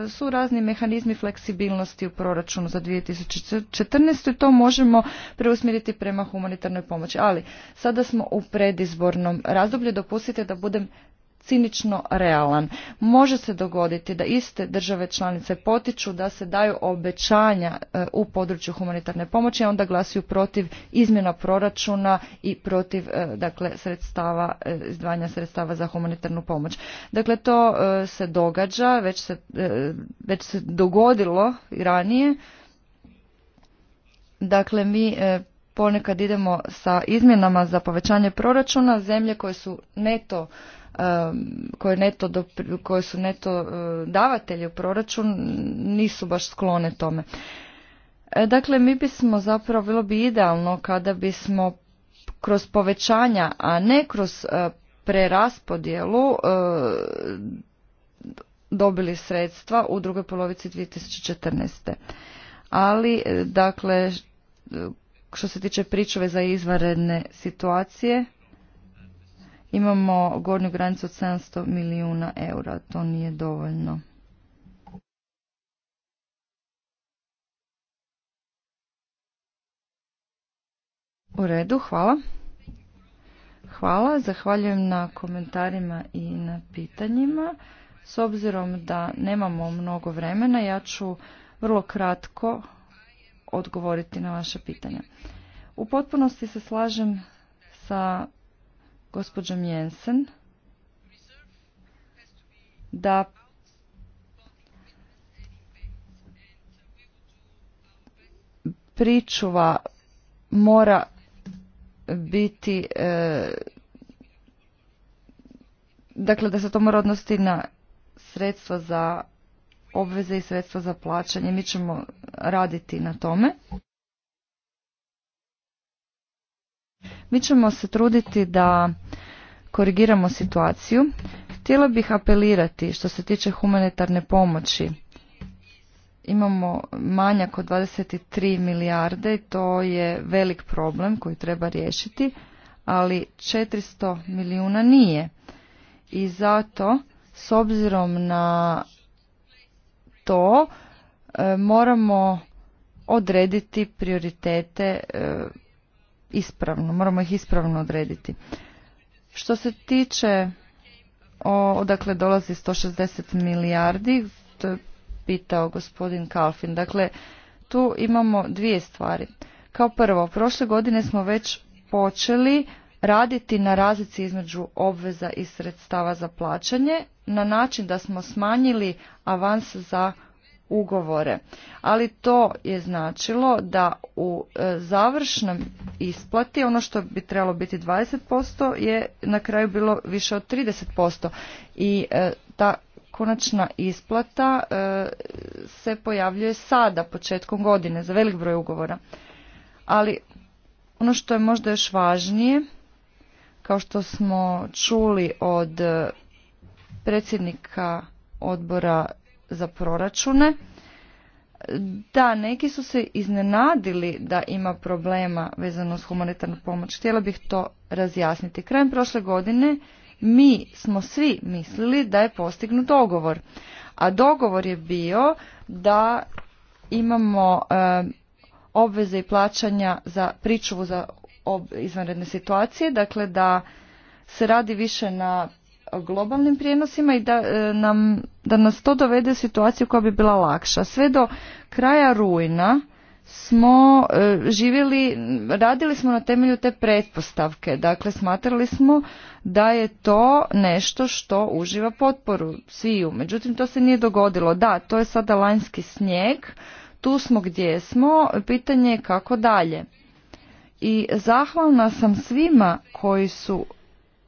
su razni mehanizmi fleksibilnosti u proračunu za 2014. i to možemo preusmjeriti prema humanitarnoj pomoći. Ali sada smo u predizbornom razdoblju, dopustite da budem cinično realan. Može se dogoditi da iste države članice potiču da se daju obećanja e, u području humanitarne pomoći, a onda glasuju protiv izmjena proračuna i protiv e, dakle, sredstava, e, izdvajanja sredstava za humanitarnu pomoć. Dakle, to se događa, već se, već se dogodilo i ranije. Dakle, mi ponekad idemo sa izmjenama za povećanje proračuna zemlje koje su neto Um, koje, koje su neto uh, davatelji u proračun nisu baš sklone tome. E, dakle, mi bismo zapravo, bilo bi idealno kada bismo kroz povećanja, a ne kroz uh, preraspodjelu uh, dobili sredstva u drugoj polovici 2014. Ali, dakle, što se tiče pričove za izvanredne situacije, imamo gornju granicu od 700 milijuna eura, to nije dovoljno. U redu, hvala. Hvala, zahvaljujem na komentarima i na pitanjima. S obzirom da nemamo mnogo vremena, ja ću vrlo kratko odgovoriti na vaše pitanja. U potpunosti se slažem sa gospođom Jensen da pričuva mora biti e, dakle da se to mora odnositi na sredstva za obveze i sredstva za plaćanje mi ćemo raditi na tome Mi ćemo se truditi da korigiramo situaciju. Htjela bih apelirati što se tiče humanitarne pomoći. Imamo manjak od 23 milijarde i to je velik problem koji treba riješiti, ali 400 milijuna nije. I zato, s obzirom na to, e, moramo odrediti prioritete e, ispravno, moramo ih ispravno odrediti. Što se tiče odakle dolazi 160 milijardi, to je pitao gospodin Kalfin. Dakle, tu imamo dvije stvari. Kao prvo, prošle godine smo već počeli raditi na razlici između obveza i sredstava za plaćanje na način da smo smanjili avans za ugovore. Ali to je značilo da u e, završnom isplati ono što bi trebalo biti 20% je na kraju bilo više od 30% i e, ta konačna isplata e, se pojavljuje sada, početkom godine, za velik broj ugovora. Ali ono što je možda još važnije, kao što smo čuli od predsjednika odbora za proračune. Da, neki su se iznenadili da ima problema vezano s humanitarnu pomoć. Htjela bih to razjasniti. Krajem prošle godine mi smo svi mislili da je postignut dogovor. A dogovor je bio da imamo eh, obveze i plaćanja za pričuvu za izvanredne situacije, dakle da se radi više na globalnim prijenosima i da, e, nam, da nas to dovede u situaciju koja bi bila lakša. Sve do kraja rujna smo e, živjeli, radili smo na temelju te pretpostavke. Dakle, smatrali smo da je to nešto što uživa potporu sviju. Međutim, to se nije dogodilo. Da, to je sada lanjski snijeg. Tu smo gdje smo. Pitanje je kako dalje. I zahvalna sam svima koji su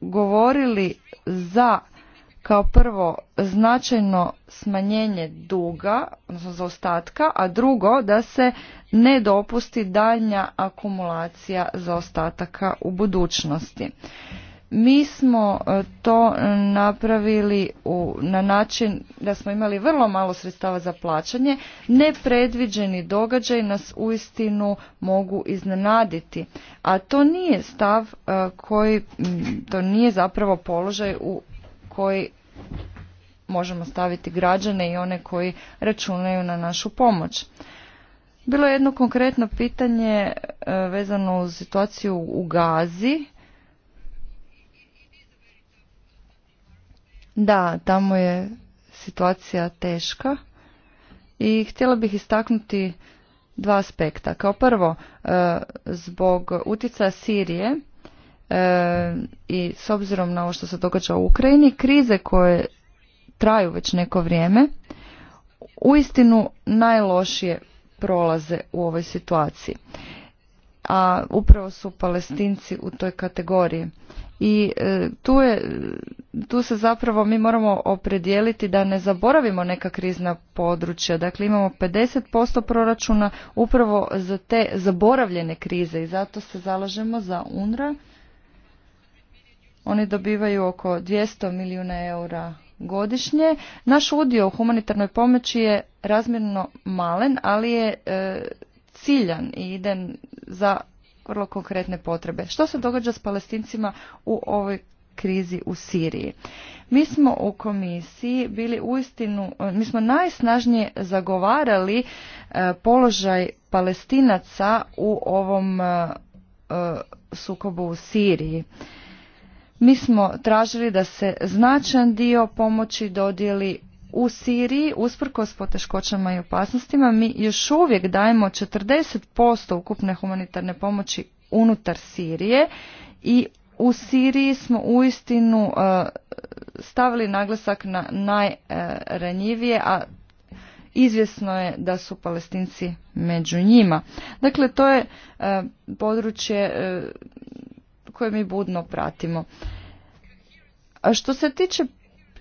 govorili za kao prvo značajno smanjenje duga, odnosno zaostatka, a drugo da se ne dopusti daljnja akumulacija zaostataka u budućnosti. Mi smo e, to napravili u, na način da smo imali vrlo malo sredstava za plaćanje. Nepredviđeni događaj nas uistinu mogu iznenaditi. A to nije stav e, koji, to nije zapravo položaj u koji možemo staviti građane i one koji računaju na našu pomoć. Bilo je jedno konkretno pitanje e, vezano uz situaciju u Gazi Da, tamo je situacija teška i htjela bih istaknuti dva aspekta. Kao prvo, e, zbog utjecaja Sirije e, i s obzirom na ovo što se događa u Ukrajini, krize koje traju već neko vrijeme, uistinu najlošije prolaze u ovoj situaciji. A upravo su palestinci u toj kategoriji i e, tu, je, tu se zapravo mi moramo opredijeliti da ne zaboravimo neka krizna područja. Dakle, imamo 50% proračuna upravo za te zaboravljene krize i zato se zalažemo za UNRA. Oni dobivaju oko 200 milijuna eura godišnje. Naš udio u humanitarnoj pomoći je razmjerno malen, ali je e, ciljan i ide za vrlo konkretne potrebe. Što se događa s palestincima u ovoj krizi u Siriji. Mi smo u komisiji bili uistinu, eh, mi smo najsnažnije zagovarali eh, položaj palestinaca u ovom eh, sukobu u Siriji. Mi smo tražili da se značajan dio pomoći dodijeli u Siriji, usprkos poteškoćama i opasnostima, mi još uvijek dajemo 40% ukupne humanitarne pomoći unutar Sirije i u Siriji smo uistinu e, stavili naglasak na najranjivije, a izvjesno je da su palestinci među njima. Dakle, to je e, područje e, koje mi budno pratimo. A što se tiče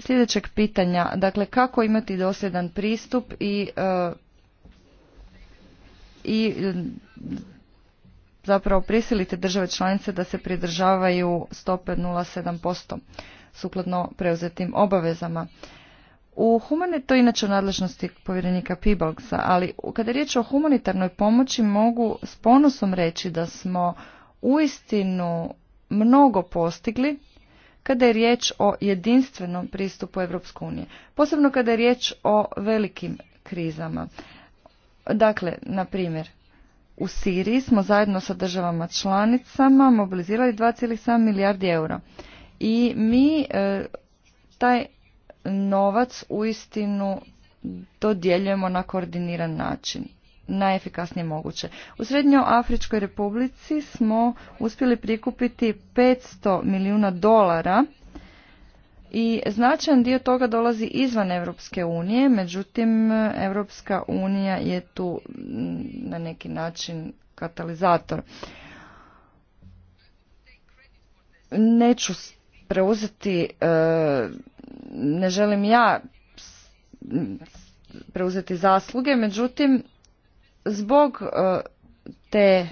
sljedećeg pitanja. Dakle, kako imati dosljedan pristup i, e, i e, zapravo prisiliti države članice da se pridržavaju stope 0,7% sukladno preuzetim obavezama. U humane, to je inače u nadležnosti povjerenika Pibalksa, ali kada je riječ o humanitarnoj pomoći mogu s ponosom reći da smo uistinu mnogo postigli kada je riječ o jedinstvenom pristupu Europske unije, posebno kada je riječ o velikim krizama. Dakle, na primjer, u Siriji smo zajedno sa državama članicama mobilizirali 2,7 milijardi eura. I mi e, taj novac uistinu dodjeljujemo na koordiniran način najefikasnije moguće. U Srednjoafričkoj republici smo uspjeli prikupiti 500 milijuna dolara i značajan dio toga dolazi izvan Europske unije, međutim Europska unija je tu mm, na neki način katalizator. Neću preuzeti, e, ne želim ja preuzeti zasluge, međutim zbog e, te e,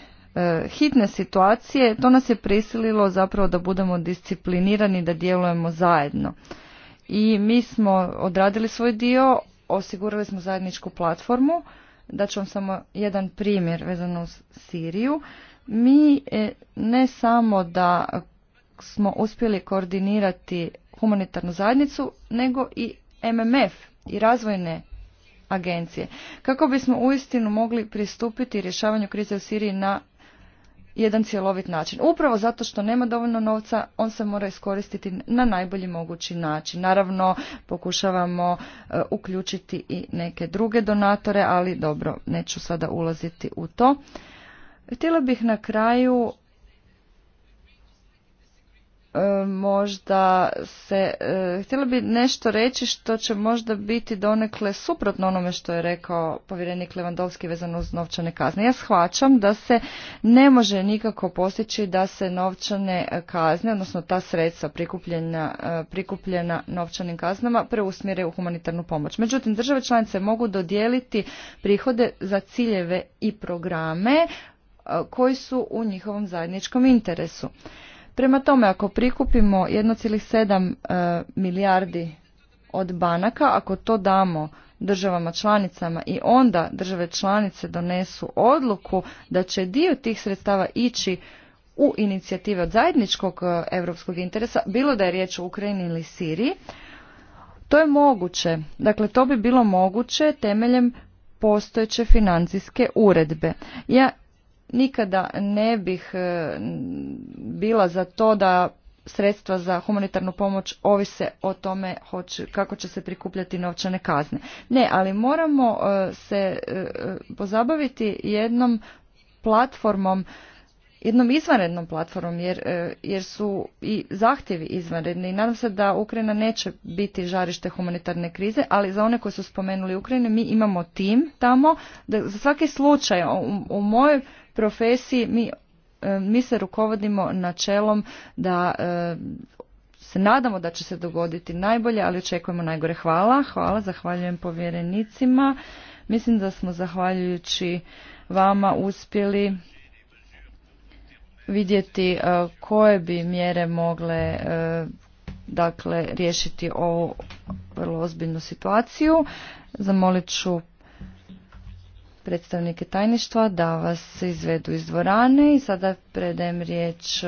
hitne situacije to nas je prisililo zapravo da budemo disciplinirani da djelujemo zajedno i mi smo odradili svoj dio osigurali smo zajedničku platformu da ću vam samo jedan primjer vezano uz Siriju mi e, ne samo da smo uspjeli koordinirati humanitarnu zajednicu nego i MMF i razvojne agencije. Kako bismo uistinu mogli pristupiti rješavanju krize u Siriji na jedan cjelovit način. Upravo zato što nema dovoljno novca, on se mora iskoristiti na najbolji mogući način. Naravno, pokušavamo e, uključiti i neke druge donatore, ali dobro, neću sada ulaziti u to. Htjela bih na kraju E, možda se, e, htjela bi nešto reći što će možda biti donekle suprotno onome što je rekao povjerenik Levandovski vezano uz novčane kazne. Ja shvaćam da se ne može nikako postići da se novčane e, kazne, odnosno ta sredstva prikupljena, prikupljena novčanim kaznama preusmjere u humanitarnu pomoć. Međutim, države članice mogu dodijeliti prihode za ciljeve i programe koji su u njihovom zajedničkom interesu. Prema tome, ako prikupimo 1,7 e, milijardi od banaka, ako to damo državama članicama i onda države članice donesu odluku da će dio tih sredstava ići u inicijative od zajedničkog e, europskog interesa, bilo da je riječ o Ukrajini ili Siriji, to je moguće. Dakle, to bi bilo moguće temeljem postojeće financijske uredbe. Ja nikada ne bih e, bila za to da sredstva za humanitarnu pomoć ovise o tome kako će se prikupljati novčane kazne. Ne, ali moramo e, se e, pozabaviti jednom platformom jednom izvanrednom platformom jer, e, jer su i zahtjevi izvanredni i nadam se da Ukrajina neće biti žarište humanitarne krize, ali za one koji su spomenuli Ukrajine mi imamo tim tamo da za svaki slučaj u, u mojoj profesiji mi, e, mi se rukovodimo načelom da e, se nadamo da će se dogoditi najbolje, ali očekujemo najgore. Hvala, hvala, zahvaljujem povjerenicima. Mislim da smo zahvaljujući vama uspjeli vidjeti e, koje bi mjere mogle e, dakle riješiti ovu vrlo ozbiljnu situaciju. Zamolit ću predstavnike tajništva da vas izvedu iz dvorane i sada predajem riječ,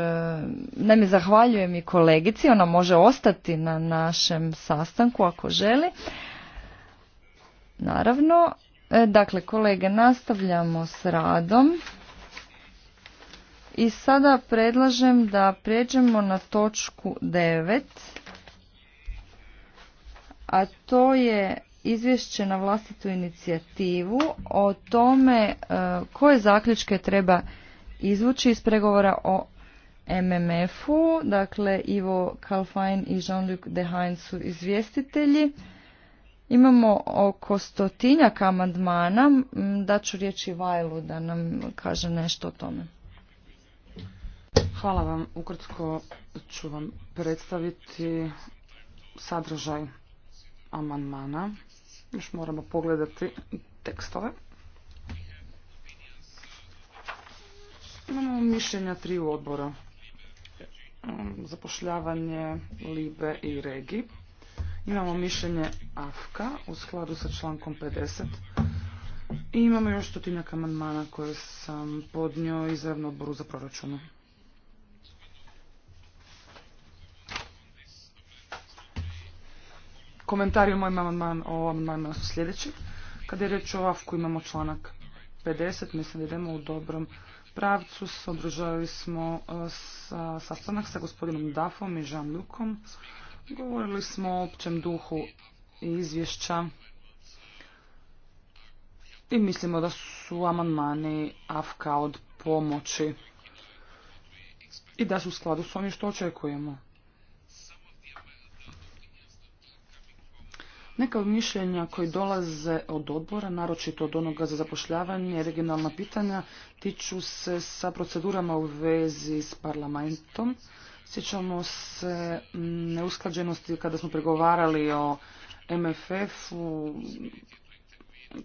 ne mi zahvaljujem i kolegici, ona može ostati na našem sastanku ako želi. Naravno, e, dakle kolege nastavljamo s radom. I sada predlažem da prijeđemo na točku 9, a to je izvješće na vlastitu inicijativu o tome e, koje zaključke treba izvući iz pregovora o MMF-u. Dakle, Ivo Kalfajn i Jean-Luc Dehaene su izvjestitelji. Imamo oko stotinjak amandmana. Daću riječi Vajlu da nam kaže nešto o tome. Hvala vam. Ukratko ću vam predstaviti sadržaj amandmana. Još moramo pogledati tekstove. Imamo mišljenja u odbora. Zapošljavanje Libe i Regi. Imamo mišljenje AFKA u skladu sa člankom 50. I imamo još stotinjak amandmana koje sam podnio izravno odboru za proračunu. komentari o mojim amandman, o amandmanima su sljedeći. Kad je riječ o AFKU imamo članak 50, mislim da idemo u dobrom pravcu. Održali smo e, sastanak sa gospodinom Dafom i Žan Ljukom. Govorili smo o općem duhu izvješća i mislimo da su amandmani AFKA od pomoći i da su u skladu s onim što očekujemo. Neka od mišljenja koji dolaze od odbora, naročito od onoga za zapošljavanje, regionalna pitanja, tiču se sa procedurama u vezi s parlamentom. Sjećamo se neusklađenosti kada smo pregovarali o MFF-u,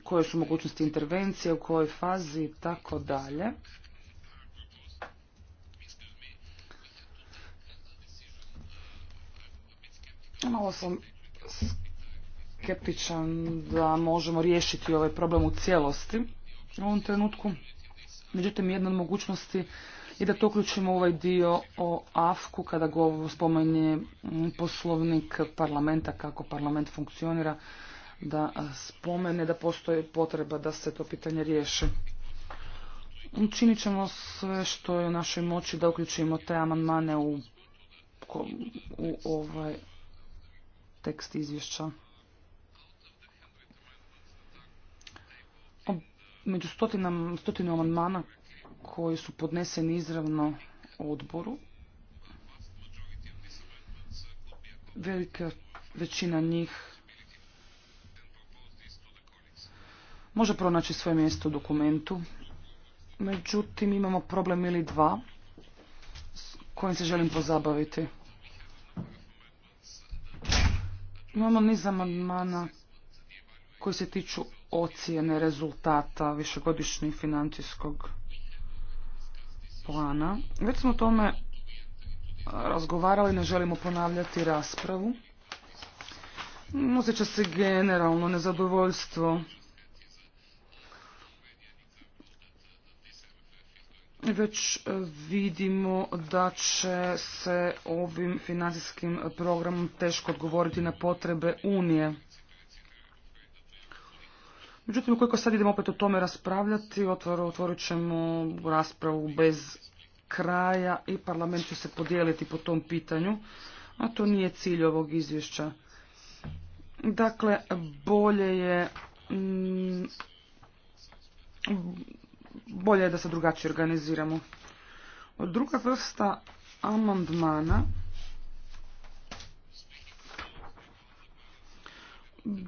koje su mogućnosti intervencije, u kojoj fazi i tako dalje. Malo sam skeptičan da možemo riješiti ovaj problem u cijelosti u ovom trenutku. Međutim, jedna od mogućnosti je da to uključimo u ovaj dio o AFKU kada spominje spomenje mm, poslovnik parlamenta, kako parlament funkcionira, da spomene da postoji potreba da se to pitanje riješi. Učinit ćemo sve što je u našoj moći da uključimo te amandmane u, u ovaj tekst izvješća. među stotinama, stotinu amandmana koji su podneseni izravno odboru. Velika većina njih može pronaći svoje mjesto u dokumentu. Međutim, imamo problem ili dva s kojim se želim pozabaviti. Imamo niz amandmana koji se tiču ocjene rezultata višegodišnjeg financijskog plana. Već smo o tome razgovarali, ne želimo ponavljati raspravu. Osjeća se generalno nezadovoljstvo. Već vidimo da će se ovim financijskim programom teško odgovoriti na potrebe Unije. Međutim, ukoliko sad idemo opet o tome raspravljati, otvorit ćemo raspravu bez kraja i parlament će se podijeliti po tom pitanju, a to nije cilj ovog izvješća. Dakle, bolje je mm, bolje je da se drugačije organiziramo. Druga vrsta amandmana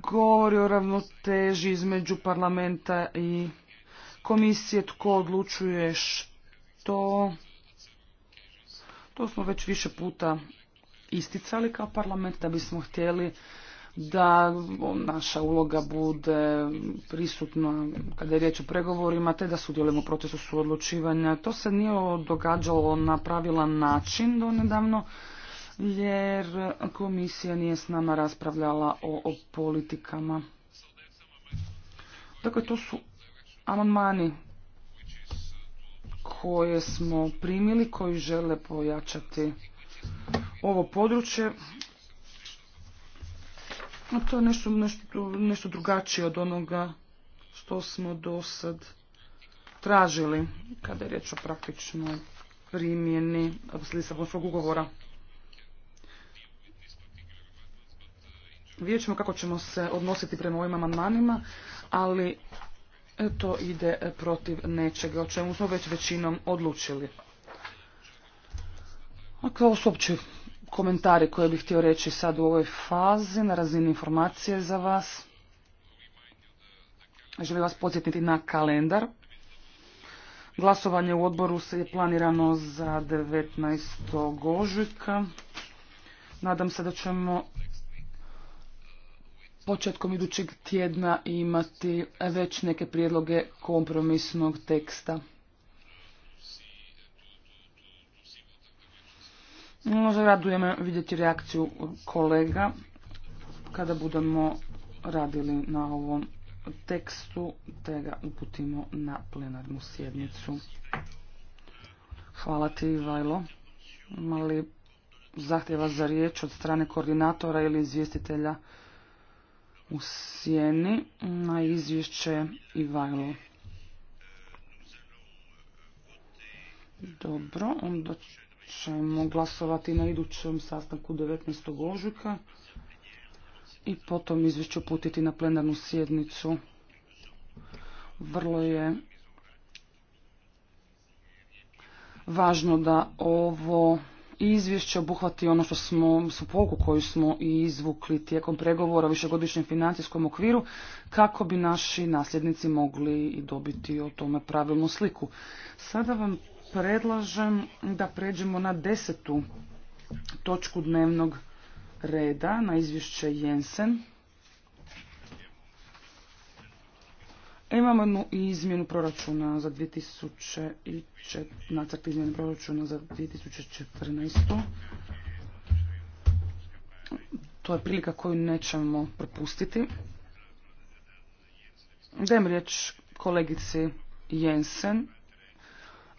govori o ravnoteži između parlamenta i komisije, tko odlučuje što. To smo već više puta isticali kao parlament da bismo htjeli da naša uloga bude prisutna kada je riječ o pregovorima te da sudjelujemo u procesu suodlučivanja. To se nije događalo na pravilan način do nedavno jer komisija nije s nama raspravljala o, politikama. Dakle, to su amandmani koje smo primili, koji žele pojačati ovo područje. No, to je nešto, nešto, nešto drugačije od onoga što smo do sad tražili kada je riječ o praktičnoj primjeni Lisabonskog ugovora. Vidjet ćemo kako ćemo se odnositi prema ovim amandmanima, ali to ide protiv nečega, o čemu smo već većinom odlučili. A kao su opće komentari koje bih htio reći sad u ovoj fazi, na razini informacije za vas. Želim vas podsjetiti na kalendar. Glasovanje u odboru se je planirano za 19. ožujka. Nadam se da ćemo početkom idućeg tjedna imati već neke prijedloge kompromisnog teksta. Možda radujem vidjeti reakciju kolega kada budemo radili na ovom tekstu te ga uputimo na plenarnu sjednicu. Hvala ti Vajlo. Imali zahtjeva za riječ od strane koordinatora ili izvjestitelja u sjeni na izvješće vajlo. Dobro, onda ćemo glasovati na idućem sastanku 19. ožujka i potom izvješću putiti na plenarnu sjednicu. Vrlo je važno da ovo izvješće obuhvati ono što smo, su koju smo izvukli tijekom pregovora o višegodišnjem financijskom okviru kako bi naši nasljednici mogli i dobiti o tome pravilnu sliku. Sada vam predlažem da pređemo na desetu točku dnevnog reda, na izvješće Jensen. Imamo jednu izmjenu proračuna za 2014. nacrt izmjene proračuna za 2014. To je prilika koju nećemo propustiti. Dajem riječ kolegici Jensen.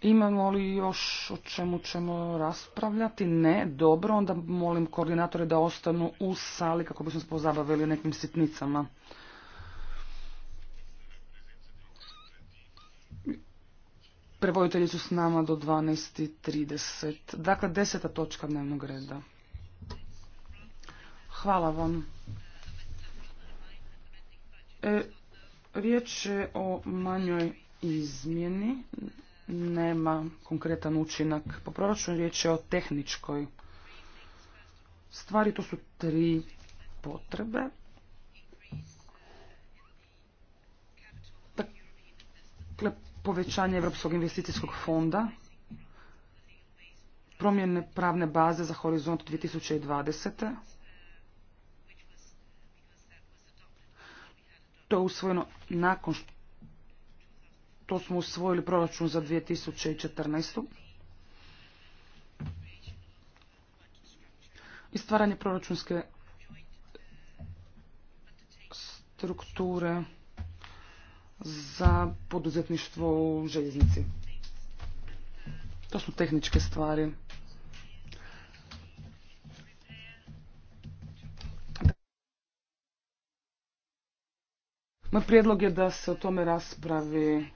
Imamo li još o čemu ćemo raspravljati? Ne, dobro, onda molim koordinatore da ostanu u sali kako bismo se pozabavili nekim sitnicama. Prevoditelji su s nama do 12.30. Dakle, deseta točka dnevnog reda. Hvala vam. E, riječ je o manjoj izmjeni. Nema konkretan učinak. Po proračunu riječ je o tehničkoj stvari. To su tri potrebe. Dakle, povećanje Europskog investicijskog fonda, promjene pravne baze za horizont 2020. To je usvojeno nakon što smo usvojili proračun za 2014. I stvaranje proračunske strukture za poduzetništvo u željeznici. To su tehničke stvari. Moj prijedlog je da se o tome raspravi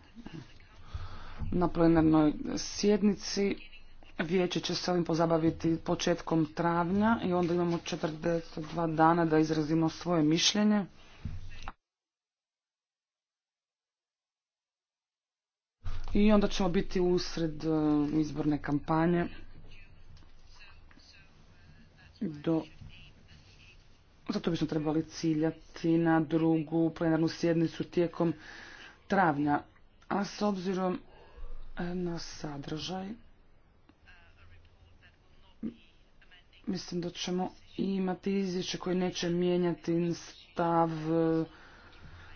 na plenarnoj sjednici. Vijeće će se ovim pozabaviti početkom travnja i onda imamo 42 dana da izrazimo svoje mišljenje. i onda ćemo biti usred e, izborne kampanje do zato bismo trebali ciljati na drugu plenarnu sjednicu tijekom travnja. A s obzirom e, na sadržaj, mislim da ćemo imati izvješće koje neće mijenjati stav e,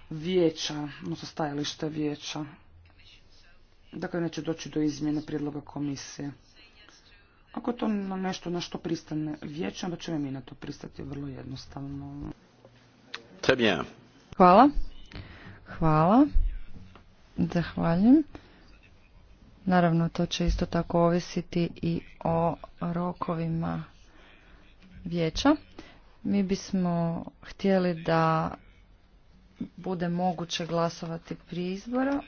vijeća, odnosno stajalište vijeća. Dakle, neće doći do izmjene prijedloga komisije. Ako to to nešto na što pristane vijeće, onda ćemo mi na to pristati vrlo jednostavno. Hvala. Hvala. Zahvaljujem. Naravno, to će isto tako ovisiti i o rokovima vijeća. Mi bismo htjeli da bude moguće glasovati prije izbora,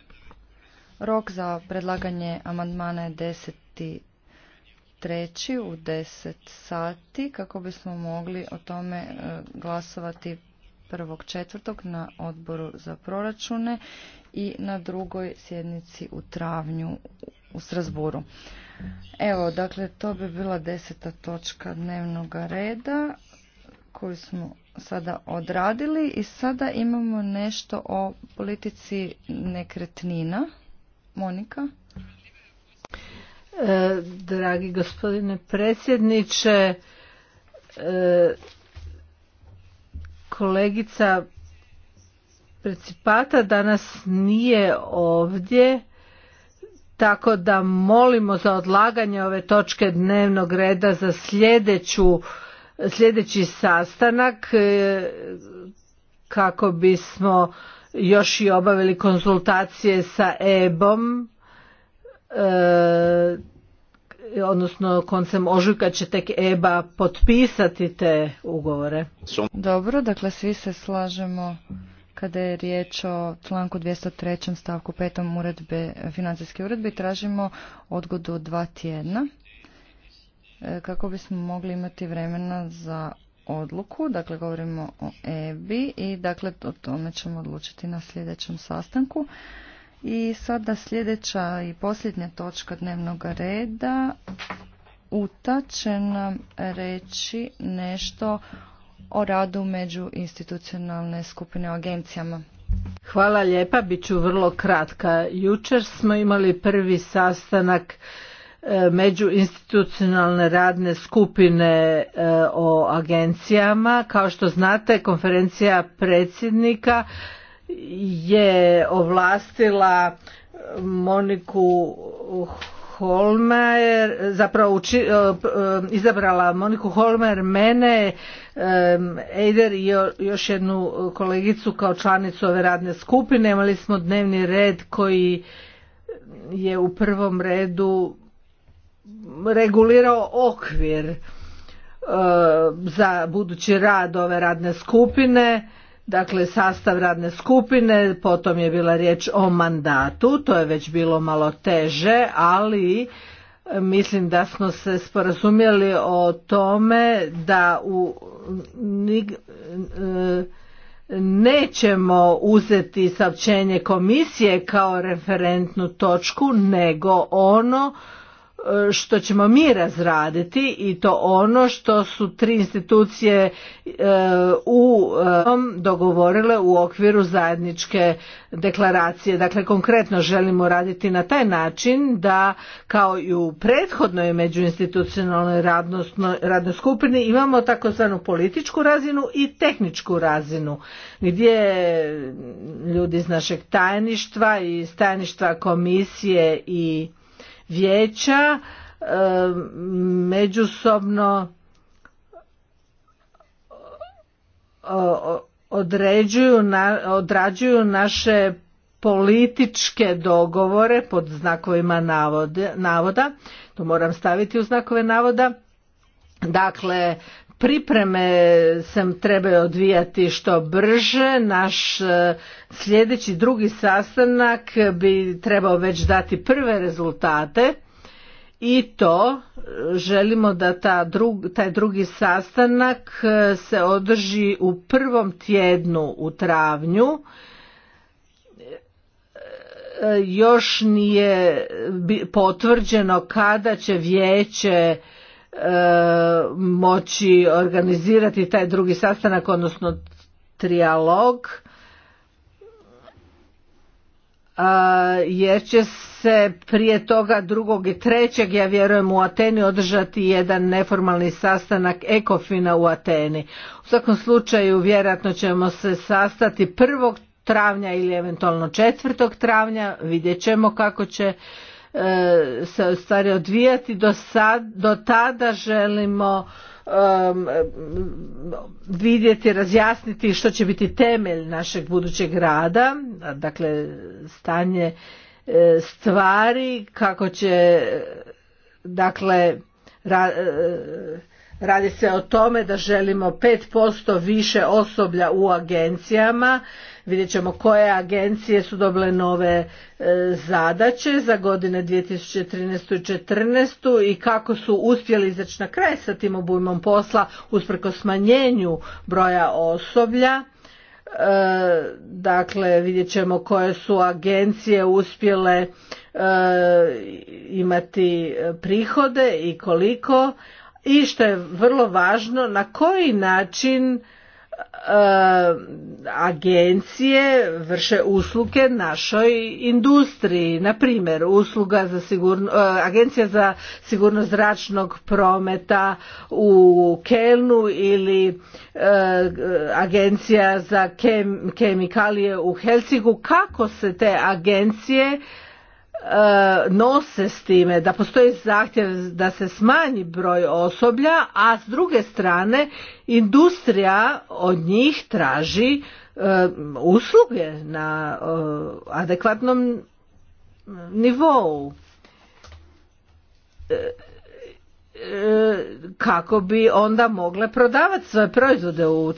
Rok za predlaganje amandmana je 10.3. u 10 sati kako bismo mogli o tome e, glasovati prvog četvrtog na odboru za proračune i na drugoj sjednici u travnju u Strasburu. Evo, dakle, to bi bila deseta točka dnevnog reda koju smo sada odradili i sada imamo nešto o politici nekretnina. Monika. E, dragi gospodine predsjedniče, e, kolegica Precipata danas nije ovdje, tako da molimo za odlaganje ove točke dnevnog reda za sljedeću, sljedeći sastanak e, kako bismo još i obavili konzultacije sa EBOM, e, odnosno koncem ožujka će tek EBA potpisati te ugovore. Dobro, dakle svi se slažemo kada je riječ o članku 203. stavku 5. uredbe, financijske uredbe i tražimo odgodu od dva tjedna e, kako bismo mogli imati vremena za odluku, dakle govorimo o EBI i dakle o tome ćemo odlučiti na sljedećem sastanku. I sada sljedeća i posljednja točka dnevnog reda. Uta će nam reći nešto o radu među institucionalne skupine o agencijama. Hvala lijepa, bit ću vrlo kratka. Jučer smo imali prvi sastanak E, međuinstitucionalne radne skupine e, o agencijama. Kao što znate, konferencija predsjednika je ovlastila Moniku Holmer, zapravo e, izabrala Moniku Holmer, mene, Eider i još jednu kolegicu kao članicu ove radne skupine. Imali smo dnevni red koji je u prvom redu regulirao okvir e, za budući rad ove radne skupine, dakle sastav radne skupine, potom je bila riječ o mandatu, to je već bilo malo teže, ali e, mislim da smo se sporazumjeli o tome da u e, nećemo uzeti saopćenje komisije kao referentnu točku, nego ono što ćemo mi razraditi i to ono što su tri institucije e, u e, dogovorile u okviru zajedničke deklaracije. Dakle, konkretno želimo raditi na taj način da kao i u prethodnoj međuinstitucionalnoj radnoj skupini imamo takozvanu političku razinu i tehničku razinu gdje ljudi iz našeg tajništva i iz tajništva komisije i vijeća e, međusobno određuju, odrađuju naše političke dogovore pod znakovima navoda, navoda, to moram staviti u znakove navoda, dakle pripreme se trebaju odvijati što brže. Naš e, sljedeći drugi sastanak bi trebao već dati prve rezultate i to e, želimo da ta drug, taj drugi sastanak e, se održi u prvom tjednu u travnju još nije potvrđeno kada će vijeće E, moći organizirati taj drugi sastanak, odnosno trijalog, jer će se prije toga drugog i trećeg, ja vjerujem, u Ateni održati jedan neformalni sastanak Ekofina u Ateni. U svakom slučaju vjerojatno ćemo se sastati prvog travnja ili eventualno četvrtog travnja, vidjet ćemo kako će E, se stvari odvijati do, sad, do tada želimo vidjeti, razjasniti što će biti temelj našeg budućeg rada, dakle stanje e, stvari, kako će dakle e, radi se o tome da želimo 5% više osoblja u agencijama Vidjet ćemo koje agencije su dobile nove e, zadaće za godine 2013. i 2014. i kako su uspjeli izaći na kraj sa tim obujmom posla uspreko smanjenju broja osoblja. E, dakle vidjet ćemo koje su agencije uspjele e, imati prihode i koliko i što je vrlo važno na koji način E, agencije vrše usluge našoj industriji na primjer usluga za sigurno, e, agencija za sigurnost zračnog prometa u Kelnu ili e, agencija za kemikalije u Helsinku. kako se te agencije E, nose s time da postoji zahtjev da se smanji broj osoblja, a s druge strane industrija od njih traži e, usluge na e, adekvatnom nivou kako bi onda mogle prodavati svoje proizvode u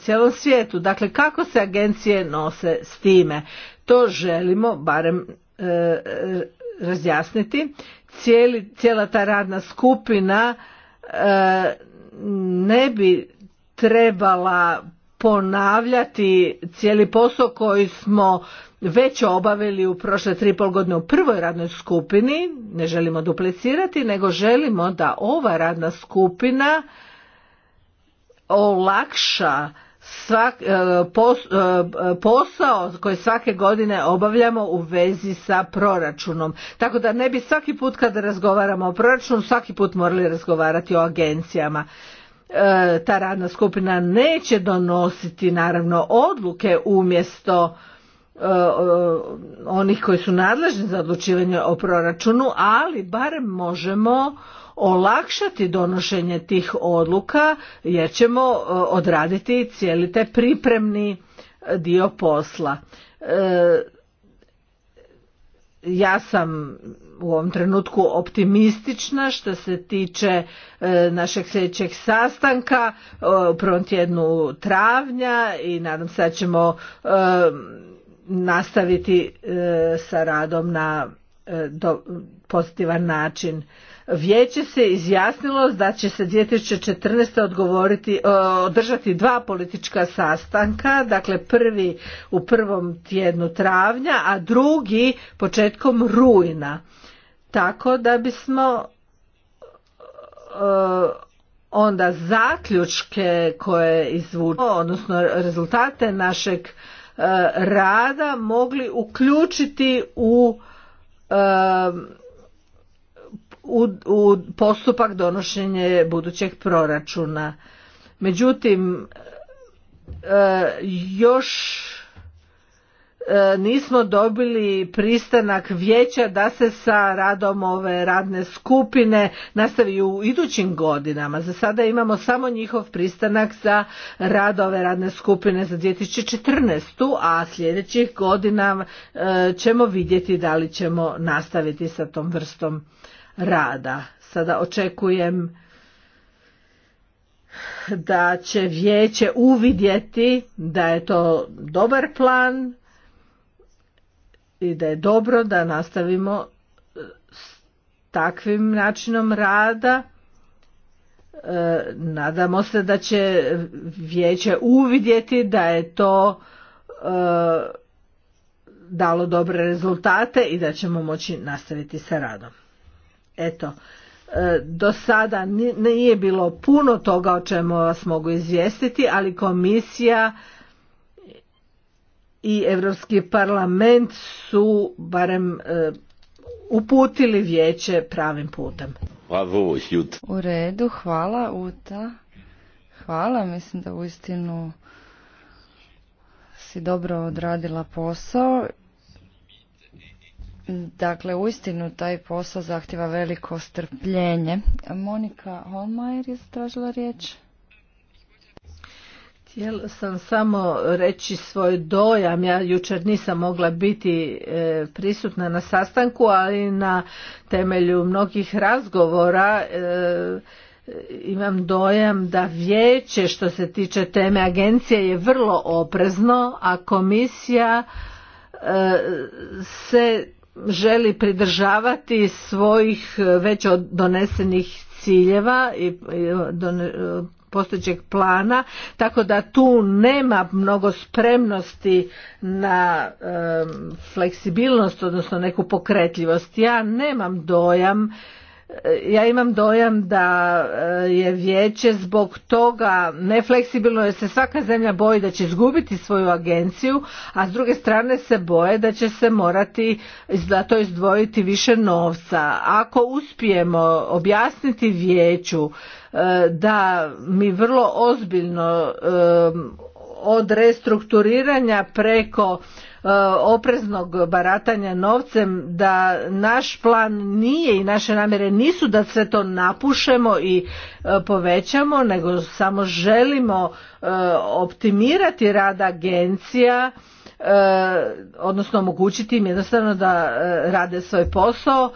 cijelom svijetu. Dakle, kako se agencije nose s time? To želimo barem E, razjasniti. Cijeli, cijela ta radna skupina e, ne bi trebala ponavljati cijeli posao koji smo već obavili u prošle tri pol godine u prvoj radnoj skupini, ne želimo duplicirati, nego želimo da ova radna skupina olakša svak, e, e, posao koji svake godine obavljamo u vezi sa proračunom. Tako da ne bi svaki put kada razgovaramo o proračunu, svaki put morali razgovarati o agencijama. E, ta radna skupina neće donositi naravno odluke umjesto E, onih koji su nadležni za odlučivanje o proračunu, ali barem možemo olakšati donošenje tih odluka jer ćemo e, odraditi cijeli taj pripremni e, dio posla. Ja sam u ovom trenutku optimistična što se tiče našeg sljedećeg sastanka u prvom tjednu travnja i nadam se da ćemo nastaviti e, sa radom na e, pozitivan način. Vijeće se izjasnilo da će se 2014. odgovoriti, e, održati dva politička sastanka, dakle prvi u prvom tjednu travnja, a drugi početkom rujna. Tako da bismo onda zaključke koje izvučemo, odnosno rezultate našeg E, rada mogli uključiti e, u u, postupak donošenja budućeg proračuna. Međutim, e, još E, nismo dobili pristanak vijeća da se sa radom ove radne skupine nastavi u idućim godinama. Za sada imamo samo njihov pristanak za rad ove radne skupine za 2014. a sljedećih godina e, ćemo vidjeti da li ćemo nastaviti sa tom vrstom rada. Sada očekujem da će vijeće uvidjeti da je to dobar plan i da je dobro da nastavimo e, s takvim načinom rada. E, nadamo se da će vijeće uvidjeti da je to e, dalo dobre rezultate i da ćemo moći nastaviti sa radom. Eto, do sada nije bilo puno toga o čemu vas mogu izvijestiti, ali komisija i Europski parlament su barem e, uputili vijeće pravim putem. U redu, hvala Uta. Hvala, mislim da uistinu si dobro odradila posao. Dakle, uistinu taj posao zahtjeva veliko strpljenje. Monika Holmajer je zatražila riječ. Htjela sam samo reći svoj dojam. Ja jučer nisam mogla biti e, prisutna na sastanku, ali na temelju mnogih razgovora e, imam dojam da vijeće što se tiče teme agencije je vrlo oprezno, a komisija e, se želi pridržavati svojih već donesenih ciljeva i postojećeg plana tako da tu nema mnogo spremnosti na fleksibilnost odnosno neku pokretljivost ja nemam dojam ja imam dojam da e, je vijeće zbog toga nefleksibilno jer se svaka zemlja boji da će izgubiti svoju agenciju, a s druge strane se boje da će se morati za to izdvojiti više novca. Ako uspijemo objasniti vijeću e, da mi vrlo ozbiljno e, od restrukturiranja preko E, opreznog baratanja novcem da naš plan nije i naše namjere nisu da sve to napušemo i e, povećamo nego samo želimo e, optimirati rad agencija odnosno omogućiti im jednostavno da rade svoj posao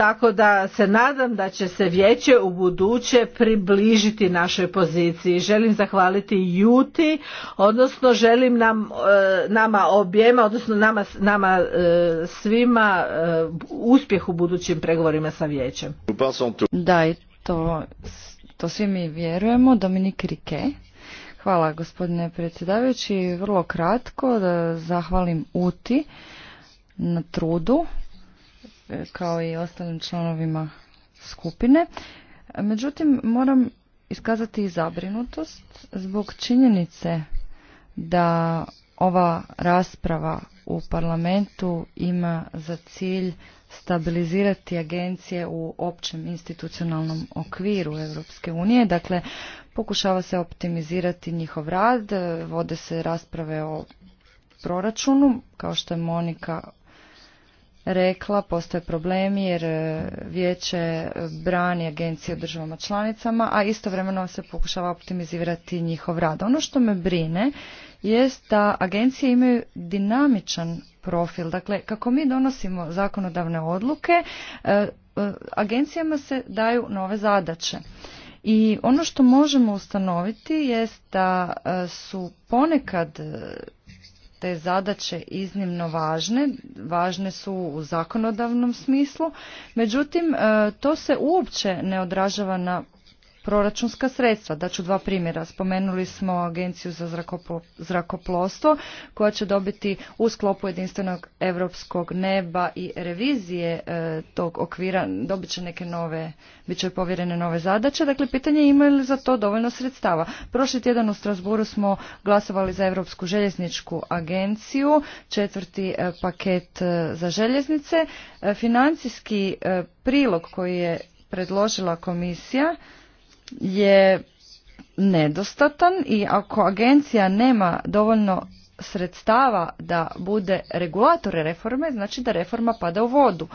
tako da se nadam da će se vijeće u buduće približiti našoj poziciji. Želim zahvaliti Juti, odnosno želim nam, e, nama objema, odnosno nama, nama e, svima e, uspjeh u budućim pregovorima sa vijećem. Da, i to, to svi mi vjerujemo. Dominik Rike. Hvala gospodine predsjedavajući. Vrlo kratko da zahvalim Uti na trudu kao i ostalim članovima skupine. Međutim, moram iskazati i zabrinutost zbog činjenice da ova rasprava u parlamentu ima za cilj stabilizirati agencije u općem institucionalnom okviru Europske unije. Dakle, pokušava se optimizirati njihov rad, vode se rasprave o proračunu, kao što je Monika rekla, postoje problemi jer e, vijeće brani agencije u državama članicama, a istovremeno se pokušava optimizirati njihov rad. Ono što me brine jest da agencije imaju dinamičan profil. Dakle, kako mi donosimo zakonodavne odluke, e, e, agencijama se daju nove zadaće. I ono što možemo ustanoviti jest da su ponekad te zadaće iznimno važne, važne su u zakonodavnom smislu, međutim e, to se uopće ne odražava na proračunska sredstva. ću dva primjera. Spomenuli smo Agenciju za zrakoplostvo koja će dobiti u sklopu jedinstvenog europskog neba i revizije e, tog okvira. Dobit će neke nove, bit će povjerene nove zadaće. Dakle, pitanje je imaju li za to dovoljno sredstava. Prošli tjedan u Strasburu smo glasovali za Europsku željezničku agenciju, četvrti e, paket e, za željeznice. Financijski prilog koji je predložila komisija je nedostatan i ako agencija nema dovoljno sredstava da bude regulator reforme, znači da reforma pada u vodu.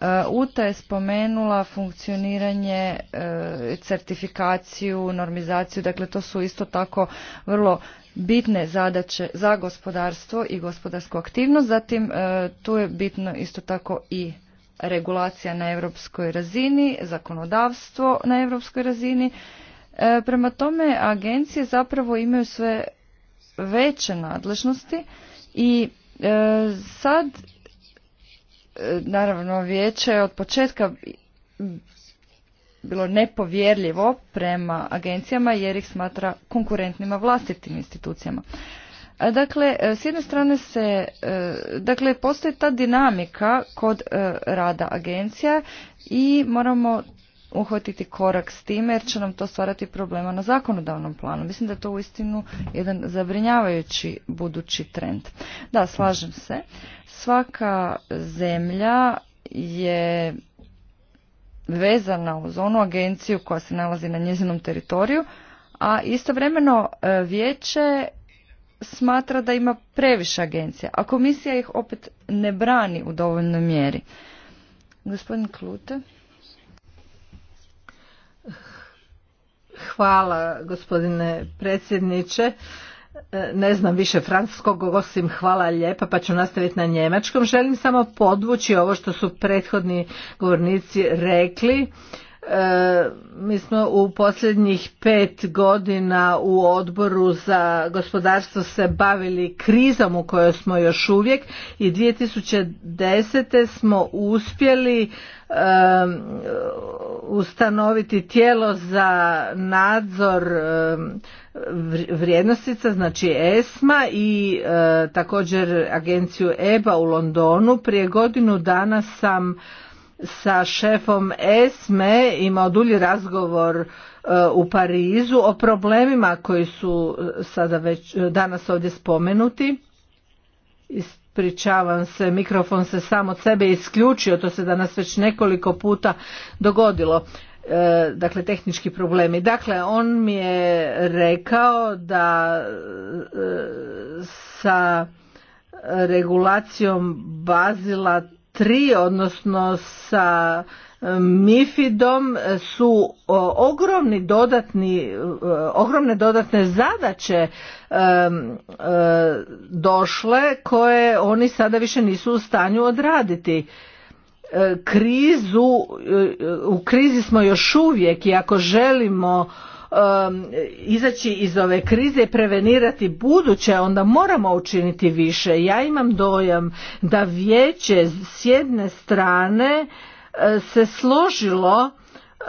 E, UTA je spomenula funkcioniranje, e, certifikaciju, normizaciju, dakle to su isto tako vrlo bitne zadaće za gospodarstvo i gospodarsku aktivnost. Zatim e, tu je bitno isto tako i regulacija na europskoj razini, zakonodavstvo na europskoj razini. E, prema tome, agencije zapravo imaju sve veće nadležnosti i e, sad, e, naravno, vijeće od početka bilo nepovjerljivo prema agencijama jer ih smatra konkurentnima vlastitim institucijama. Dakle, e, s jedne strane se, e, dakle, postoji ta dinamika kod e, rada agencija i moramo uhvatiti korak s time jer će nam to stvarati problema na zakonodavnom planu. Mislim da je to uistinu jedan zabrinjavajući budući trend. Da, slažem se. Svaka zemlja je vezana uz onu agenciju koja se nalazi na njezinom teritoriju, a istovremeno vijeće smatra da ima previše agencija, a komisija ih opet ne brani u dovoljnoj mjeri. Gospodin Klute. Hvala gospodine predsjedniče. Ne znam više francuskog osim hvala lijepa pa ću nastaviti na njemačkom. Želim samo podvući ovo što su prethodni govornici rekli. E, mi smo u posljednjih pet godina u odboru za gospodarstvo se bavili krizom u kojoj smo još uvijek i 2010. smo uspjeli e, ustanoviti tijelo za nadzor e, vrijednostica, znači ESMA i također agenciju EBA u Londonu. Prije godinu dana sam sa šefom ESME imao dulji razgovor e, u Parizu o problemima koji su e, sada već e, danas ovdje spomenuti. Ispričavam se, mikrofon se sam od sebe isključio, to se danas već nekoliko puta dogodilo. Dakle, tehnički problemi. Dakle, on mi je rekao da sa regulacijom Bazila tri, odnosno sa Mifidom su ogromni dodatni, e, ogromne dodatne zadaće e, došle koje oni sada više nisu u stanju odraditi e, krizu u krizi smo još uvijek i ako želimo Um, izaći iz ove krize i prevenirati buduće onda moramo učiniti više ja imam dojam da vijeće s jedne strane uh, se složilo uh,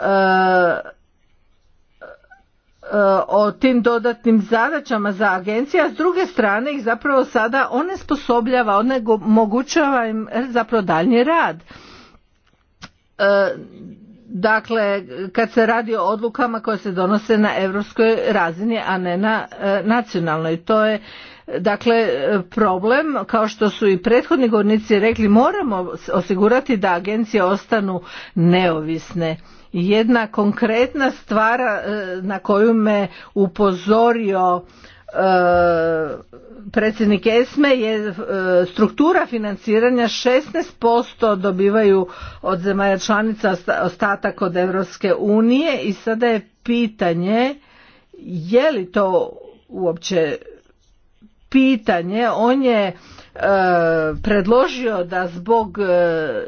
uh, o tim dodatnim zadaćama za agencije, a s druge strane ih zapravo sada onesposobljava, omogućava im zapravo daljnji rad. Dakle, kad se radi o odlukama koje se donose na europskoj razini, a ne na e, nacionalnoj, to je dakle problem kao što su i prethodni govornici rekli moramo osigurati da agencije ostanu neovisne jedna konkretna stvar e, na koju me upozorio E, predsjednik ESME je e, struktura financiranja 16% dobivaju od zemalja članica ostatak od Europske unije i sada je pitanje je li to uopće pitanje on je Eh, predložio da zbog eh,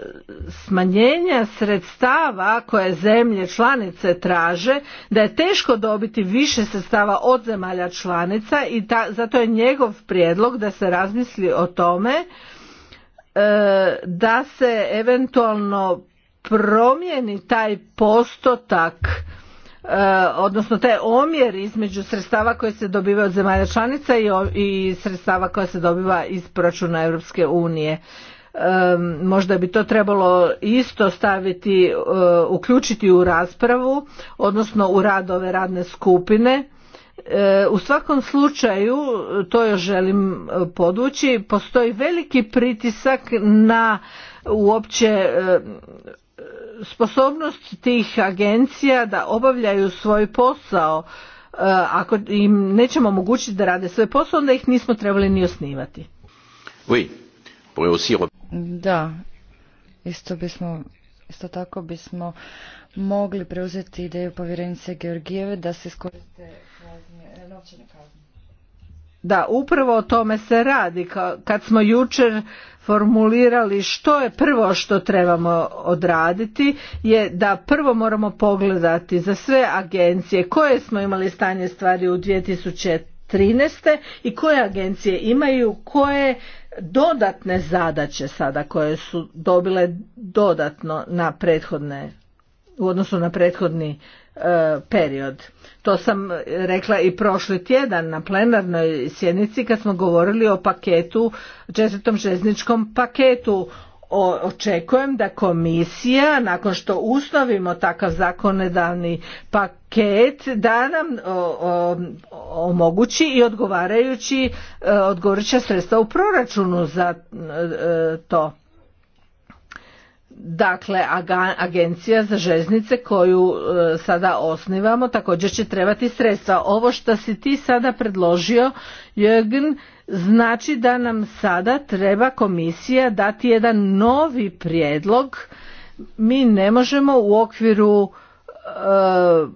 smanjenja sredstava koje zemlje članice traže da je teško dobiti više sredstava od zemalja članica i zato je njegov prijedlog da se razmisli o tome eh, da se eventualno promijeni taj postotak Eh, odnosno taj omjer između sredstava koje se dobiva od zemalja članica i sredstava koja se dobiva iz proračuna Europske unije. Možda bi to trebalo isto staviti, eh, uključiti u raspravu, odnosno u rad ove radne skupine. Eh, u svakom slučaju, to još želim podući, postoji veliki pritisak na uopće sposobnost tih agencija da obavljaju svoj posao eh, ako im nećemo omogućiti da rade svoj posao onda ih nismo trebali ni osnivati. Da, isto bismo tako bismo mogli preuzeti ideju povjerenice Georgijeve da se iskoriste novčane kazne da upravo o tome se radi kad smo jučer formulirali što je prvo što trebamo odraditi je da prvo moramo pogledati za sve agencije koje smo imali stanje stvari u 2013. i koje agencije imaju koje dodatne zadaće sada koje su dobile dodatno na prethodne u odnosu na prethodni E, period. To sam rekla i prošli tjedan na plenarnoj sjednici kad smo govorili o paketu, četvrtom žezničkom paketu. očekujem da komisija nakon što usnovimo takav zakonodavni paket da nam omogući i odgovarajući e, će sredstva u proračunu za e, to. Dakle, agencija za željeznice koju e, sada osnivamo također će trebati sredstva. Ovo što si ti sada predložio, Jürgen, znači da nam sada treba komisija dati jedan novi prijedlog. Mi ne možemo u okviru e,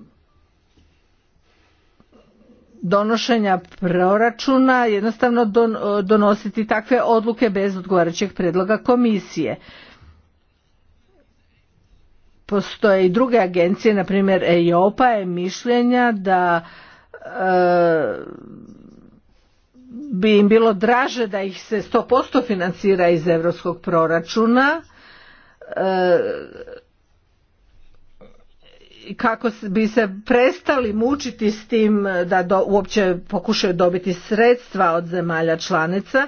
donošenja proračuna jednostavno e, donositi takve odluke bez odgovarajućeg prijedloga komisije postoje i druge agencije, na primjer EIOPA je mišljenja da e, bi im bilo draže da ih se 100% financira iz europskog proračuna e, kako bi se prestali mučiti s tim da uopće pokušaju dobiti sredstva od zemalja članica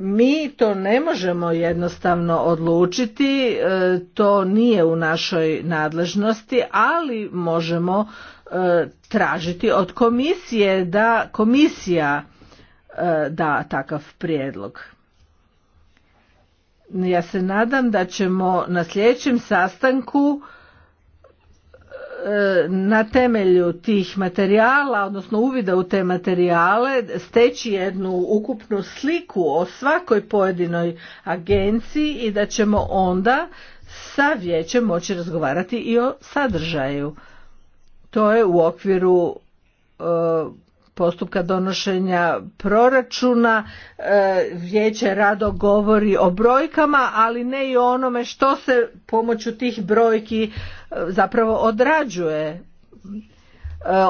mi to ne možemo jednostavno odlučiti, e, to nije u našoj nadležnosti, ali možemo e, tražiti od komisije da komisija e, da takav prijedlog. Ja se nadam da ćemo na sljedećem sastanku na temelju tih materijala, odnosno uvida u te materijale, steći jednu ukupnu sliku o svakoj pojedinoj agenciji i da ćemo onda sa vijećem moći razgovarati i o sadržaju. To je u okviru e, postupka donošenja proračuna. E, vijeće rado govori o brojkama, ali ne i o onome što se pomoću tih brojki zapravo odrađuje e,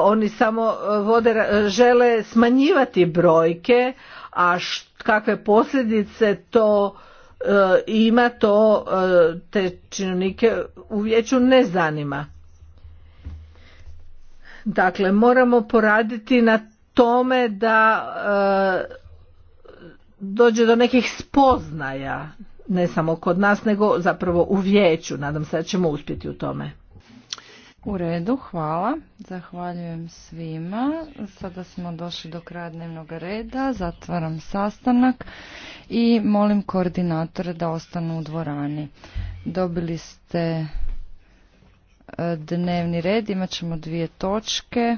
oni samo e, e, žele smanjivati brojke a kakve posljedice to ima to te činovnike u vijeću ne zanima dakle moramo poraditi na tome da dođe do nekih spoznaja ne samo kod nas, nego zapravo u vijeću. Nadam se da ćemo uspjeti u tome. U redu, hvala. Zahvaljujem svima. Sada smo došli do kraja dnevnog reda. Zatvaram sastanak i molim koordinatore da ostanu u dvorani. Dobili ste e, dnevni red, Imaćemo ćemo dvije točke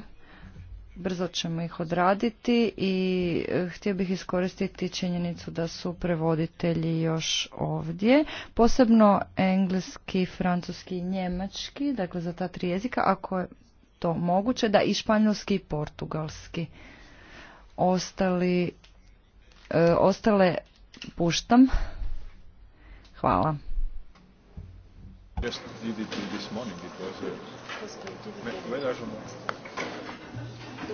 brzo ćemo ih odraditi i e, htio bih iskoristiti činjenicu da su prevoditelji još ovdje, posebno engleski, francuski i njemački, dakle za ta tri jezika, ako je to moguće, da i španjolski i portugalski. Ostali, e, ostale puštam. Hvala.